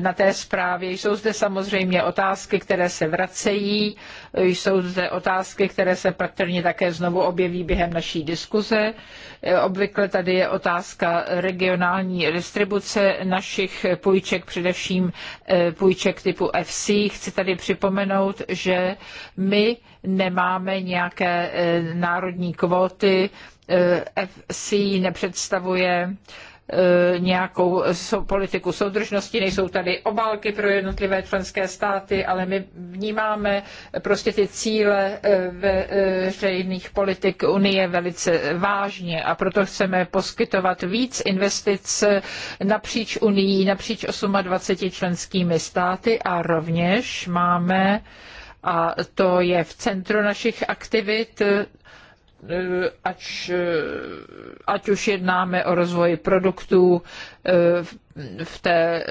na té zprávě zprávě. Jsou zde samozřejmě otázky, které se vracejí, jsou zde otázky, které se patrně také znovu objeví během naší diskuze. Obvykle tady je otázka regionální distribuce našich půjček, především eh, půjček typu FC. Chci tady připomenout, že my nemáme nějaké eh, národní kvóty, eh, FC nepředstavuje Eh, nějakou politiku soudržnosti, nejsou tady obálky pro jednotlivé členské státy, ale my vnímáme prostě ty cíle eh, veřejných politik Unie velice vážně a proto chceme poskytovat víc investic napříč Unii, napříč 28 členskými státy a rovněž máme a to je v centru našich aktivit E, ať, e, ať už jednáme o rozvoji produktů e, v, té,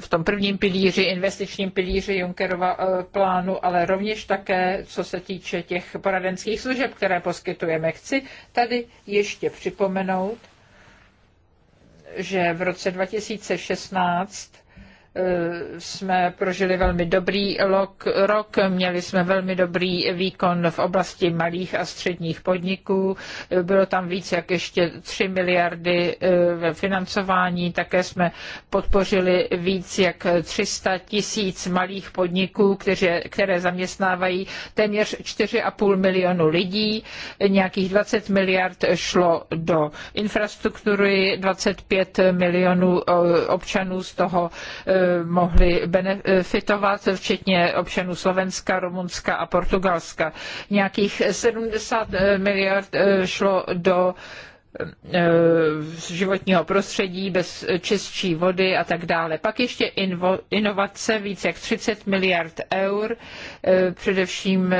v tom prvním pilíři, investičním pilíři Junckerova plánu, ale rovněž také, co se týče těch poradenských služeb, které poskytujeme. Chci tady ještě připomenout, že v roce 2016 Eh, jsme prožili velmi dobrý rok, měli jsme velmi dobrý výkon v oblasti malých a středních podniků, eh, bylo tam více jak ještě 3 miliardy eh, ve financování, také jsme podpořili víc jak 300 tisíc malých podniků, které, které zaměstnávají téměř 4,5 milionu lidí, nějakých 20 miliard šlo do infrastruktury, 25 milionů občanů z toho Eh, mohli benefitovat, včetně občanů Slovenska, Rumunska a Portugalska. Nějakých 70 eh, miliard eh, šlo do životního prostředí, bez čistší vody a tak dále. Pak ještě inovace, více jak 30 miliard eur, především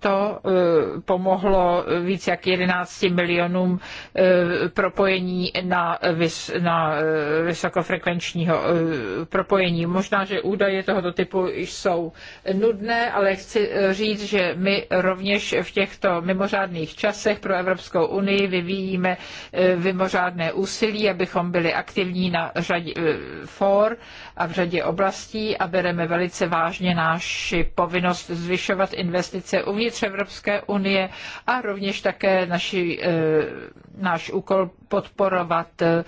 to eh, pomohlo víc jak 11 milionům eh, propojení na, vys, na eh, vysokofrekvenčního propojení. Možná, že údaje tohoto typu jsou nudné, ale chci říct, že my rovněž v těchto mimořádných časech pro Evropskou unii vyvíjíme mimořádné úsilí, abychom byli aktivní na řadě for a v řadě oblastí a bereme velice vážně naši povinnost zvyšovat investice uvnitř Evropské unie a rovněž také naši, eh, náš úkol podporovat eh,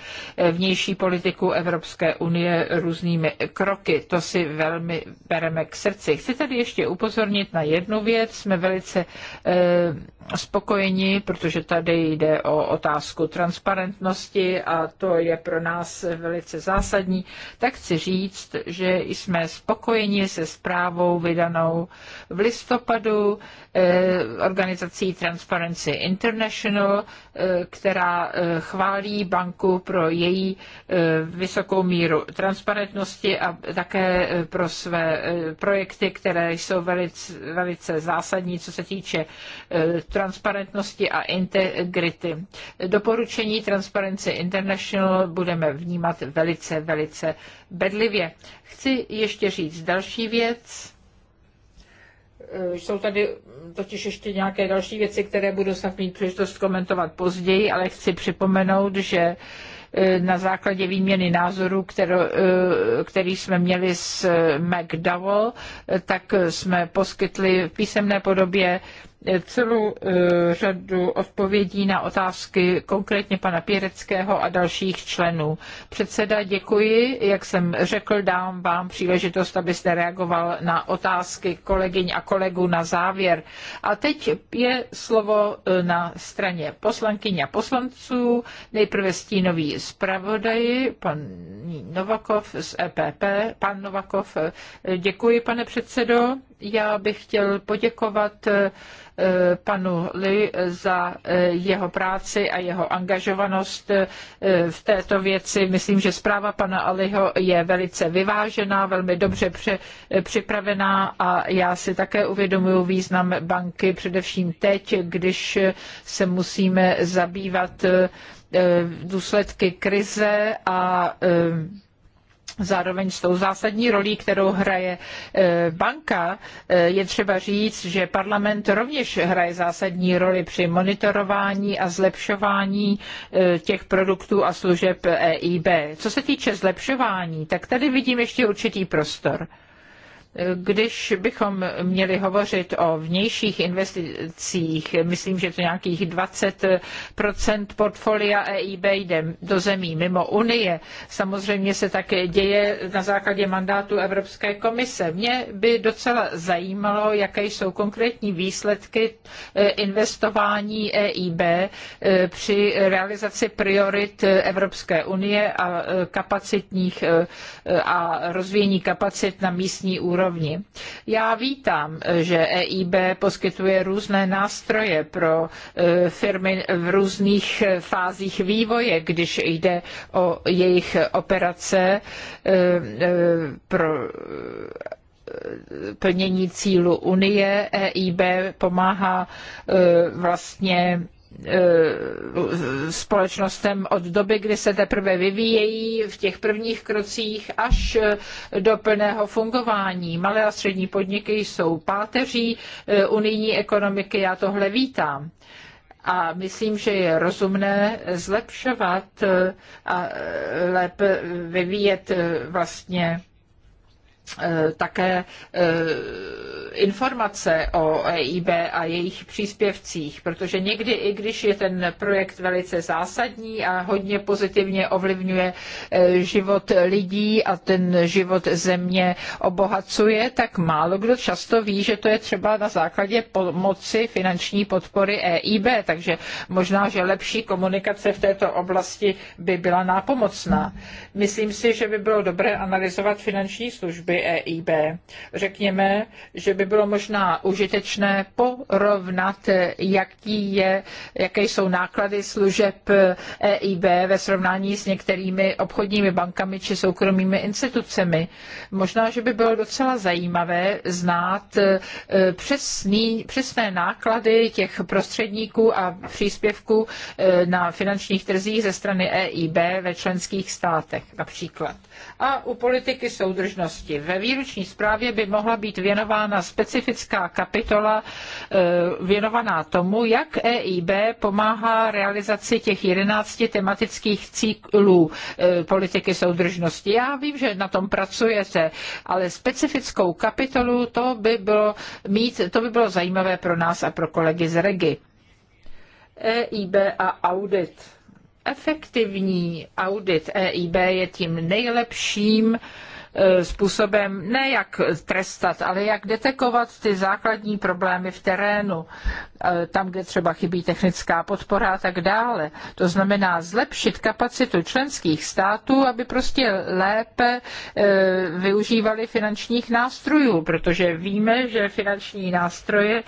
vnější politiku Evropské unie různými kroky. To si velmi bereme k srdci. Chci tady ještě upozornit na jednu věc. Jsme velice eh, spokojeni, protože tady jde o otázku transparentnosti a to je pro nás velice zásadní. Tak chci říct, že jsme spokojeni se zprávou vydanou v listopadu eh, organizací Transparency International, která chválí banku pro její e, vysokou míru transparentnosti a také e, pro své e, projekty, které jsou velice, velice zásadní, co se týče transparentnosti a integrity. Doporučení Transparency International budeme vnímat velice, velice bedlivě. Chci ještě říct další věc Eh, jsou tady totiž ještě nějaké další věci, které budu snad mít příležitost komentovat později, ale chci připomenout, že eh, na základě výměny názorů, eh, který jsme měli s McDowell, tak jsme poskytli v písemné podobě celou eh, řadu odpovědí na otázky konkrétně pana Pěreckého a dalších členů. Předseda, děkuji. Jak jsem řekl, dám vám příležitost, abyste reagoval na otázky kolegyň a kolegů na závěr. A teď je slovo eh, na straně poslankyň a poslanců. Nejprve stínový zpravodaji, pan Novakov z EPP. Pan Novakov, eh, děkuji, pane předsedo. Já bych chtěl poděkovat eh, panu Li za eh, jeho práci a jeho angažovanost eh, v této věci. Myslím, že zpráva pana Aliho je velice vyvážená, velmi dobře připravená a já si také uvědomuji význam banky, především teď, když se musíme zabývat důsledky krize a zároveň s tou zásadní rolí, kterou hraje eh, banka, eh, je třeba říct, že parlament rovněž hraje zásadní roli při monitorování a zlepšování eh, těch produktů a služeb EIB. E Co se týče zlepšování, tak tady vidím ještě určitý prostor. Když bychom měli hovořit o vnějších investicích, myslím, že to nějakých 20 portfolia EIB jde do zemí mimo Unie. Samozřejmě se také děje na základě mandátu Evropské komise. Mě by docela zajímalo, jaké jsou konkrétní výsledky eh, investování EIB eh, při realizaci priorit Evropské unie a eh, kapacitních a rozvíjení kapacit na místní úrovni úrovni. Já vítám, že EIB poskytuje různé nástroje pro e, firmy v různých fázích vývoje, když jde o jejich operace e, e, pro plnění cílu Unie. EIB pomáhá vlastně Eh, společnostem od doby, kdy se teprve vyvíjejí v těch prvních krocích až eh, do plného fungování. Malé a střední podniky jsou páteří eh, unijní ekonomiky, já tohle vítám a myslím, že je rozumné zlepšovat a lépe vyvíjet vlastně Eh, také eh, informace o EIB a jejich příspěvcích, protože někdy, i když je ten projekt velice zásadní a hodně pozitivně ovlivňuje eh, život lidí a ten život země obohacuje, tak málo kdo často ví, že to je třeba na základě pomoci finanční podpory EIB, takže možná, že lepší komunikace v této oblasti by byla nápomocná. Myslím si, že by bylo dobré analyzovat finanční služby EIB. Řekněme, že by bylo možná užitečné porovnat, jaký je, jaké jsou náklady služeb EIB ve srovnání s některými obchodními bankami či soukromými institucemi. Možná, že by bylo docela zajímavé znát e, přesný, přesné náklady těch prostředníků a příspěvků e, na finančních trzích ze strany EIB ve členských státech například a u politiky soudržnosti. Ve výroční zprávě by mohla být věnována specifická kapitola e, věnovaná tomu, jak EIB pomáhá realizaci těch jedenácti tematických cílů e, politiky soudržnosti. Já vím, že na tom pracujete, ale specifickou kapitolu to by bylo mít, to by bylo zajímavé pro nás a pro kolegy z Regi. EIB a audit Efektivní audit EIB je tím nejlepším E, způsobem ne jak trestat, ale jak detekovat ty základní problémy v terénu, e, tam, kde třeba chybí technická podpora a tak dále. To znamená zlepšit kapacitu členských států, aby prostě lépe e, využívali finančních nástrojů, protože víme, že finanční nástroje,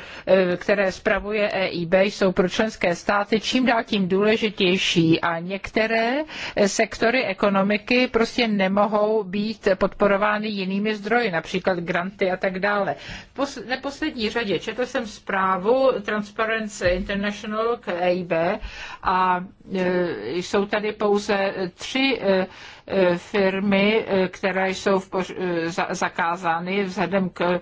které spravuje EIB, jsou pro členské státy čím dál tím důležitější a některé sektory ekonomiky prostě nemohou být pod podporovány jinými zdroji, například granty a tak dále. V pos- neposlední řadě četl jsem zprávu Transparency International k EIB a e, jsou tady pouze tři e, Eh, firmy, eh, které jsou v eh, zakázány vzhledem k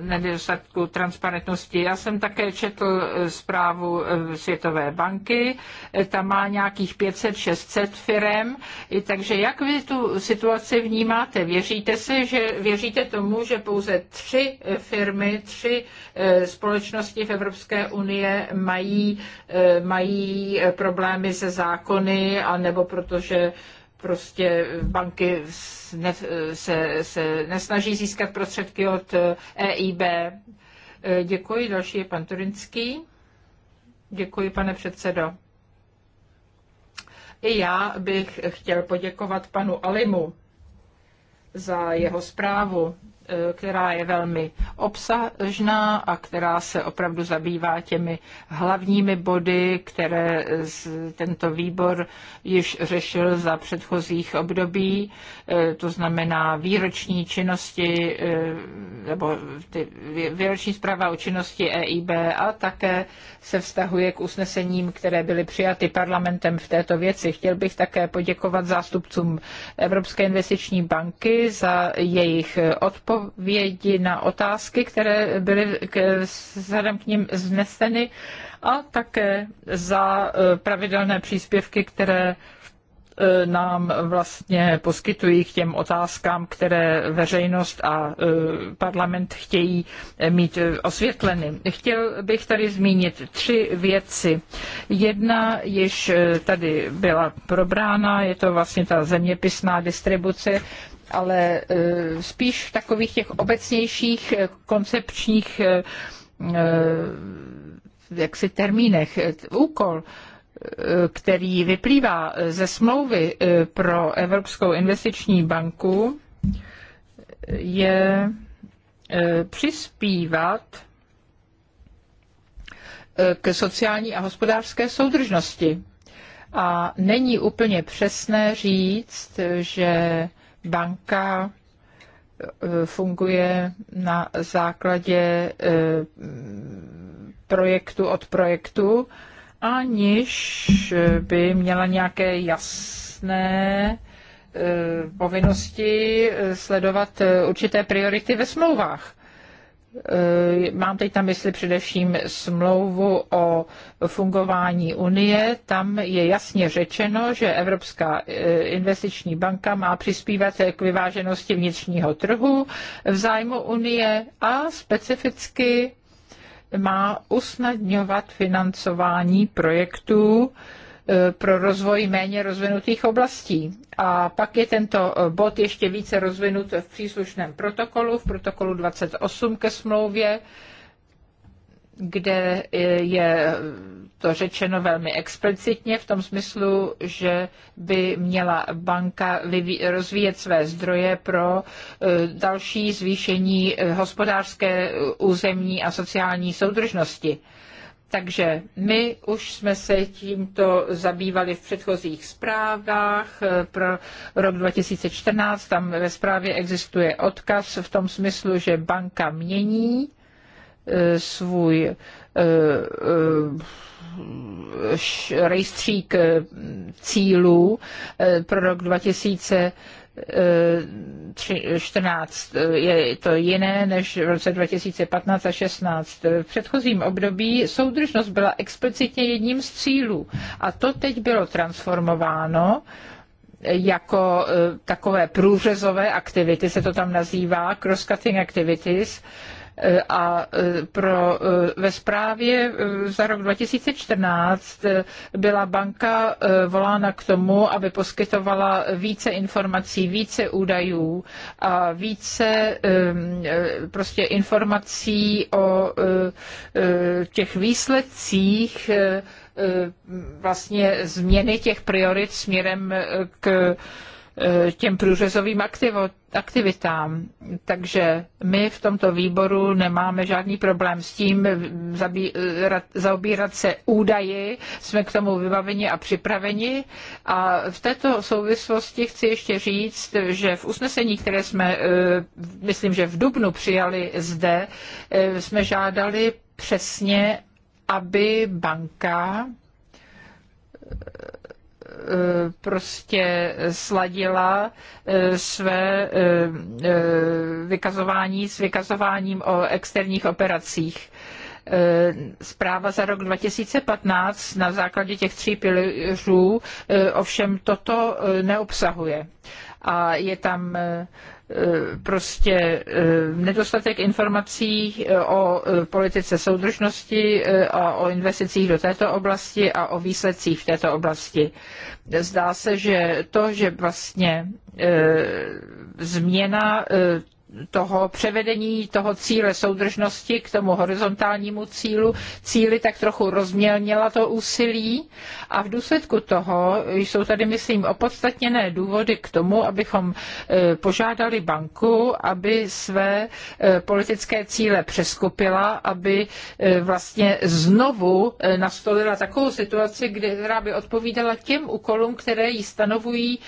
nedostatku transparentnosti. Já jsem také četl zprávu Světové banky, tam má nějakých 500-600 firm, takže jak vy tu situaci vnímáte? Věříte si, že věříte tomu, že pouze tři firmy, tři Eh, společnosti v Evropské unie mají, eh, mají problémy se zákony, anebo protože prostě banky ne, se, se nesnaží získat prostředky od EIB. Eh, e děkuji, další je pan Turinský. Děkuji, pane předsedo. I já bych chtěl poděkovat panu Alimu za jeho zprávu která je velmi obsažná a která se opravdu zabývá těmi hlavními body, které tento výbor již řešil za předchozích období, eh, to znamená výroční činnosti eh, nebo ty výroční zpráva o činnosti EIB a také se vztahuje k usnesením, které byly přijaty parlamentem v této věci. Chtěl bych také poděkovat zástupcům Evropské investiční banky za jejich odpověď odpovědi na otázky, které byly k, vzhledem k ním zneseny a také za eh, pravidelné příspěvky, které E, nám vlastně poskytují k těm otázkám, které veřejnost a e, parlament chtějí e, mít osvětleny. Chtěl bych tady zmínit tři věci. Jedna již tady byla probrána, je to vlastně ta zeměpisná distribuce, ale spíš v takových těch obecnějších koncepčních jaksi termínech. Úkol který vyplývá ze smlouvy eh, pro Evropskou investiční banku, je eh, přispívat eh, k sociální a hospodářské soudržnosti. A není úplně přesné říct, že banka funguje na základě projektu od projektu, aniž by měla nějaké jasné eh, povinnosti eh, sledovat eh, určité priority ve smlouvách. Mám teď na mysli především smlouvu o fungování Unie. Tam je jasně řečeno, že Evropská investiční banka má přispívat k vyváženosti vnitřního trhu v zájmu Unie a specificky má usnadňovat financování projektů, eh, pro rozvoj méně rozvinutých oblastí. A pak je tento eh, bod ještě více rozvinut v příslušném protokolu, v protokolu 28 ke smlouvě, kde je to řečeno velmi explicitně v tom smyslu, že by měla banka rozvíjet své zdroje pro e, další zvýšení e, hospodářské, e, územní a sociální soudržnosti. Takže my už jsme se tímto zabývali v předchozích zprávách pro rok 2014. Tam ve zprávě existuje odkaz v tom smyslu, že banka mění E, svůj e, e, rejstřík cílů pro rok 2000 14 je to jiné než v roce 2015 a 16. V předchozím období soudržnost byla explicitně jedním z cílů a to teď bylo transformováno jako takové průřezové aktivity, se to tam nazývá, cross-cutting activities, a e, pro, e, ve zprávě e, za rok 2014 byla banka volána k tomu, aby poskytovala více informací, více údajů a více prostě informací o těch výsledcích vlastně změny těch priorit směrem k E, těm průřezovým aktivitám. Takže my v tomto výboru nemáme žádný problém s tím zabírat, e, zaobírat se údaji, jsme k tomu vybaveni a připraveni. A v této souvislosti chci ještě říct, že v usnesení, které jsme, e, myslím, že v Dubnu přijali zde, jsme žádali přesně, aby banka prostě sladila e, své e, e, vykazování s vykazováním o externích operacích zpráva za rok 2015 na základě těch tří pilířů ovšem toto neobsahuje. A je tam Eh, prostě eh, nedostatek informací eh, o politice soudržnosti a o investicích do této oblasti a o výsledcích v této oblasti. Zdá se, že to, že vlastně změna toho převedení toho cíle soudržnosti k tomu horizontálnímu cílu, cíli tak trochu rozmělnila to úsilí a v důsledku toho jsou tady, myslím, opodstatněné důvody k tomu, abychom e, požádali banku, aby své e, politické cíle přeskupila, aby e, vlastně znovu nastolila takovou situaci, která by odpovídala těm úkolům, které jí stanovují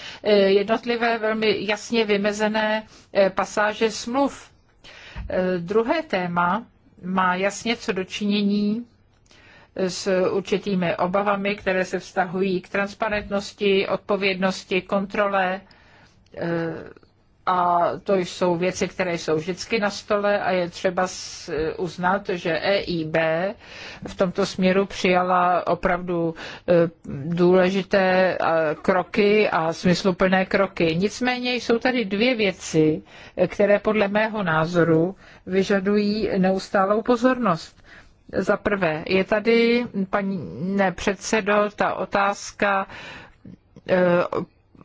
jednotlivé velmi jasně vymezené pasáže smluv. E, druhé téma má jasně co dočinění s určitými obavami, které se vztahují k transparentnosti, odpovědnosti, kontrole, e, a to jsou věci, které jsou vždycky na stole a je třeba uznat, že EIB v tomto směru přijala opravdu e, důležité e, kroky a smysluplné kroky. Nicméně jsou tady dvě věci, které podle mého názoru vyžadují neustálou pozornost. Za prvé, je tady, paní ne, předsedo, ta otázka e,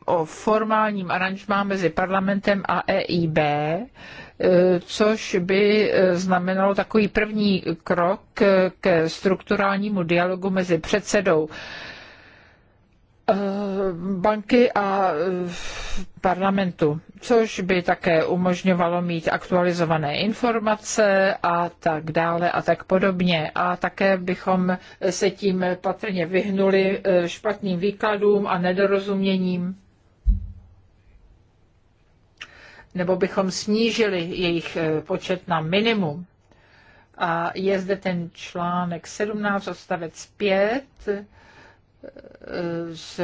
o formálním aranžmá mezi parlamentem a EIB, e, což by e, znamenalo takový první krok e, ke strukturálnímu dialogu mezi předsedou banky a parlamentu, což by také umožňovalo mít aktualizované informace a tak dále a tak podobně. A také bychom se tím patrně vyhnuli špatným výkladům a nedorozuměním. nebo bychom snížili jejich eh, počet na minimum. A je zde ten článek 17 odstavec 5 eh, z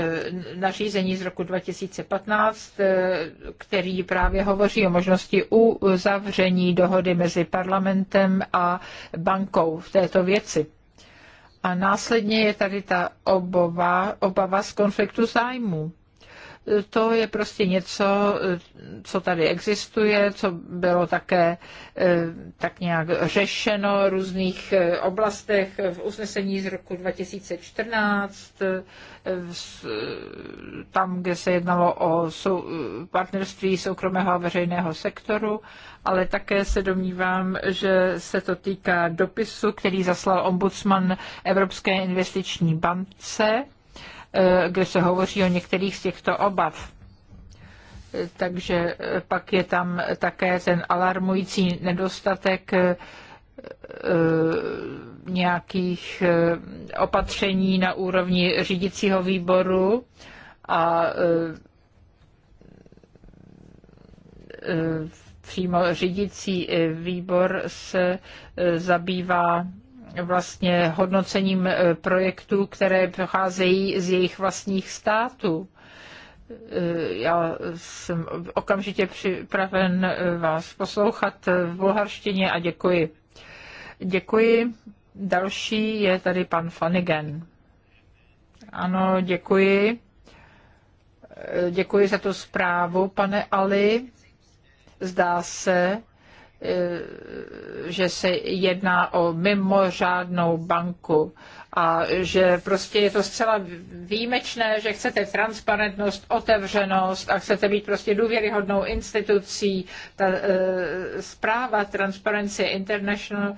nařízení z roku 2015, eh, který právě hovoří o možnosti uzavření dohody mezi parlamentem a bankou v této věci. A následně je tady ta obava, obava z konfliktu zájmů to je prostě něco, co tady existuje, co bylo také eh, tak nějak řešeno v různých eh, oblastech v usnesení z roku 2014, eh, tam, kde se jednalo o partnerství soukromého a veřejného sektoru, ale také se domnívám, že se to týká dopisu, který zaslal ombudsman Evropské investiční bance Eh, kde se hovoří o některých z těchto obav. Eh, takže eh, pak je tam také ten alarmující nedostatek nějakých opatření na úrovni řídicího výboru a přímo řídící výbor se zabývá vlastně hodnocením eh, projektů, které pocházejí z jejich vlastních států. Eh, já jsem okamžitě připraven eh, vás poslouchat v bulharštině a děkuji. Děkuji. Další je tady pan Fanigen. Ano, děkuji. Děkuji za tu zprávu, pane Ali. Zdá se, Eh, že se jedná o mimořádnou banku a že prostě je to zcela výjimečné, že chcete transparentnost, otevřenost a chcete být prostě důvěryhodnou institucí. Ta e, zpráva Transparency International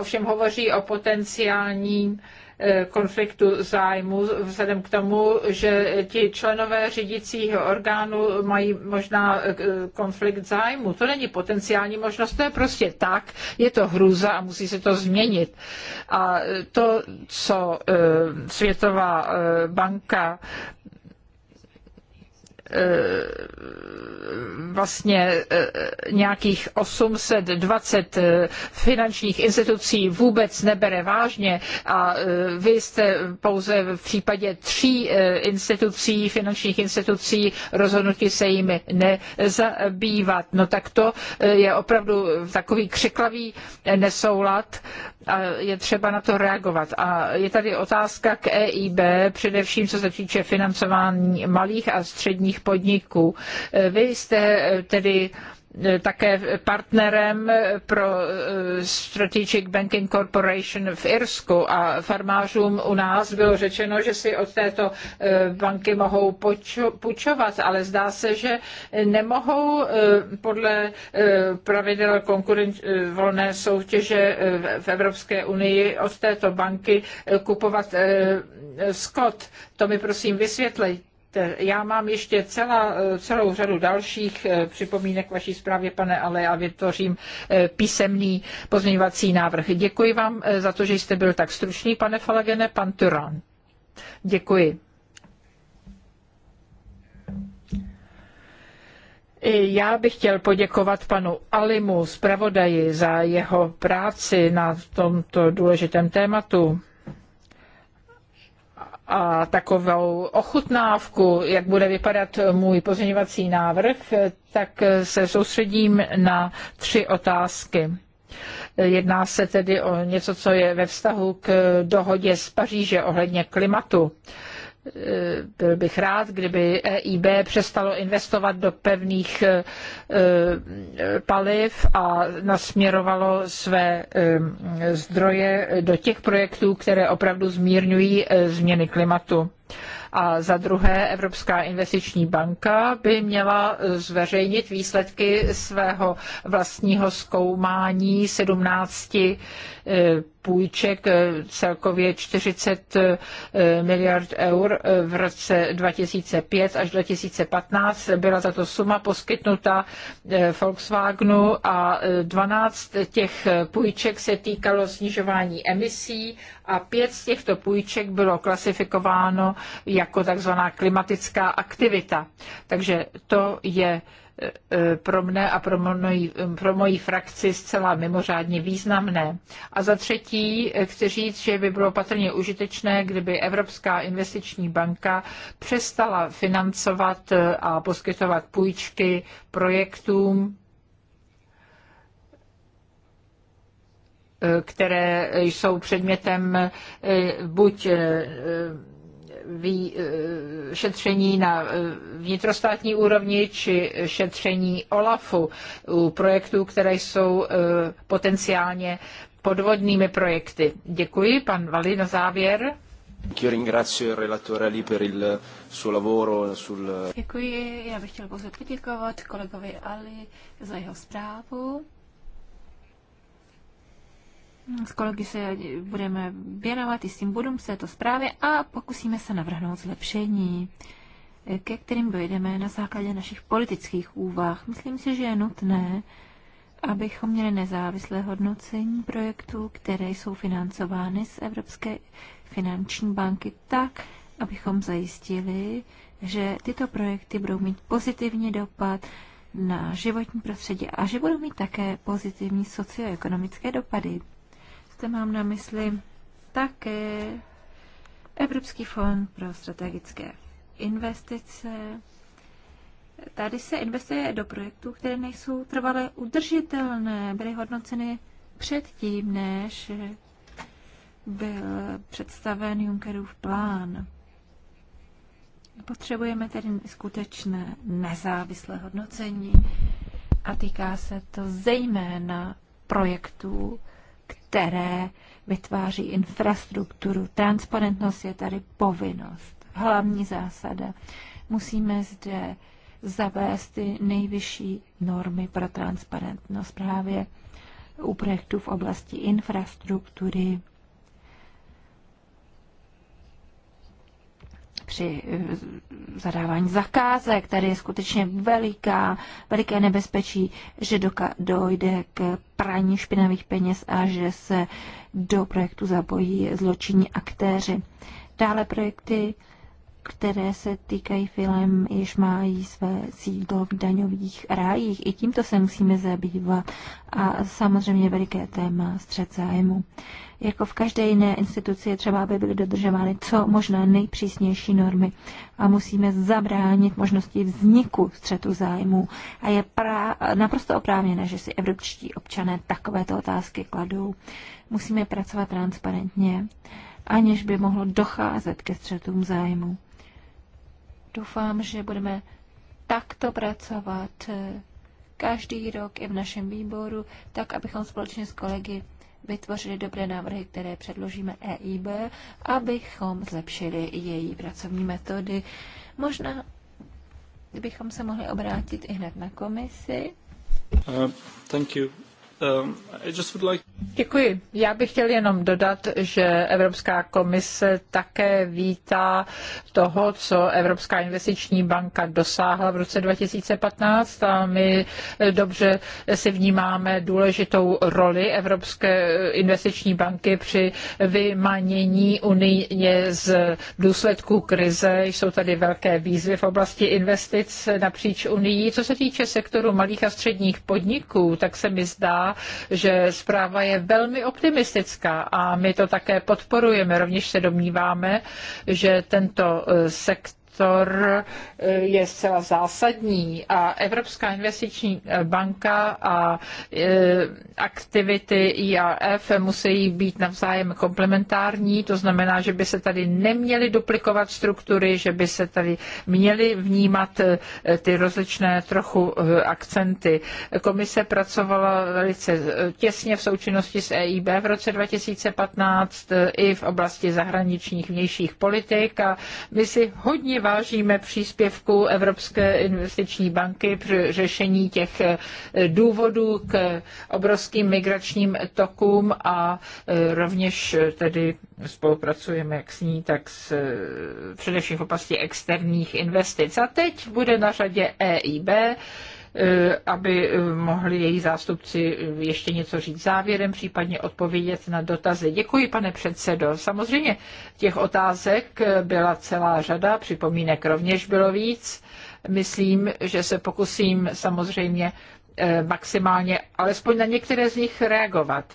ovšem hovoří o potenciálním Eh, konfliktu zájmu, vzhledem k tomu, že ti členové řídícího orgánu mají možná eh, konflikt zájmu. To není potenciální možnost, to je prostě tak, je to hrůza a musí se to změnit. A to, co eh, Světová banka Eh, vlastně eh, nějakých 820 eh, finančních institucí vůbec nebere vážně a vy jste pouze v případě tří institucí, finančních institucí rozhodnutí se jimi nezabývat. No tak to je opravdu takový křiklavý nesoulad a je třeba na to reagovat. A je tady otázka k EIB, především co se týče financování malých a středních podniků. Eh, vy jste eh, tedy eh, také partnerem pro Strategic Banking Corporation v Irsku a farmářům u nás bylo řečeno, že si od této banky mohou půjčovat, ale zdá se, že nemohou podle pravidel konkurenč, volné soutěže v Evropské unii od této banky kupovat skot. To mi prosím vysvětlejte já mám ještě celá, celou řadu dalších eh, připomínek k vaší zprávě, pane Ale, a vytvořím eh, písemný pozměňovací návrh. Děkuji vám eh, za to, že jste byl tak stručný, pane Falagene, pan Turan. Děkuji. Já bych chtěl poděkovat panu Alimu, zpravodaji, za jeho práci na tomto důležitém tématu a takovou ochutnávku, jak bude vypadat můj pozměňovací návrh, tak se soustředím na tři otázky. Jedná se tedy o něco, co je ve vztahu k dohodě z Paříže ohledně klimatu. Eh, byl bych rád, kdyby EIB přestalo investovat do pevných eh, eh, paliv a nasměrovalo své zdroje do těch projektů, které opravdu zmírňují změny klimatu. A za druhé, Evropská investiční banka by měla zveřejnit výsledky svého vlastního zkoumání 17 eh, půjček eh, celkově 40 eh, miliard eur v roce 2005 až 2015. Byla tato suma poskytnuta Volkswagenu a 12 těch půjček se týkalo snižování emisí a pět z těchto půjček bylo klasifikováno jako takzvaná klimatická aktivita. Takže to je e, e, pro mne a pro moji, pro moji frakci zcela mimořádně významné. A za třetí e, chci říct, že by bylo patrně užitečné, kdyby Evropská investiční banka přestala financovat a poskytovat půjčky projektům, které jsou předmětem eh, buď eh, eh, šetření na vnitrostátní úrovni či šetření OLAFu u projektů, které jsou potenciálně podvodnými projekty. Děkuji, pan Vali, na závěr. Děkuji, já bych chtěl pouze poděkovat kolegovi Ali za jeho zprávu. S kolegy se budeme věnovat i s tím bodům to zprávě a pokusíme se navrhnout zlepšení, ke kterým dojdeme na základě našich politických úvah. Myslím si, že je nutné, abychom měli nezávislé hodnocení projektů, které jsou financovány z Evropské finanční banky tak, abychom zajistili, že tyto projekty budou mít pozitivní dopad na životní prostředí a že budou mít také pozitivní socioekonomické dopady zde mám na mysli také Evropský fond pro strategické investice. Tady se investuje do projektů, které nejsou trvale udržitelné, byly hodnoceny předtím, než byl představen Junckerův plán. Potřebujeme tedy skutečné nezávislé hodnocení a týká se to zejména projektů, které vytváří infrastrukturu. Transparentnost je tady povinnost, hlavní zásada. Musíme zde zavést ty nejvyšší normy pro transparentnost právě u projektů v oblasti infrastruktury, při eh, zadávání zakázek. Tady je skutečně veliká, veliké nebezpečí, že dojde k praní špinavých peněz a že se do projektu zapojí zločinní aktéři. Dále projekty které se týkají film, již mají své sídlo v daňových rájích. I tímto se musíme zabývat a samozřejmě veliké téma střed zájmu. Jako v každé jiné instituci je třeba, aby byly dodržovány co možná nejpřísnější normy a musíme zabránit možnosti vzniku střetu zájmu. A je pra- naprosto oprávněné, že si evropští občané takovéto otázky kladou. Musíme pracovat transparentně aniž by mohlo docházet ke střetům zájmu doufám, že budeme takto pracovat eh, každý rok i v našem výboru, tak abychom společně s kolegy vytvořili dobré návrhy, které předložíme EIB, abychom zlepšili její pracovní metody. Možná bychom se mohli obrátit i hned na komisi. Uh, thank you. Um, Děkuji. Já bych chtěl jenom dodat, že Evropská komise také vítá toho, co Evropská investiční banka dosáhla v roce 2015 a my dobře si vnímáme důležitou roli Evropské investiční banky při vymanění Unie z důsledků krize. Jsou tady velké výzvy v oblasti investic napříč Unii. Co se týče sektoru malých a středních podniků, tak se mi zdá, že zpráva je velmi optimistická a my to také podporujeme. Rovněž se domníváme, že tento sektor sektor eh, je zcela zásadní a Evropská investiční eh, banka a eh, aktivity IAF musí být navzájem komplementární, to znamená, že by se tady neměly duplikovat struktury, že by se tady měly vnímat ty rozličné trochu akcenty. Komise pracovala velice těsně v součinnosti s EIB v roce 2015 i v oblasti zahraničních vnějších politik a my si hodně vážíme příspěvku Evropské investiční banky při řešení těch eh, důvodů k obrovským migračním tokům a eh, rovněž eh, tedy spolupracujeme jak s ní, tak s, především v oblasti externích investic. A teď bude na řadě EIB. E, aby e, mohli její zástupci ještě něco říct závěrem, případně odpovědět na dotazy. Děkuji, pane předsedo. Samozřejmě těch otázek byla celá řada, připomínek rovněž bylo víc. Myslím, že se pokusím samozřejmě e, maximálně alespoň na některé z nich reagovat.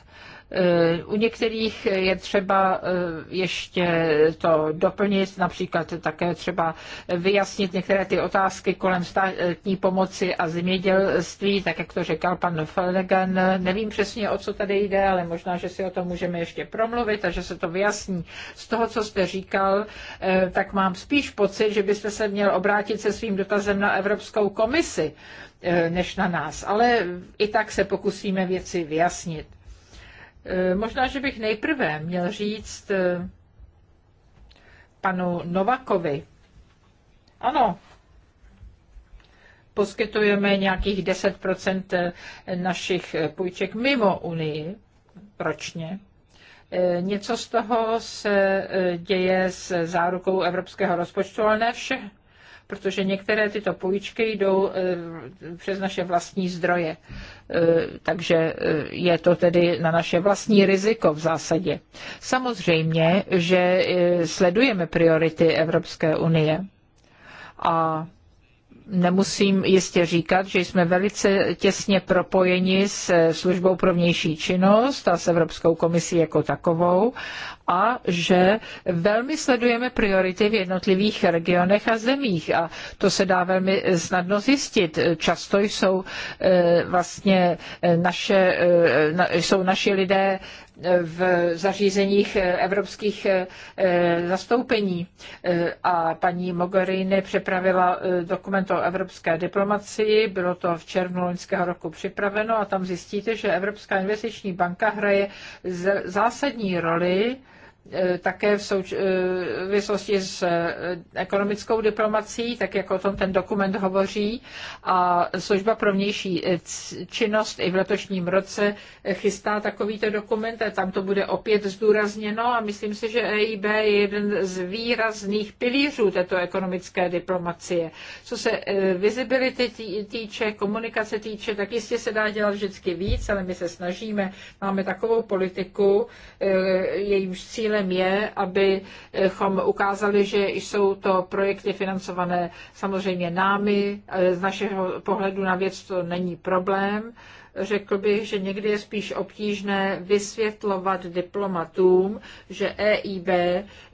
Eh, u některých je třeba eh, ještě to doplnit, například také třeba vyjasnit některé ty otázky kolem státní pomoci a zemědělství, tak jak to říkal pan Felnegan. Nevím přesně, o co tady jde, ale možná, že si o tom můžeme ještě promluvit a že se to vyjasní. Z toho, co jste říkal, eh, tak mám spíš pocit, že byste se měl obrátit se svým dotazem na Evropskou komisi než na nás. Ale i tak se pokusíme věci vyjasnit. Eh, možná, že bych nejprve měl říct eh, panu Novakovi. Ano, poskytujeme nějakých 10 eh, našich půjček mimo Unii ročně. Něco z toho se děje s zárukou evropského rozpočtu, ale ne všechno protože některé tyto půjčky jdou eh, přes naše vlastní zdroje. Eh, takže eh, je to tedy na naše vlastní riziko v zásadě. Samozřejmě, že sledujeme priority Evropské unie a nemusím jistě říkat, že jsme velice těsně propojeni s eh, službou pro vnější činnost a s Evropskou komisí jako takovou a že velmi sledujeme priority v jednotlivých regionech a zemích a to se dá velmi eh, snadno zjistit. Často jsou eh, vlastně naše, jsou naši lidé v zařízeních evropských eh, zastoupení eh, a paní Mogherini připravila eh, dokument o evropské diplomacii, bylo to v červnu loňského roku připraveno a tam zjistíte, že Evropská investiční banka hraje zásadní roli E, také e, v souvislosti s e, ekonomickou diplomací, tak jak o tom ten dokument hovoří. A služba pro vnější činnost i v letošním roce chystá takovýto dokument a tam to bude opět zdůrazněno a myslím si, že EIB je jeden z výrazných pilířů této ekonomické diplomacie. Co se visibility týče, komunikace týče, tak jistě se dá dělat vždycky víc, ale my se snažíme. Máme takovou politiku, jejímž cílem Cílem je, abychom ukázali, že jsou to projekty financované samozřejmě námi. Z našeho pohledu na věc to není problém. Řekl bych, že někdy je spíš obtížné vysvětlovat diplomatům, že EIB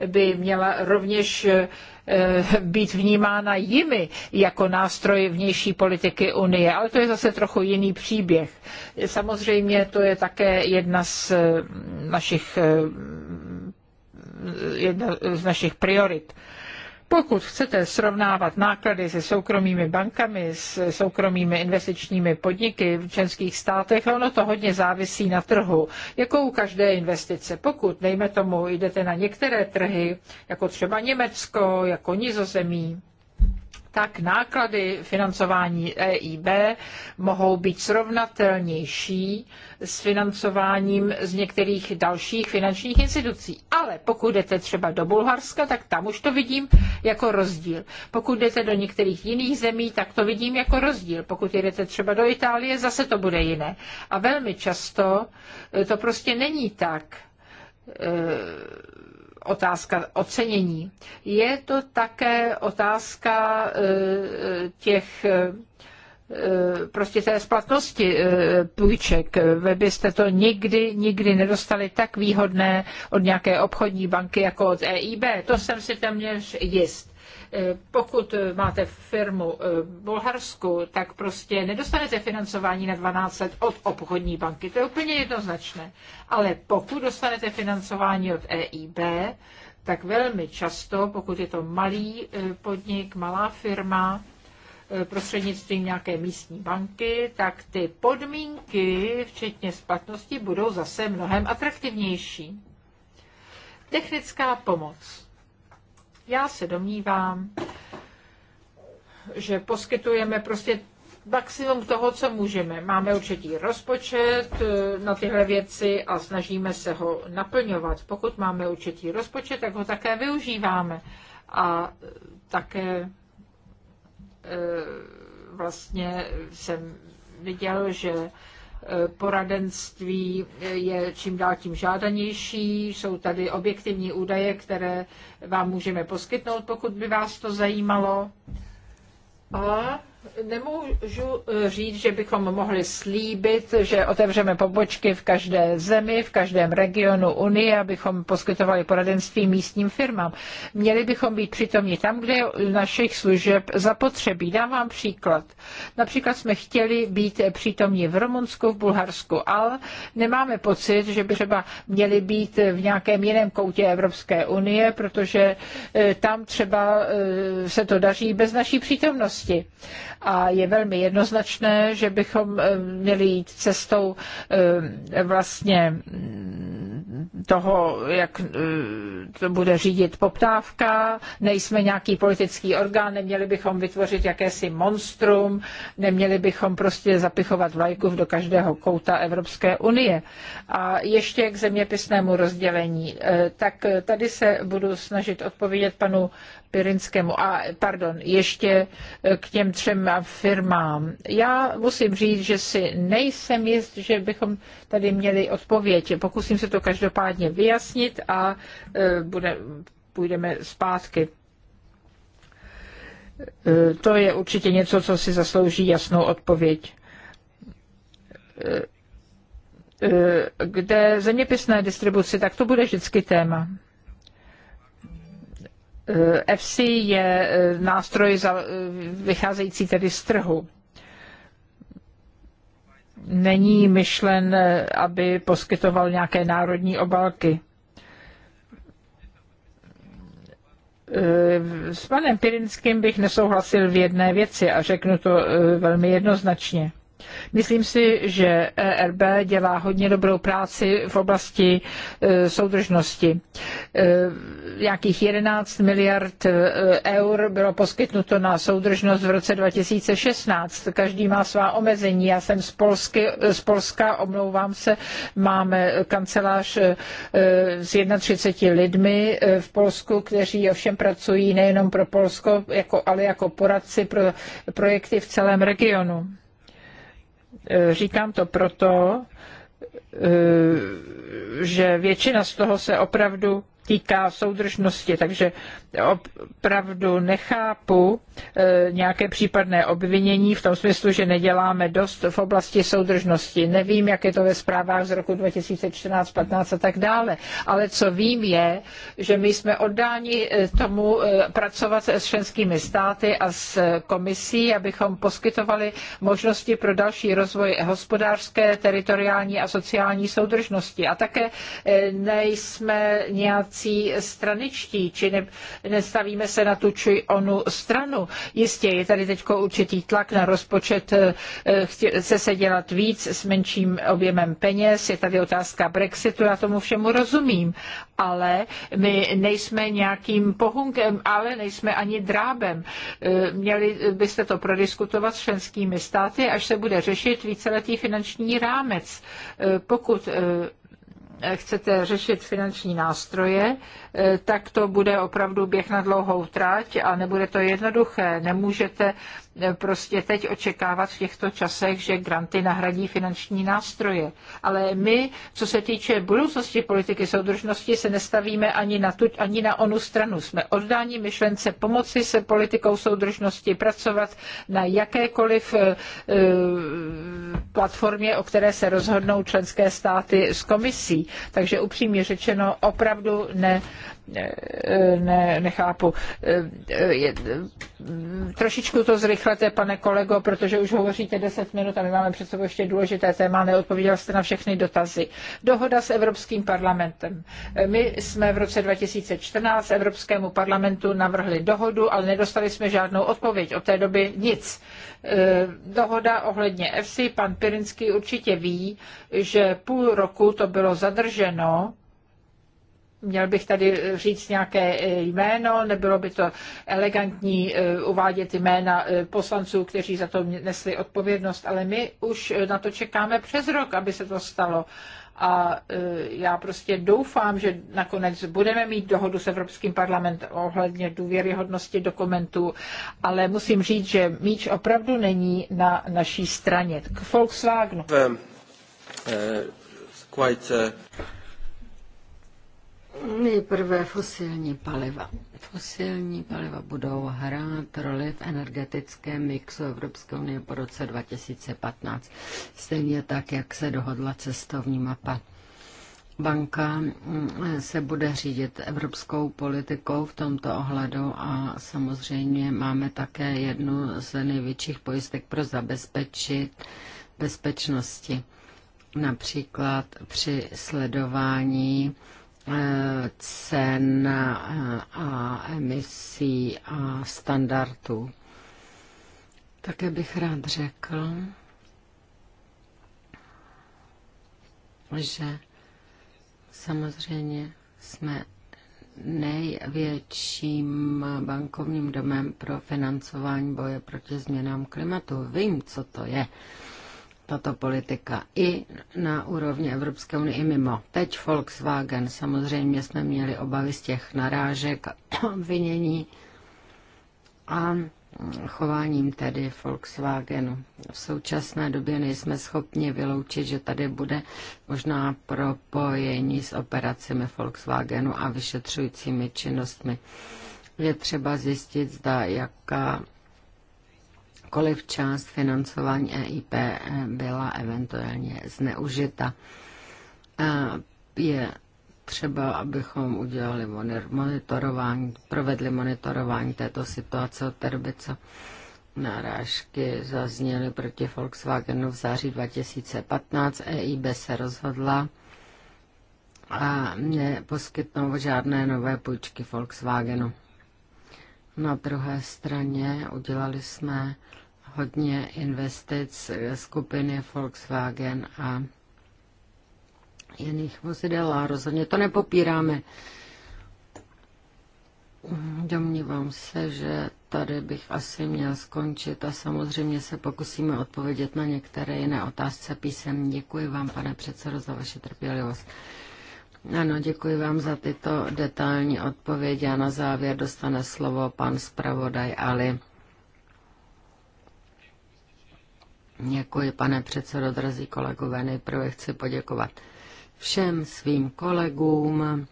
by měla rovněž Eh, být vnímána jimi jako nástroj vnější politiky Unie, ale to je zase trochu jiný příběh. Samozřejmě to je také jedna z eh, našich eh, jedna z našich priorit. Pokud chcete srovnávat náklady se soukromými bankami, s soukromými investičními podniky v členských státech, ono to hodně závisí na trhu, jako u každé investice. Pokud, dejme tomu, jdete na některé trhy, jako třeba Německo, jako Nizozemí, tak náklady financování EIB mohou být srovnatelnější s financováním z některých dalších finančních institucí. Ale pokud jdete třeba do Bulharska, tak tam už to vidím jako rozdíl. Pokud jdete do některých jiných zemí, tak to vidím jako rozdíl. Pokud jdete třeba do Itálie, zase to bude jiné. A velmi často to prostě není tak eh, otázka ocenění. Je to také otázka e, těch e, prostě té splatnosti e, půjček. Vy byste to nikdy, nikdy nedostali tak výhodné od nějaké obchodní banky jako od EIB. To jsem si téměř jist. Eh, pokud máte firmu eh, v Bulharsku, tak prostě nedostanete financování na 12 let od obchodní banky. To je úplně jednoznačné. Ale pokud dostanete financování od EIB, tak velmi často, pokud je to malý eh, podnik, malá firma, prostřednictvím nějaké místní banky, tak ty podmínky, včetně splatnosti, budou zase mnohem atraktivnější. Technická pomoc. Já se domnívám, že poskytujeme prostě maximum toho, co můžeme. Máme určitý rozpočet eh, na tyhle věci a snažíme se ho naplňovat. Pokud máme určitý rozpočet, tak ho také využíváme. A eh, také eh, vlastně jsem viděl, že Eh, poradenství je čím dál tím žádanější. Jsou tady objektivní údaje, které vám můžeme poskytnout, pokud by vás to zajímalo. A Nemůžu eh, říct, že bychom mohli slíbit, že otevřeme pobočky v každé zemi, v každém regionu Unie, abychom poskytovali poradenství místním firmám. Měli bychom být přitomní tam, kde našich služeb zapotřebí. Dám vám příklad. Například jsme chtěli být přítomní v Rumunsku, v Bulharsku, ale nemáme pocit, že by třeba měli být v nějakém jiném koutě Evropské unie, protože eh, tam třeba eh, se to daří bez naší přítomnosti a je velmi jednoznačné, že bychom eh, měli jít cestou eh, vlastně mm, toho, jak eh, to bude řídit poptávka, nejsme nějaký politický orgán, neměli bychom vytvořit jakési monstrum, neměli bychom prostě zapichovat vlajku do každého kouta Evropské unie. A ještě k zeměpisnému rozdělení. Tak tady se budu snažit odpovědět panu Pirinskému. A pardon, ještě eh, k těm třem firmám. Já musím říct, že si nejsem jist, že bychom tady měli odpověď. Pokusím se to každopádně vyjasnit a eh, bude, půjdeme zpátky eh, to je určitě něco, co si zaslouží jasnou odpověď. Kde zeměpisné distribuci, tak to bude vždycky téma. Eh, FC je eh, nástroj za, eh, vycházející tedy z trhu. Není myšlen, aby poskytoval nějaké národní obalky. S panem Pirinským bych nesouhlasil v jedné věci a řeknu to velmi jednoznačně. Myslím si, že ERB dělá hodně dobrou práci v oblasti e, soudržnosti. E, Jakých 11 miliard e, eur bylo poskytnuto na soudržnost v roce 2016. Každý má svá omezení. Já jsem z, Polsky, z Polska, omlouvám se, máme kancelář s 31 lidmi v Polsku, kteří ovšem pracují nejenom pro Polsko, jako, ale jako poradci pro projekty v celém regionu. Eh, říkám to proto, eh, že většina z toho se opravdu týká soudržnosti, takže opravdu nechápu eh, nějaké případné obvinění v tom smyslu, že neděláme dost v oblasti soudržnosti. Nevím, jak je to ve zprávách z roku 2014, 15 a tak dále, ale co vím je, že my jsme oddáni eh, tomu eh, pracovat s členskými státy a s komisí, abychom poskytovali možnosti pro další rozvoj hospodářské, teritoriální a sociální soudržnosti. A také nejsme nějak nějací straničtí, či ne, nestavíme se na tu či onu stranu. Jistě je tady teď určitý tlak na rozpočet, eh, chce se dělat víc s menším objemem peněz, je tady otázka Brexitu, já tomu všemu rozumím, ale my nejsme nějakým pohunkem, ale nejsme ani drábem. Eh, měli byste to prodiskutovat s členskými státy, až se bude řešit víceletý finanční rámec. Eh, pokud chcete řešit finanční nástroje, eh, tak to bude opravdu běh na dlouhou tráť a nebude to jednoduché. Nemůžete prostě teď očekávat v těchto časech, že granty nahradí finanční nástroje. Ale my, co se týče budoucnosti politiky soudržnosti, se nestavíme ani na, tu, ani na onu stranu. Jsme oddáni myšlence pomoci se politikou soudržnosti pracovat na jakékoliv eh, eh, platformě, o které se rozhodnou členské státy s komisí. Takže upřímně řečeno, opravdu ne, ne, nechápu. Eh, je, trošičku to zrychlete, pane kolego, protože už hovoříte 10 minut a my máme před sebou ještě důležité téma. Neodpověděl jste na všechny dotazy. Dohoda s Evropským parlamentem. Eh, my jsme v roce 2014 Evropskému parlamentu navrhli dohodu, ale nedostali jsme žádnou odpověď. Od té doby nic. Eh, dohoda ohledně EFSI, pan Pirinský určitě ví, že půl roku to bylo zadrženo Měl bych tady eh, říct nějaké eh, jméno, nebylo by to elegantní eh, uvádět jména poslanců, kteří za to nesli odpovědnost, ale my už na to čekáme přes rok, aby se to stalo a já prostě doufám, že nakonec budeme mít dohodu s Evropským parlamentem ohledně důvěryhodnosti dokumentů, ale musím říct, že míč opravdu není na naší straně. K Volkswagenu. Um, uh, quite, uh... Nejprve fosilní paliva. Fosilní paliva budou hrát roli v energetickém mixu Evropské unie po roce 2015. Stejně tak, jak se dohodla cestovní mapa. Banka mm, se bude řídit evropskou politikou v tomto ohledu a samozřejmě máme také jednu z největších pojistek pro zabezpečit bezpečnosti. Například při sledování Eh, cen eh, a emisí a standardů. Také bych rád řekl, že samozřejmě jsme největším bankovním domem pro financování boje proti změnám klimatu. Vím, co to je tato politika i na úrovni Evropské unie i mimo. Teď Volkswagen, samozřejmě jsme měli obavy z těch narážek, obvinění a chováním tedy Volkswagenu. V současné době nejsme schopni vyloučit, že tady bude možná propojení s operacemi Volkswagenu a vyšetřujícími činnostmi. Je třeba zjistit, zda jaká jakkoliv část financování EIP eh, byla eventuálně zneužita. Je třeba, abychom udělali monitorování, provedli monitorování této situace od té doby, co narážky zazněly proti Volkswagenu v září 2015. EIB se rozhodla a poskytnou žádné nové půjčky Volkswagenu. Na druhé straně udělali jsme hodně investic skupiny Volkswagen a jiných vozidel a rozhodně to nepopíráme. Domnívám se, že tady bych asi měl skončit a samozřejmě se pokusíme odpovědět na některé jiné otázce písem. Děkuji vám, pane předsedo, za vaši trpělivost. Ano, děkuji vám za tyto detailní odpovědi a na závěr dostane slovo pan zpravodaj Ali. Děkuji, pane předsedo, drazí kolegové. Nejprve chci poděkovat všem svým kolegům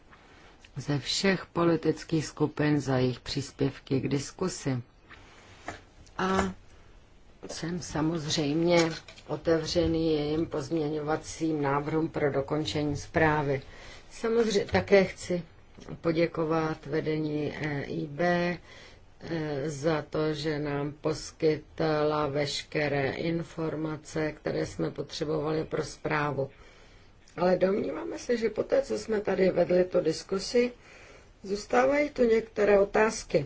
ze všech politických skupin za jejich příspěvky k diskusi. A jsem samozřejmě otevřený jejím pozměňovacím návrhům pro dokončení zprávy. Samozřejmě také chci poděkovat vedení EIB, za to, že nám poskytla veškeré informace, které jsme potřebovali pro zprávu. Ale domníváme se, že po té, co jsme tady vedli tu diskusi, zůstávají tu některé otázky.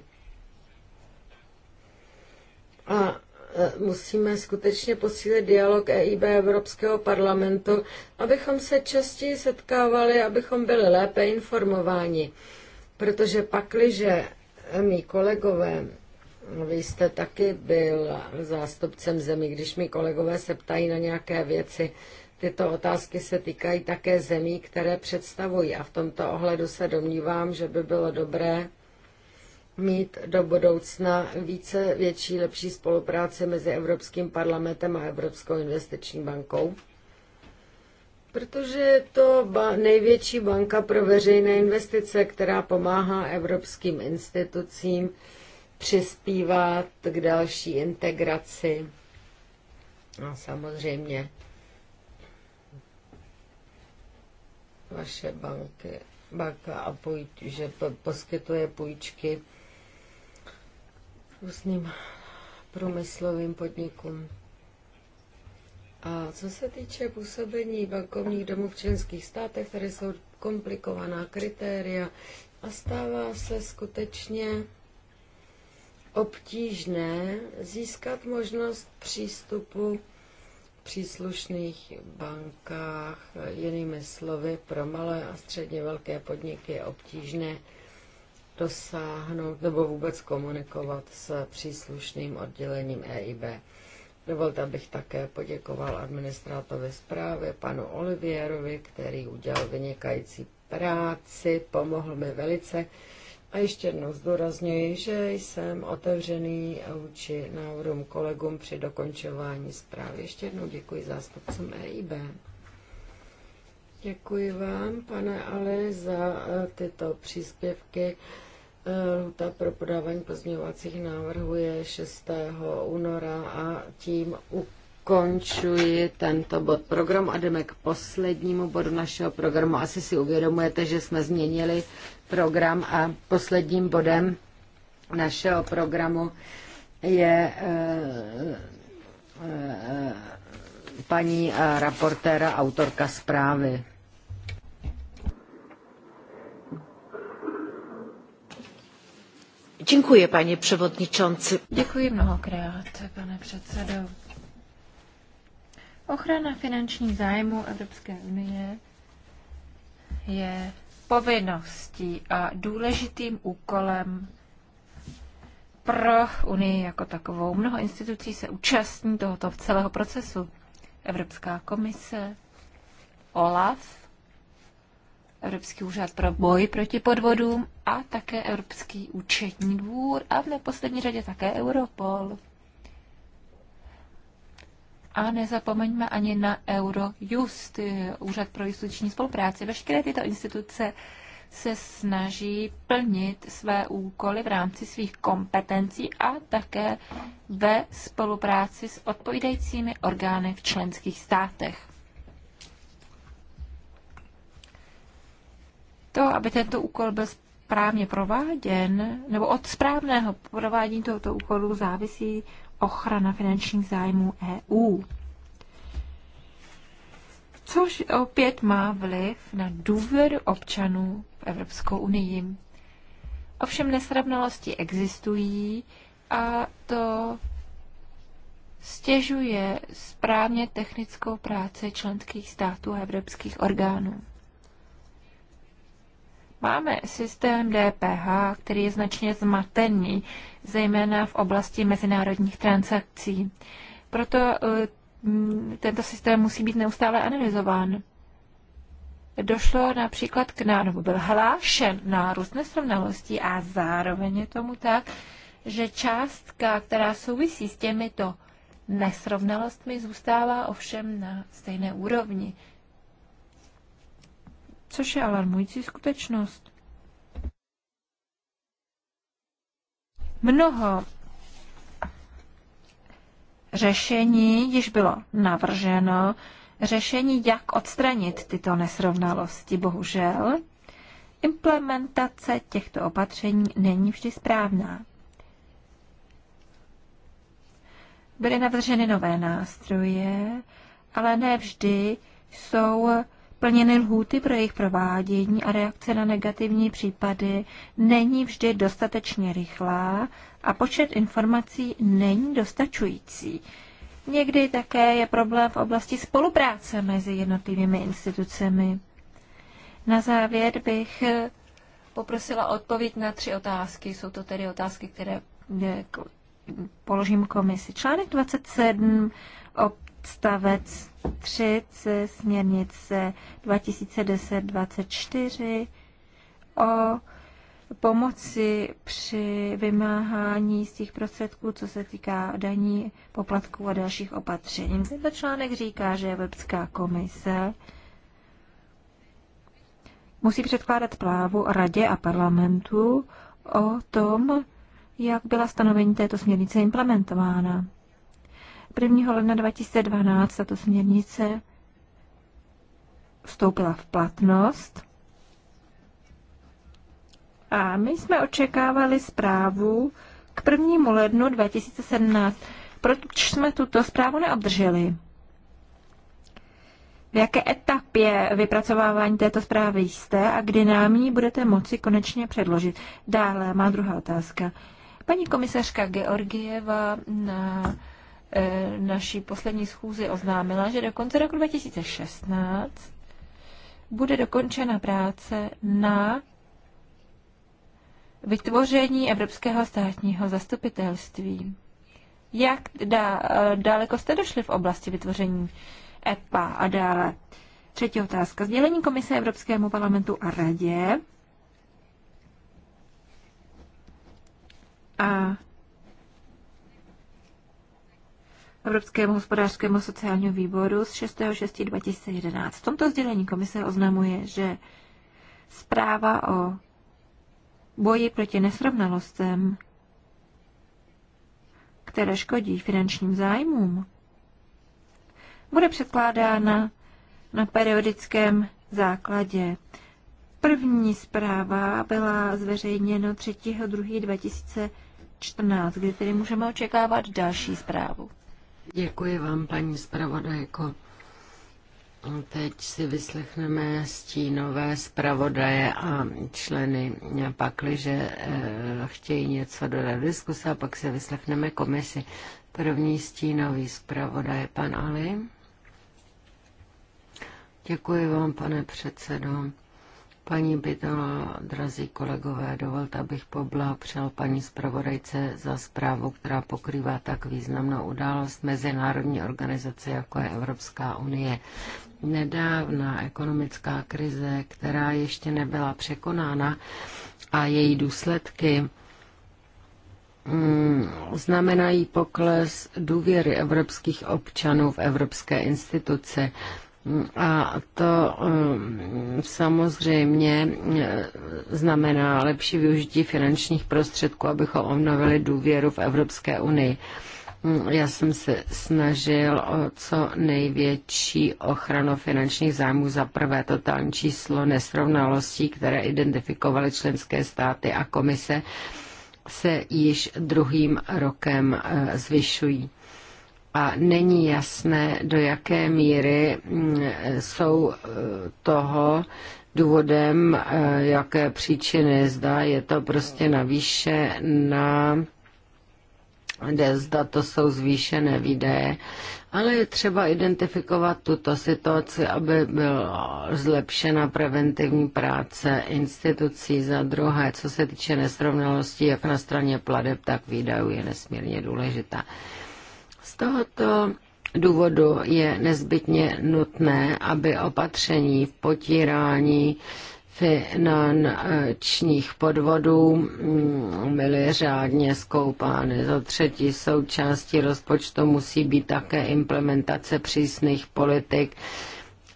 A e, musíme skutečně posílit dialog EIB Evropského parlamentu, abychom se častěji setkávali, abychom byli lépe informováni. Protože pakliže Eh, mý kolegové, vy jste taky byl zástupcem zemí. Když mi kolegové se ptají na nějaké věci, tyto otázky se týkají také zemí, které představují. A v tomto ohledu se domnívám, že by bylo dobré mít do budoucna více větší, lepší spolupráci mezi Evropským parlamentem a Evropskou investiční bankou Protože je to ba- největší banka pro veřejné investice, která pomáhá evropským institucím přispívat k další integraci. A samozřejmě vaše banky, banka a půjč, že poskytuje půjčky různým průmyslovým podnikům. A co se týče působení bankovních domů v členských státech, které jsou komplikovaná kritéria a stává se skutečně obtížné získat možnost přístupu příslušných bankách, jinými slovy, pro malé a středně velké podniky je obtížné dosáhnout nebo vůbec komunikovat s příslušným oddělením EIB. Dovolte, abych také poděkoval administrátovi zprávy, panu Olivierovi, který udělal vynikající práci, pomohl mi velice. A ještě jednou zdůrazňuji, že jsem otevřený a uči návrhům kolegům při dokončování zprávy. Ještě jednou děkuji zástupcům EIB. Děkuji vám, pane Ale, za eh, tyto příspěvky. Lhuta pro podávání pozměňovacích návrhů je 6. února a tím ukončuji tento bod programu a jdeme k poslednímu bodu našeho programu. Asi si uvědomujete, že jsme změnili program a posledním bodem našeho programu je eh, eh, eh paní eh, raportéra, autorka zprávy. Děkuji, paní předsedající. Děkuji pane Ochrana finančních zájmů Evropské unie je povinností a důležitým úkolem pro Unii jako takovou. Mnoho institucí se účastní tohoto celého procesu. Evropská komise, OLAF, Evropský úřad pro boj proti podvodům a také Evropský účetní dvůr a v neposlední řadě také Europol. A nezapomeňme ani na Eurojust, eh, Úřad pro justiční spolupráci. Veškeré tyto instituce se snaží plnit své úkoly v rámci svých kompetencí a také ve spolupráci s odpovídajícími orgány v členských státech. To, aby tento úkol byl správně prováděn, nebo od správného provádění tohoto úkolu závisí ochrana finančních zájmů EU. Což opět má vliv na důvěru občanů v Evropskou unii. Ovšem nesrovnalosti existují a to stěžuje správně technickou práci členských států a evropských orgánů. Máme systém DPH, který je značně zmatený, zejména v oblasti mezinárodních transakcí. Proto eh, tento systém musí být neustále analyzován. Došlo například k nárobu, byl hlášen různé nesrovnalostí a zároveň je tomu tak, že částka, která souvisí s těmito nesrovnalostmi, zůstává ovšem na stejné úrovni což je alarmující skutečnost. Mnoho řešení již bylo navrženo, řešení, jak odstranit tyto nesrovnalosti. Bohužel, implementace těchto opatření není vždy správná. Byly navrženy nové nástroje, ale ne vždy jsou plněny lhůty pro jejich provádění a reakce na negativní případy není vždy dostatečně rychlá a počet informací není dostačující. Někdy také je problém v oblasti spolupráce mezi jednotlivými institucemi. Na závěr bych poprosila odpověď na tři otázky. Jsou to tedy otázky, které eh, položím komisi. Článek 27 o odstavec 3 ze směrnice 2010-24 o pomoci při vymáhání z těch prostředků, co se týká daní, poplatků a dalších opatření. Tento článek říká, že Evropská komise musí předkládat plávu radě a parlamentu o tom, jak byla stanovení této směrnice implementována. 1. ledna 2012 tato směrnice vstoupila v platnost. A my jsme očekávali zprávu k 1. lednu 2017. Proč jsme tuto zprávu neobdrželi? V jaké etapě vypracovávání této zprávy jste a kdy nám ji budete moci konečně předložit? Dále má druhá otázka. Paní komisařka Georgieva na Eh, naší poslední schůzi oznámila, že do konce roku 2016 bude dokončena práce na vytvoření Evropského státního zastupitelství. Jak dá, eh, daleko jste došli v oblasti vytvoření EPA a dále? Třetí otázka. Sdělení Komise Evropskému parlamentu a Radě a Evropskému hospodářskému sociálního výboru z 6.6.2011. V tomto sdělení komise oznamuje, že zpráva o boji proti nesrovnalostem, které škodí finančním zájmům, bude předkládána na periodickém základě. První zpráva byla zveřejněna 3.2.2014, kdy tedy můžeme očekávat další zprávu. Děkuji vám, paní zpravodajko. Teď si vyslechneme stínové zpravodaje a členy že eh, chtějí něco dodat diskuse a pak si vyslechneme komisi. První stínový zpravodaj, pan Ali. Děkuji vám, pane předsedo. Paní Bytala, drazí kolegové, dovolte, abych poblahopřel paní zpravodajce za zprávu, která pokrývá tak významnou událost mezinárodní organizace, jako je Evropská unie. Nedávná ekonomická krize, která ještě nebyla překonána a její důsledky mm, znamenají pokles důvěry evropských občanů v evropské instituce. A to um, samozřejmě e, znamená lepší využití finančních prostředků, abychom obnovili důvěru v Evropské unii. Mm, já jsem se snažil o co největší ochranu finančních zájmů za prvé totální číslo nesrovnalostí, které identifikovaly členské státy a komise, se již druhým rokem e, zvyšují a není jasné, do jaké míry mm, jsou e, toho důvodem, e, jaké příčiny. Zda je to prostě navýše na kde zda to jsou zvýšené výdaje, ale je třeba identifikovat tuto situaci, aby byla zlepšena preventivní práce institucí za druhé. Co se týče nesrovnalostí, jak na straně pladeb, tak výdajů je nesmírně důležitá. Z tohoto důvodu je nezbytně nutné, aby opatření v potírání finančních podvodů mm, byly řádně zkoupány. Za třetí součástí rozpočtu musí být také implementace přísných politik,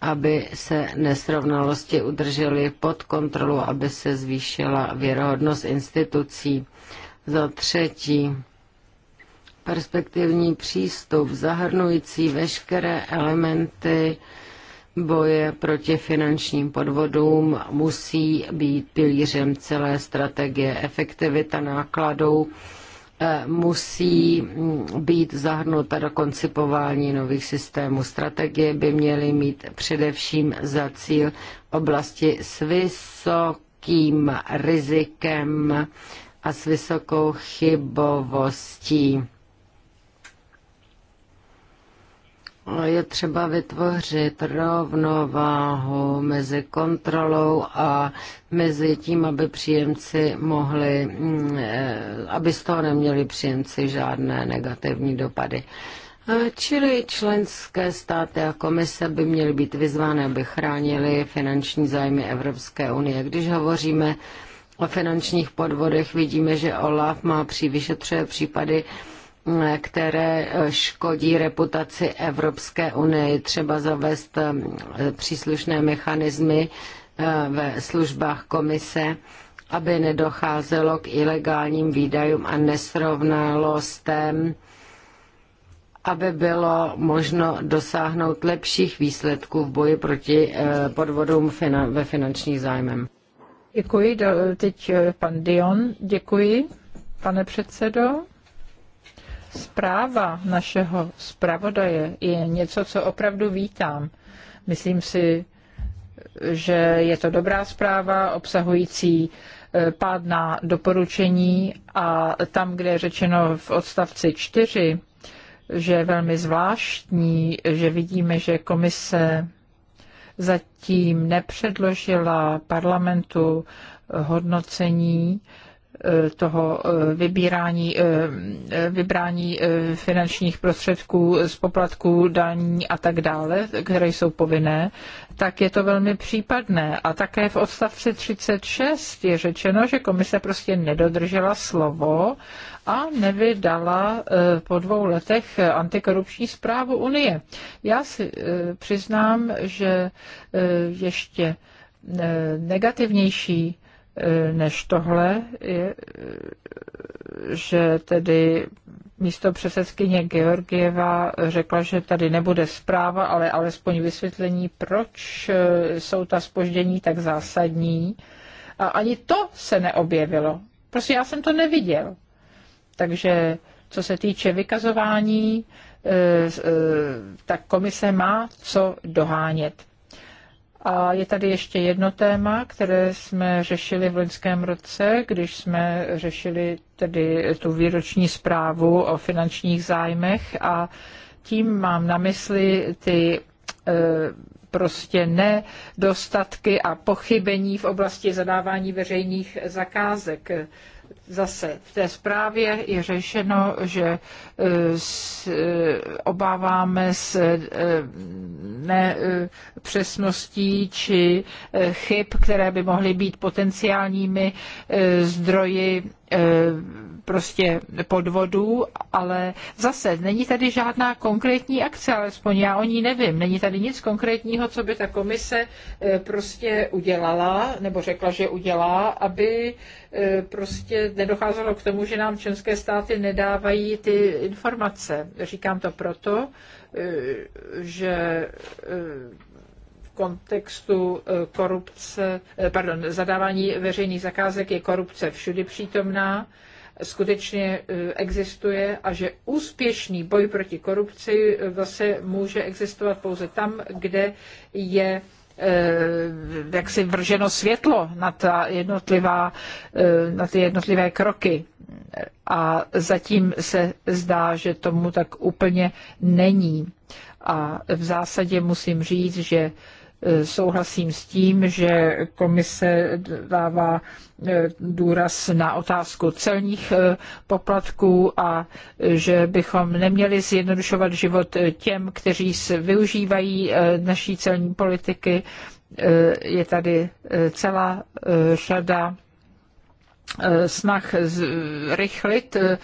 aby se nesrovnalosti udržely pod kontrolu, aby se zvýšila věrohodnost institucí. Za třetí perspektivní přístup zahrnující veškeré elementy boje proti finančním podvodům musí být pilířem celé strategie. Efektivita nákladů eh, musí mm, být zahrnuta do koncipování nových systémů. Strategie by měly mít především za cíl oblasti s vysokým rizikem a s vysokou chybovostí je třeba vytvořit rovnováhu mezi kontrolou a mezi tím, aby příjemci mohli, mm, eh, aby z toho neměli příjemci žádné negativní dopady. Čili členské státy a komise by měly být vyzvány, aby chránili finanční zájmy Evropské unie. Když hovoříme o finančních podvodech, vidíme, že OLAF má při vyšetřuje případy, které škodí reputaci Evropské unie. Třeba zavést eh, příslušné mechanismy eh, ve službách komise, aby nedocházelo k ilegálním výdajům a nesrovnalostem, aby bylo možno dosáhnout lepších výsledků v boji proti eh, podvodům ve finančních zájmem. Děkuji. Teď pan Dion. Děkuji, pane předsedo zpráva našeho zpravodaje je něco, co opravdu vítám. Myslím si, že je to dobrá zpráva obsahující e, pád na doporučení a tam, kde je řečeno v odstavci 4, že je velmi zvláštní, že vidíme, že komise zatím nepředložila parlamentu hodnocení Eh, toho eh, vybírání, eh, vybrání finančních prostředků z poplatků, daní a tak dále, které jsou povinné, tak je to velmi případné. A také v odstavci 36 je řečeno, že komise prostě nedodržela slovo a nevydala po dvou letech antikorupční zprávu Unie. Já si přiznám, že ještě negativnější Eh, než tohle, je, eh, že tedy místo předsedkyně Georgieva řekla, že tady nebude zpráva, ale alespoň vysvětlení, proč eh, jsou ta spoždění tak zásadní. A ani to se neobjevilo. Prostě já jsem to neviděl. Takže co se týče vykazování, tak komise má co dohánět. A je tady ještě jedno téma, které jsme řešili v loňském roce, když jsme řešili tedy tu výroční zprávu o finančních zájmech a tím mám na mysli ty e, prostě nedostatky a pochybení v oblasti zadávání veřejných zakázek. Zase v té zprávě je řešeno, že e, e, obáváme se e, nepřesností či chyb, které by mohly být potenciálními zdroji prostě podvodů, ale zase není tady žádná konkrétní akce, alespoň já o ní nevím. Není tady nic konkrétního, co by ta komise e, prostě udělala, nebo řekla, že udělá, aby e, prostě nedocházelo k tomu, že nám členské státy nedávají ty informace. Říkám to proto, e, že kontextu korupce, pardon, zadávání veřejných zakázek je korupce všudy přítomná skutečně e, existuje a že úspěšný boj proti korupci e, zase může existovat pouze tam, kde je e, jaksi vrženo světlo na, ta jednotlivá, na ty jednotlivé kroky. A zatím se zdá, že tomu tak úplně není. A v zásadě musím říct, že E, souhlasím s tím, že komise dává e, důraz na otázku celních e, poplatků a že bychom neměli zjednodušovat život těm, kteří využívají naší celní politiky. Je tady celá řada Eh, snah zrychlit eh,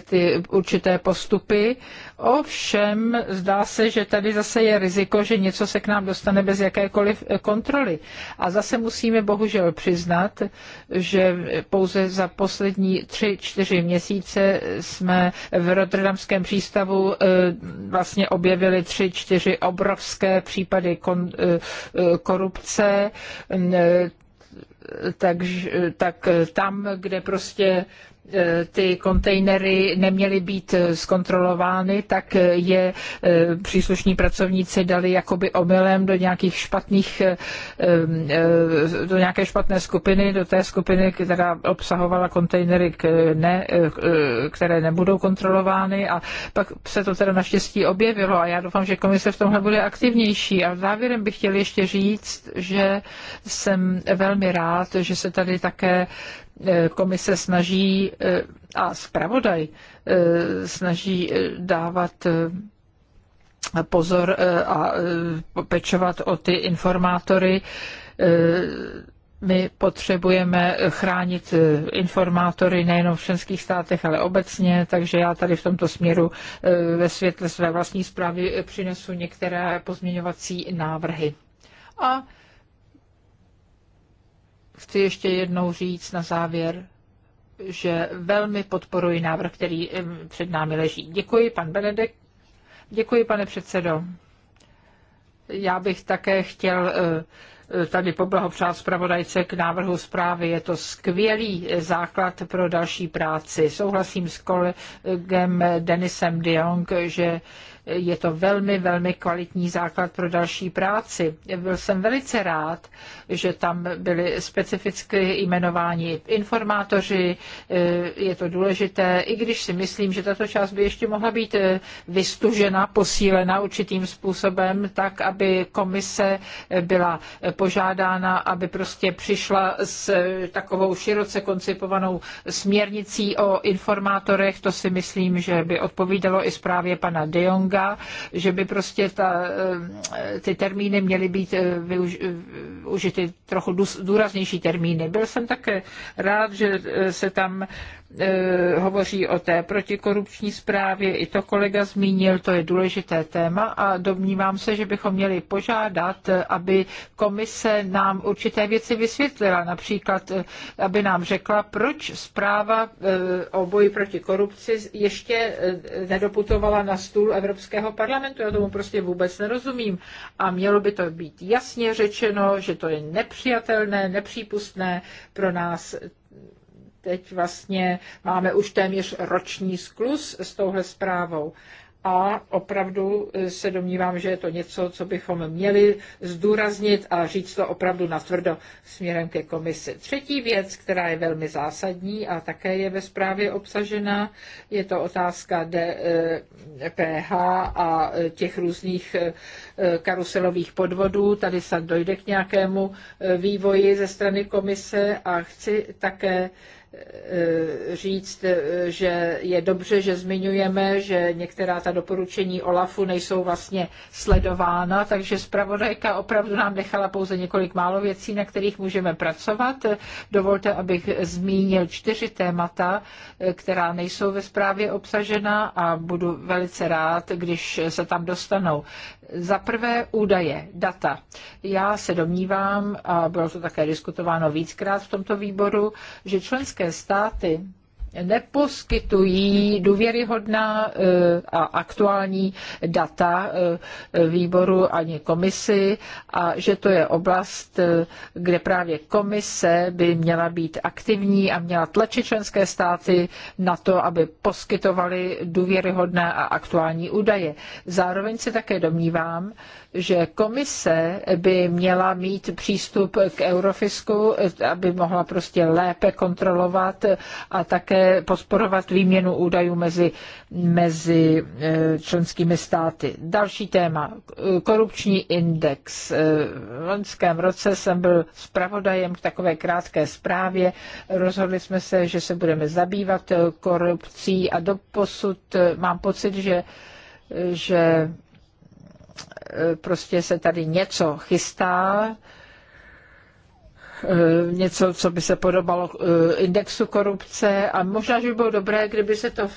ty určité postupy. Ovšem, zdá se, že tady zase je riziko, že něco se k nám dostane bez jakékoliv eh, kontroly. A zase musíme bohužel přiznat, že pouze za poslední tři, čtyři měsíce jsme v Rotterdamském přístavu vlastně objevili tři, čtyři obrovské případy korupce takže, tak tam, kde prostě Eh, ty kontejnery neměly být eh, zkontrolovány, tak eh, je příslušní pracovníci dali jakoby omylem do nějakých špatných, do nějaké špatné skupiny, do té skupiny, která obsahovala kontejnery, ne, které nebudou kontrolovány a pak se to teda naštěstí objevilo a já doufám, že komise v tomhle bude aktivnější a závěrem bych chtěl ještě říct, že jsem velmi rád, že se tady také Eh, komise snaží eh, a zpravodaj eh, snaží dávat pozor a pečovat o ty informátory. My potřebujeme chránit informátory nejenom v členských státech, ale obecně, takže já tady v tomto směru ve světle své vlastní zprávy přinesu některé pozměňovací návrhy. A chci ještě jednou říct na závěr, že velmi podporuji návrh, který před námi leží. Děkuji, pan Benedek. Děkuji, pane předsedo. Já bych také chtěl eh, eh, tady poblahopřát zpravodajce k návrhu zprávy. Je to skvělý eh, základ pro další práci. Souhlasím s kolegem Denisem Diong, že je to velmi, velmi kvalitní základ pro další práci. Byl jsem velice rád, že tam byli specificky jmenováni informátoři, eh, je to důležité, i když si myslím, že tato část by ještě mohla být eh, vystužena, posílena určitým způsobem, tak, aby komise eh, byla požádána, aby prostě přišla s takovou široce koncipovanou směrnicí o informátorech. To si myslím, že by odpovídalo i zprávě pana De Jonga, říká, že by prostě ta, eh, ty termíny měly být eh, využity eh, trochu důraznější termíny. Byl jsem také rád, že se tam E, hovoří o té protikorupční zprávě, i to kolega zmínil, to je důležité téma a domnívám se, že bychom měli požádat, aby komise nám určité věci vysvětlila, například, e, aby nám řekla, proč zpráva e, o boji proti korupci ještě nedoputovala na stůl Evropského parlamentu. Já tomu prostě vůbec nerozumím a mělo by to být jasně řečeno, že to je nepřijatelné, nepřípustné pro nás teď vlastně máme už téměř roční sklus s touhle zprávou. A opravdu se domnívám, že je to něco, co bychom měli zdůraznit a říct to opravdu natvrdo směrem ke komisi. Třetí věc, která je velmi zásadní a také je ve zprávě obsažena, je to otázka DPH eh, a těch různých eh, karuselových podvodů. Tady snad dojde k nějakému eh, vývoji ze strany komise a chci také Eh, říct, že je dobře, že zmiňujeme, že některá ta doporučení OLAFu nejsou vlastně sledována, takže zpravodajka opravdu nám nechala pouze několik málo věcí, na kterých můžeme pracovat. Dovolte, abych zmínil čtyři témata, eh, která nejsou ve zprávě obsažena a budu velice rád, když se tam dostanou. Za prvé údaje, data. Já se domnívám, a bylo to také diskutováno víckrát v tomto výboru, že členské státy neposkytují důvěryhodná eh, a aktuální data eh, výboru ani komisi a že to je oblast, eh, kde právě komise by měla být aktivní a měla tlačit členské státy na to, aby poskytovali důvěryhodné a aktuální údaje. Zároveň se také domnívám, že komise by měla mít přístup k Eurofisku, aby mohla prostě lépe kontrolovat a také posporovat výměnu údajů mezi, mezi eh, členskými státy. Další téma, korupční index. Eh, v loňském roce jsem byl zpravodajem k takové krátké zprávě. Rozhodli jsme se, že se budeme zabývat eh, korupcí a doposud mám pocit, že že Eh, prostě se tady něco chystá, eh, něco, co by se podobalo eh, indexu korupce a možná, že by bylo dobré, kdyby se to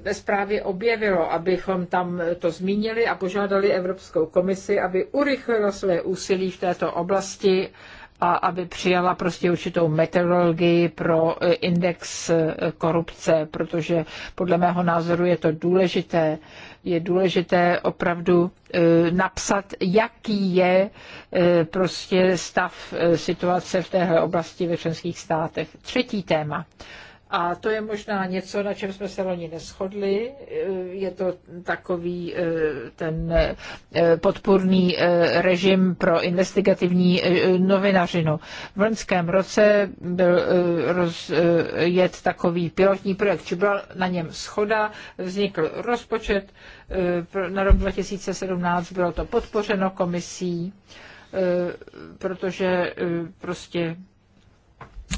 ve zprávě objevilo, abychom tam to zmínili a požádali Evropskou komisi, aby urychlila své úsilí v této oblasti a aby přijala prostě určitou meteorologii pro eh, index eh, korupce, protože podle mého názoru je to důležité. Je důležité opravdu eh, napsat, jaký je prostě stav situace v téhle oblasti ve členských státech. Třetí téma a to je možná něco, na čem jsme se loni neschodli. Je to takový eh, ten eh, podpůrný eh, režim pro investigativní novinařinu. V loňském roce byl rozjet takový pilotní projekt, či byla na něm schoda, vznikl rozpočet, na rok 2017 bylo to podpořeno komisí, protože prostě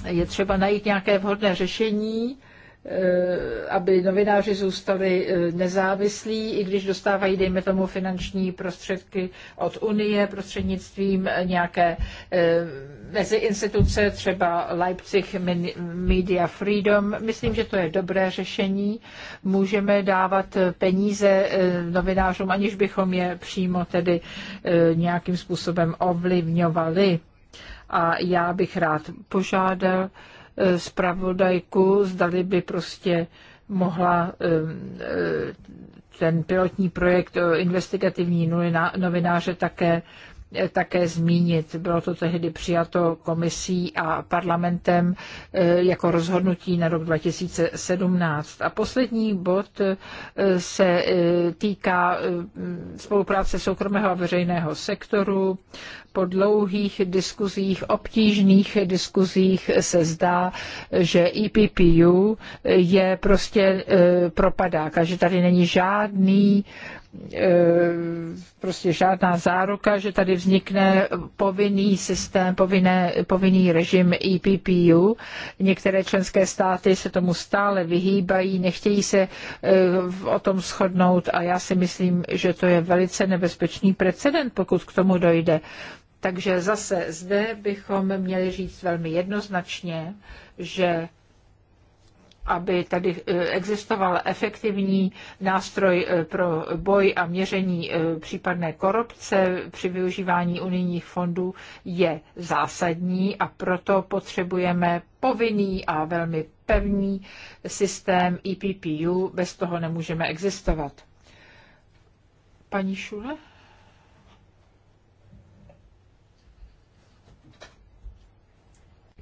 je třeba najít nějaké vhodné řešení, eh, aby novináři zůstali eh, nezávislí, i když dostávají, dejme tomu, finanční prostředky od Unie prostřednictvím nějaké eh, meziinstituce, třeba Leipzig Media Freedom. Myslím, že to je dobré řešení. Můžeme dávat peníze novinářům, aniž bychom je přímo tedy nějakým způsobem ovlivňovali a já bych rád požádal eh, zpravodajku, zdali by prostě mohla ehm, eh, ten pilotní projekt investigativní novináře také Eh, také zmínit. Bylo to tehdy přijato komisí a parlamentem eh, jako rozhodnutí na rok 2017. A poslední bod eh, se týká spolupráce soukromého a veřejného sektoru. Po dlouhých diskuzích, obtížných diskuzích se zdá, že EPPU je prostě propadák a že tady není žádný Eh, prostě žádná záruka, že tady vznikne povinný systém, povinné, povinný režim EPPU. Některé členské státy se tomu stále vyhýbají, nechtějí se eh, o tom shodnout a já si myslím, že to je velice nebezpečný precedent, pokud k tomu dojde. Takže zase zde bychom měli říct velmi jednoznačně, že aby tady eh, existoval efektivní nástroj eh, pro boj a měření eh, případné korupce při využívání unijních fondů, je zásadní a proto potřebujeme povinný a velmi pevný systém EPPU. Bez toho nemůžeme existovat. Paní Šule?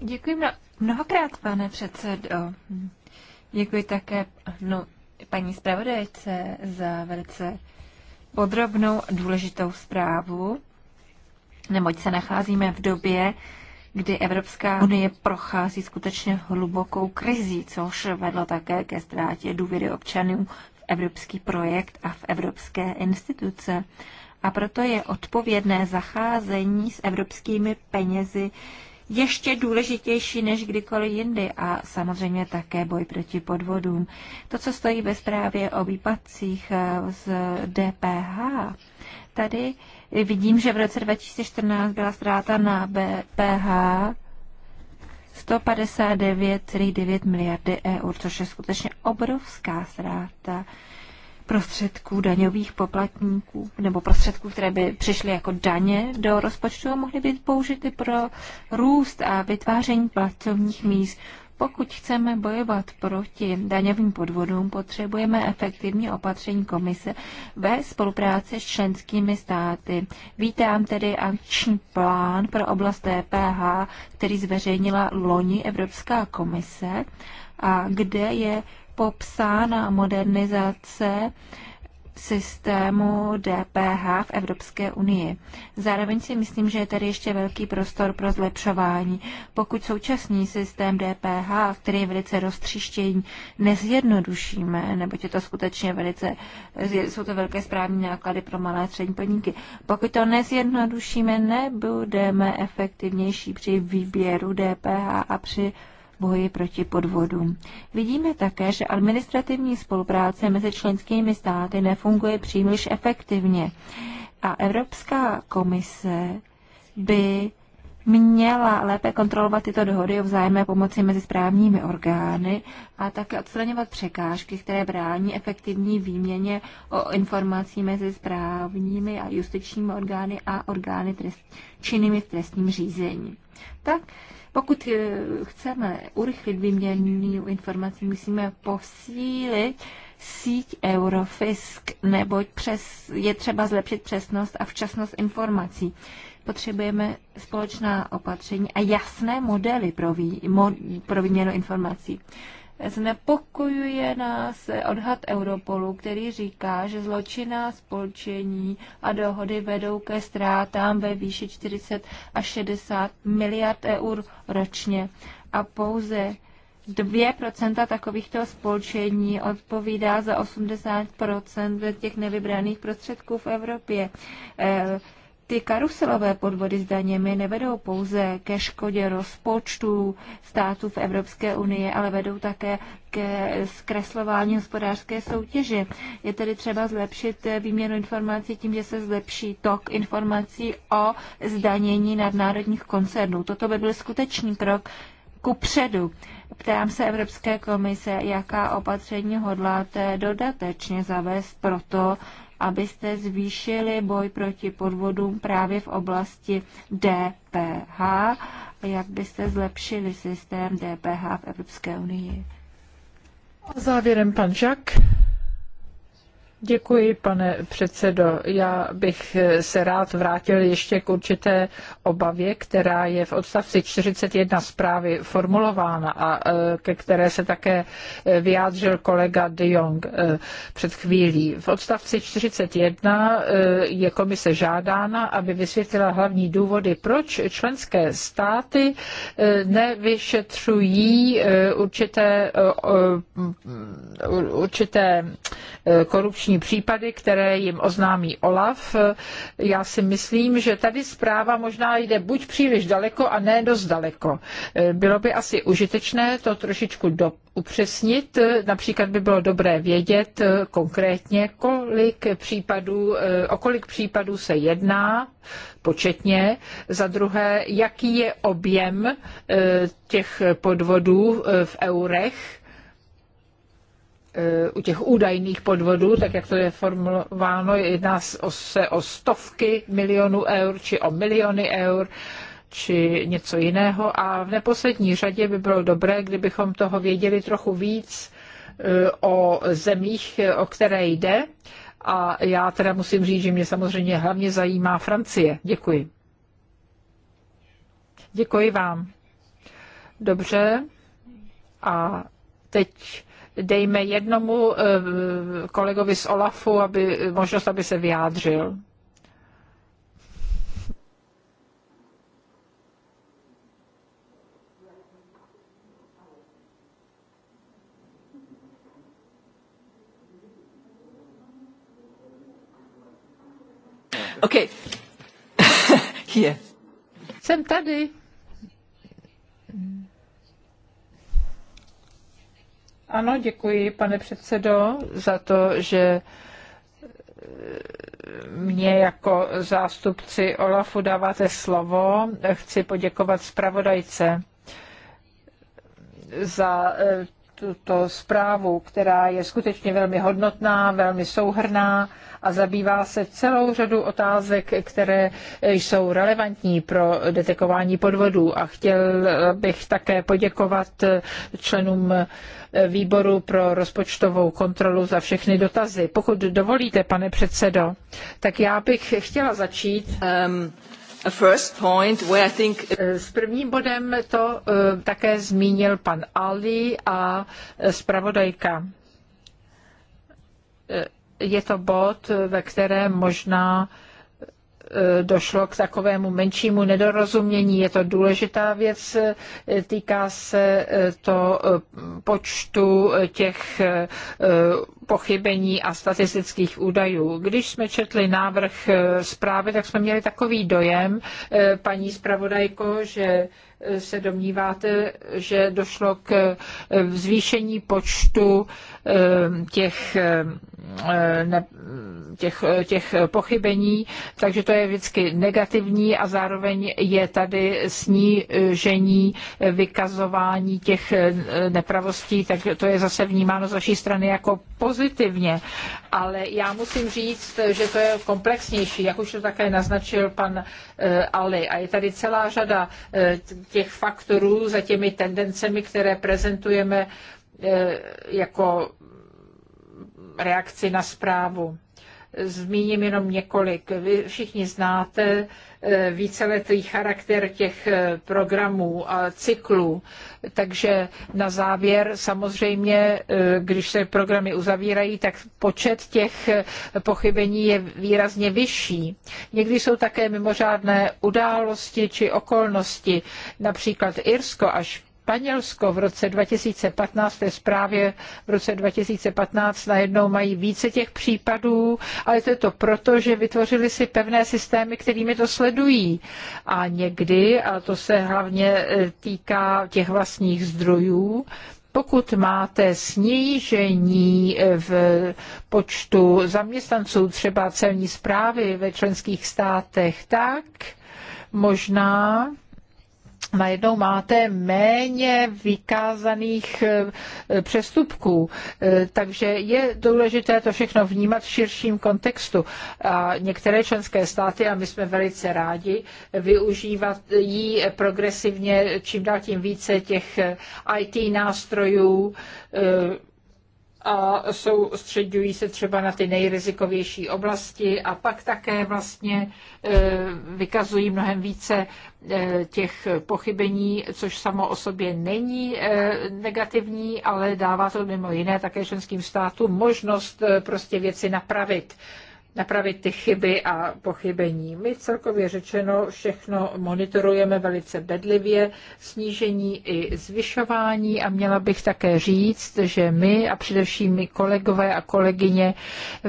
Děkuji mnohokrát, pane předsedo. Děkuji také no, paní zpravodajce za velice podrobnou důležitou zprávu, neboť se nacházíme v době, kdy Evropská unie prochází skutečně hlubokou krizí, což vedlo také ke ztrátě důvěry občanů v evropský projekt a v evropské instituce. A proto je odpovědné zacházení s evropskými penězi ještě důležitější než kdykoliv jindy a samozřejmě také boj proti podvodům. To, co stojí ve zprávě o výpadcích eh, z DPH, tady vidím, že v roce 2014 byla ztráta na BPH 159,9 miliardy eur, což je skutečně obrovská ztráta prostředků daňových poplatníků nebo prostředků, které by přišly jako daně do rozpočtu a mohly být použity pro růst a vytváření pracovních míst. Pokud chceme bojovat proti daňovým podvodům, potřebujeme efektivní opatření komise ve spolupráci s členskými státy. Vítám tedy akční plán pro oblast DPH, který zveřejnila loni Evropská komise a kde je popsána modernizace systému DPH v Evropské unii. Zároveň si myslím, že je tady ještě velký prostor pro zlepšování. Pokud současný systém DPH, který je velice roztřištění, nezjednodušíme, neboť je to skutečně velice, jsou to velké správní náklady pro malé a střední podniky, pokud to nezjednodušíme, nebudeme efektivnější při výběru DPH a při boji proti podvodům. Vidíme také, že administrativní spolupráce mezi členskými státy nefunguje příliš efektivně a Evropská komise by měla lépe kontrolovat tyto dohody o vzájemné pomoci mezi správními orgány a také odstraňovat překážky, které brání efektivní výměně o informací mezi správními a justičními orgány a orgány trest, činnými v trestním řízení. Tak pokud eh, chceme urychlit výměnu informací, musíme posílit síť Eurofisk, neboť přes, je třeba zlepšit přesnost a včasnost informací. Potřebujeme společná opatření a jasné modely pro, vý, mo, pro výměnu informací. Znepokojuje nás odhad Europolu, který říká, že zločinná spolčení a dohody vedou ke ztrátám ve výši 40 až 60 miliard eur ročně a pouze 2% takovýchto spolčení odpovídá za 80% těch nevybraných prostředků v Evropě. Eh, ty karuselové podvody s daněmi nevedou pouze ke škodě rozpočtu států v Evropské unii, ale vedou také ke zkreslování hospodářské soutěže. Je tedy třeba zlepšit výměnu informací tím, že se zlepší tok informací o zdanění nadnárodních koncernů. Toto by byl skutečný krok ku předu. Ptám se Evropské komise, jaká opatření hodláte dodatečně zavést proto, abyste zvýšili boj proti podvodům právě v oblasti DPH jak byste zlepšili systém DPH v Evropské unii. A závěrem pan Žak. Děkuji, pane předsedo. Já bych se rád vrátil ještě k určité obavě, která je v odstavci 41 zprávy formulována a e, ke které se také e, vyjádřil kolega de Jong e, před chvílí. V odstavci 41 je komise žádána, aby vysvětlila hlavní důvody, proč členské státy nevyšetřují určité, určité korupční konkrétní případy, které jim oznámí OLAF. Já si myslím, že tady zpráva možná jde buď příliš daleko a ne dost daleko. Bylo by asi užitečné to trošičku do, upřesnit. Například by bylo dobré vědět konkrétně, kolik případů, eh, o kolik případů se jedná početně. Za druhé, jaký je objem eh, těch podvodů eh, v eurech u těch údajných podvodů, tak jak to je formulováno, jedná se o stovky milionů eur či o miliony eur či něco jiného. A v neposlední řadě by bylo dobré, kdybychom toho věděli trochu víc e, o zemích, o které jde. A já teda musím říct, že mě samozřejmě hlavně zajímá Francie. Děkuji. Děkuji vám. Dobře. A teď dejme jednomu eh, kolegovi z OLAFu aby, možnost, aby se vyjádřil. Okay. Je. Jsem tady. Ano, děkuji, pane předsedo, za to, že eh, mě jako zástupci Olafu dáváte slovo. Chci poděkovat zpravodajce za eh, tuto zprávu, která je skutečně velmi hodnotná, velmi souhrná a zabývá se celou řadu otázek, které jsou relevantní pro detekování podvodů. A chtěl bych také poděkovat členům výboru pro rozpočtovou kontrolu za všechny dotazy. Pokud dovolíte, pane předsedo, tak já bych chtěla začít. Um Uh, eh, s prvním bodem to eh, také zmínil pan Ali a eh, zpravodajka. Je to bod, ve kterém možná Eh, došlo k takovému menšímu nedorozumění. Je to důležitá věc, eh, týká se eh, to počtu těch pochybení a statistických údajů. Když jsme četli návrh zprávy, tak jsme měli takový dojem, paní zpravodajko, že se domníváte, že došlo k zvýšení počtu Eh, těch, eh, ne, těch, těch pochybení, takže to je vždycky negativní a zároveň je tady snížení vykazování těch eh, nepravostí, tak to je zase vnímáno z vaší strany jako pozitivně. Ale já musím říct, že to je komplexnější, jak už to také naznačil pan Ali. A je tady celá řada těch faktorů za těmi tendencemi, které prezentujeme E, jako reakci na zprávu. Zmíním jenom několik. Vy všichni znáte e, víceletý charakter těch e, programů a cyklů. Takže na závěr samozřejmě, když se programy uzavírají, tak počet těch pochybení je výrazně vyšší. Někdy jsou také mimořádné události či okolnosti. Například Irsko až Španělsko v roce 2015, té zprávě v roce 2015 najednou mají více těch případů, ale to je to proto, že vytvořili si pevné systémy, kterými to sledují. A někdy, a to se hlavně e, týká těch vlastních zdrojů, pokud máte snížení e, v počtu zaměstnanců třeba celní zprávy ve členských státech, tak možná najednou máte méně vykázaných eh, přestupků. Eh, takže je důležité to všechno vnímat v širším kontextu. A některé členské státy, a my jsme velice rádi, využívají progresivně čím dál tím více těch eh, IT nástrojů, a soustředují se třeba na ty nejrizikovější oblasti a pak také vlastně e, vykazují mnohem více e, těch pochybení, což samo o sobě není e, negativní, ale dává to mimo jiné také členským státům možnost prostě věci napravit napravit ty chyby a pochybení. My celkově řečeno všechno monitorujeme velice bedlivě, snížení i zvyšování a měla bych také říct, že my a především my kolegové a kolegyně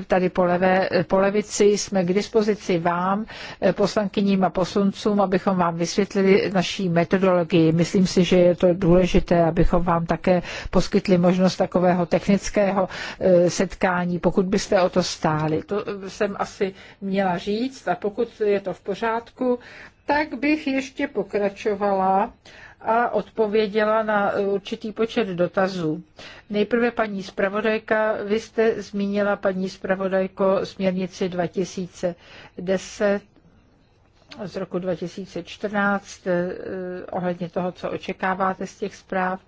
tady po, levé, po levici jsme k dispozici vám, poslankyním a posuncům, abychom vám vysvětlili naší metodologii. Myslím si, že je to důležité, abychom vám také poskytli možnost takového technického eh, setkání, pokud byste o to stáli. To eh, jsem asi měla říct a pokud je to v pořádku, tak bych ještě pokračovala a odpověděla na určitý počet dotazů. Nejprve paní zpravodajka, vy jste zmínila paní zpravodajko směrnici 2010 z roku 2014 eh, ohledně toho, co očekáváte z těch zpráv.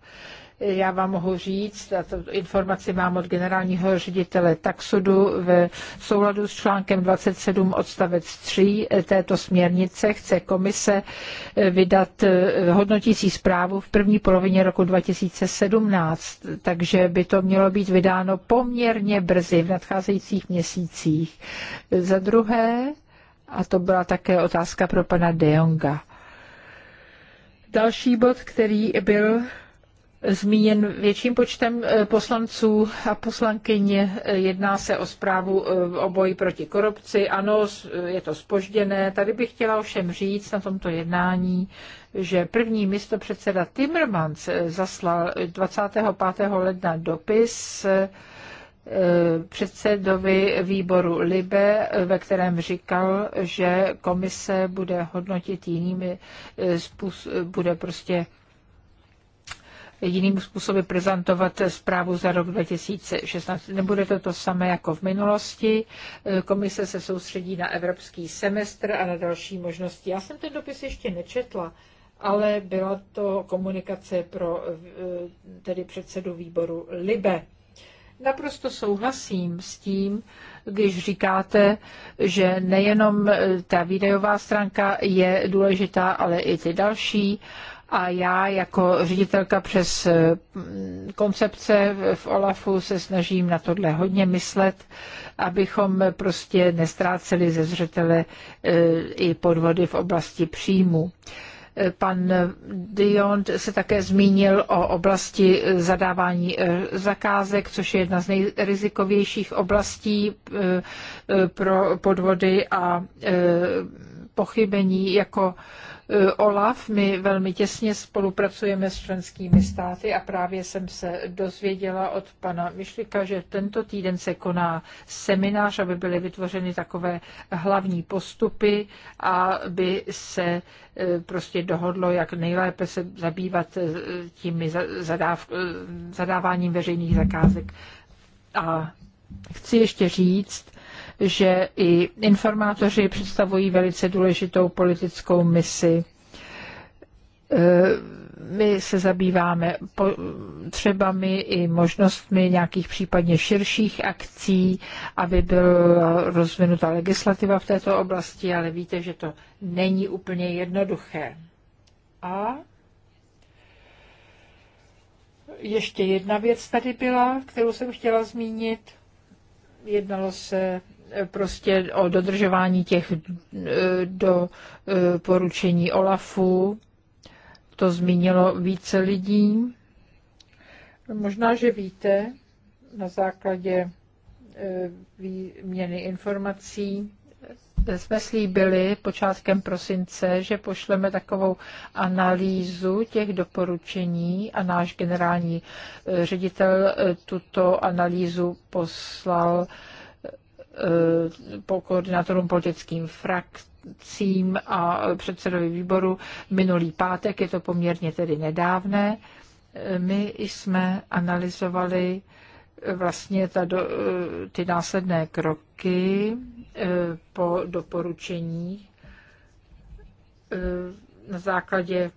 Já vám mohu říct, a to informaci mám od generálního ředitele Taxudu, v souladu s článkem 27 odstavec 3 této směrnice chce komise vydat eh, hodnotící zprávu v první polovině roku 2017, takže by to mělo být vydáno poměrně brzy v nadcházejících měsících. Za druhé, a to byla také otázka pro pana De Jonga. Další bod, který byl zmíněn větším počtem eh, poslanců a poslankyň. Jedná se o zprávu eh, o boji proti korupci. Ano, eh, je to spožděné. Tady bych chtěla ovšem říct na tomto jednání, že první místo předseda Timmermans zaslal 25. ledna dopis předsedovi výboru Libe, ve kterém říkal, že komise bude hodnotit jinými, bude prostě jiným způsobem prezentovat zprávu za rok 2016. Nebude to to samé jako v minulosti. Komise se soustředí na evropský semestr a na další možnosti. Já jsem ten dopis ještě nečetla, ale byla to komunikace pro eh, tedy předsedu výboru Libe. Naprosto souhlasím s tím, když říkáte, že nejenom ta videová stránka je důležitá, ale i ty další a já jako ředitelka přes eh, koncepce v OLAFu se snažím na tohle hodně myslet, abychom prostě nestráceli ze zřetele eh, i podvody v oblasti příjmu. Eh, pan Diond se také zmínil o oblasti zadávání zakázek, což je jedna z nejrizikovějších oblastí pro podvody a pochybení jako Eh, OLAF. My velmi těsně spolupracujeme s členskými státy a právě jsem se dozvěděla od pana Myšlika, že tento týden se koná seminář, aby byly vytvořeny takové hlavní postupy a aby se eh, prostě dohodlo, jak nejlépe se zabývat eh, tím zadáv, zadáváním veřejných zakázek. A chci ještě říct, že i informátoři představují velice důležitou politickou misi e, my se zabýváme třebami i možnostmi nějakých případně širších akcí, aby byla rozvinuta legislativa v této oblasti, ale víte, že to není úplně jednoduché. A ještě jedna věc tady byla, kterou jsem chtěla zmínit. Jednalo se prostě o dodržování těch eh, doporučení eh, OLAFu. To zmínilo více lidí. Možná, že víte, na základě eh, výměny informací jsme slíbili počátkem prosince, že pošleme takovou analýzu těch doporučení a náš generální ředitel tuto analýzu poslal po koordinátorům politickým frakcím a předsedovi výboru minulý pátek, je to poměrně tedy nedávné. My jsme analyzovali vlastně ta do, ty následné kroky eh, po doporučení eh, na základě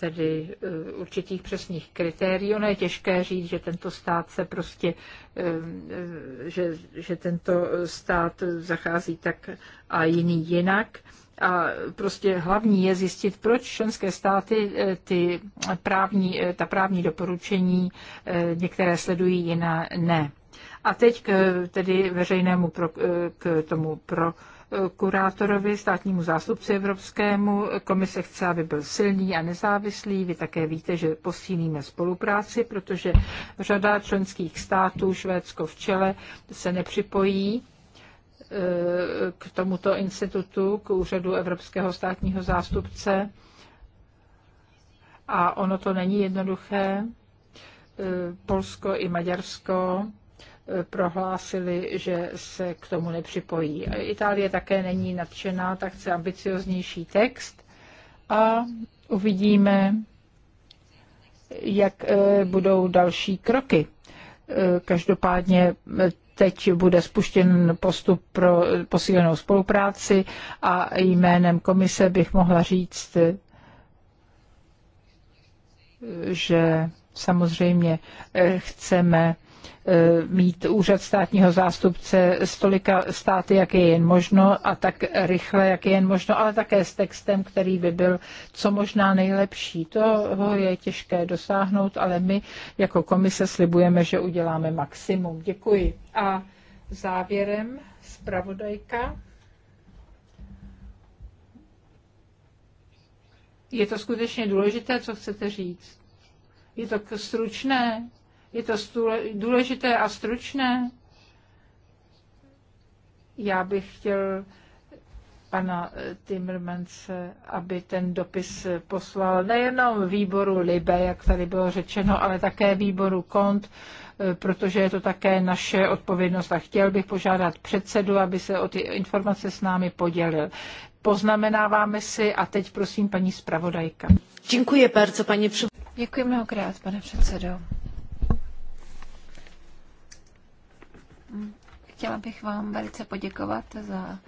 tedy eh, určitých přesných kritérií. Ono je těžké říct, že tento stát se prostě, eh, eh, že, že tento stát zachází tak a jiný jinak. A prostě hlavní je zjistit, proč členské státy ty právní, ta právní doporučení některé sledují, jiná ne. A teď k, tedy veřejnému pro, k tomu pro kurátorovi, státnímu zástupci evropskému. Komise chce, aby byl silný a nezávislý. Vy také víte, že posílíme spolupráci, protože řada členských států, Švédsko v čele, se nepřipojí e, k tomuto institutu, k úřadu Evropského státního zástupce. A ono to není jednoduché. E, Polsko i Maďarsko prohlásili, že se k tomu nepřipojí. Itálie také není nadšená, tak chce ambicioznější text a uvidíme, jak eh, budou další kroky. Eh, každopádně eh, teď bude spuštěn postup pro posílenou spolupráci a jménem komise bych mohla říct, že samozřejmě chceme E, mít úřad státního zástupce z tolika státy, jak je jen možno a tak rychle, jak je jen možno, ale také s textem, který by byl co možná nejlepší. To je těžké dosáhnout, ale my jako komise slibujeme, že uděláme maximum. Děkuji. A závěrem zpravodajka. Je to skutečně důležité, co chcete říct? Je to stručné? Je to důležité a stručné? Já bych chtěl pana eh, Timmermanse, aby ten dopis poslal nejenom výboru Libe, jak tady bylo řečeno, ale také výboru KONT, eh, protože je to také naše odpovědnost a chtěl bych požádat předsedu, aby se o ty informace s námi podělil. Poznamenáváme si a teď prosím paní zpravodajka. Děkuji bardzo, paní Děkuji mnohokrát, pane předsedo. Chtěla bych vám velice poděkovat za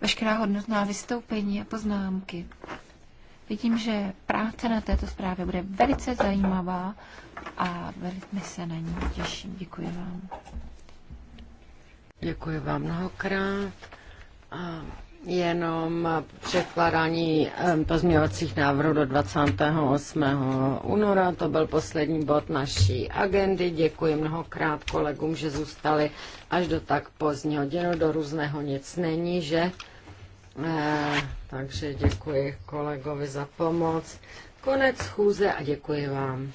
veškerá hodnotná vystoupení a poznámky. Vidím, že práce na této zprávě bude velice zajímavá a velmi se na ní těším. Děkuji vám. Děkuji vám mnohokrát. A jenom překládání pozměňovacích návrhů do 28. února. To byl poslední bod naší agendy. Děkuji mnohokrát kolegům, že zůstali až do tak pozdní hodinu. Do různého nic není, že? Eh, takže děkuji kolegovi za pomoc. Konec schůze a děkuji vám.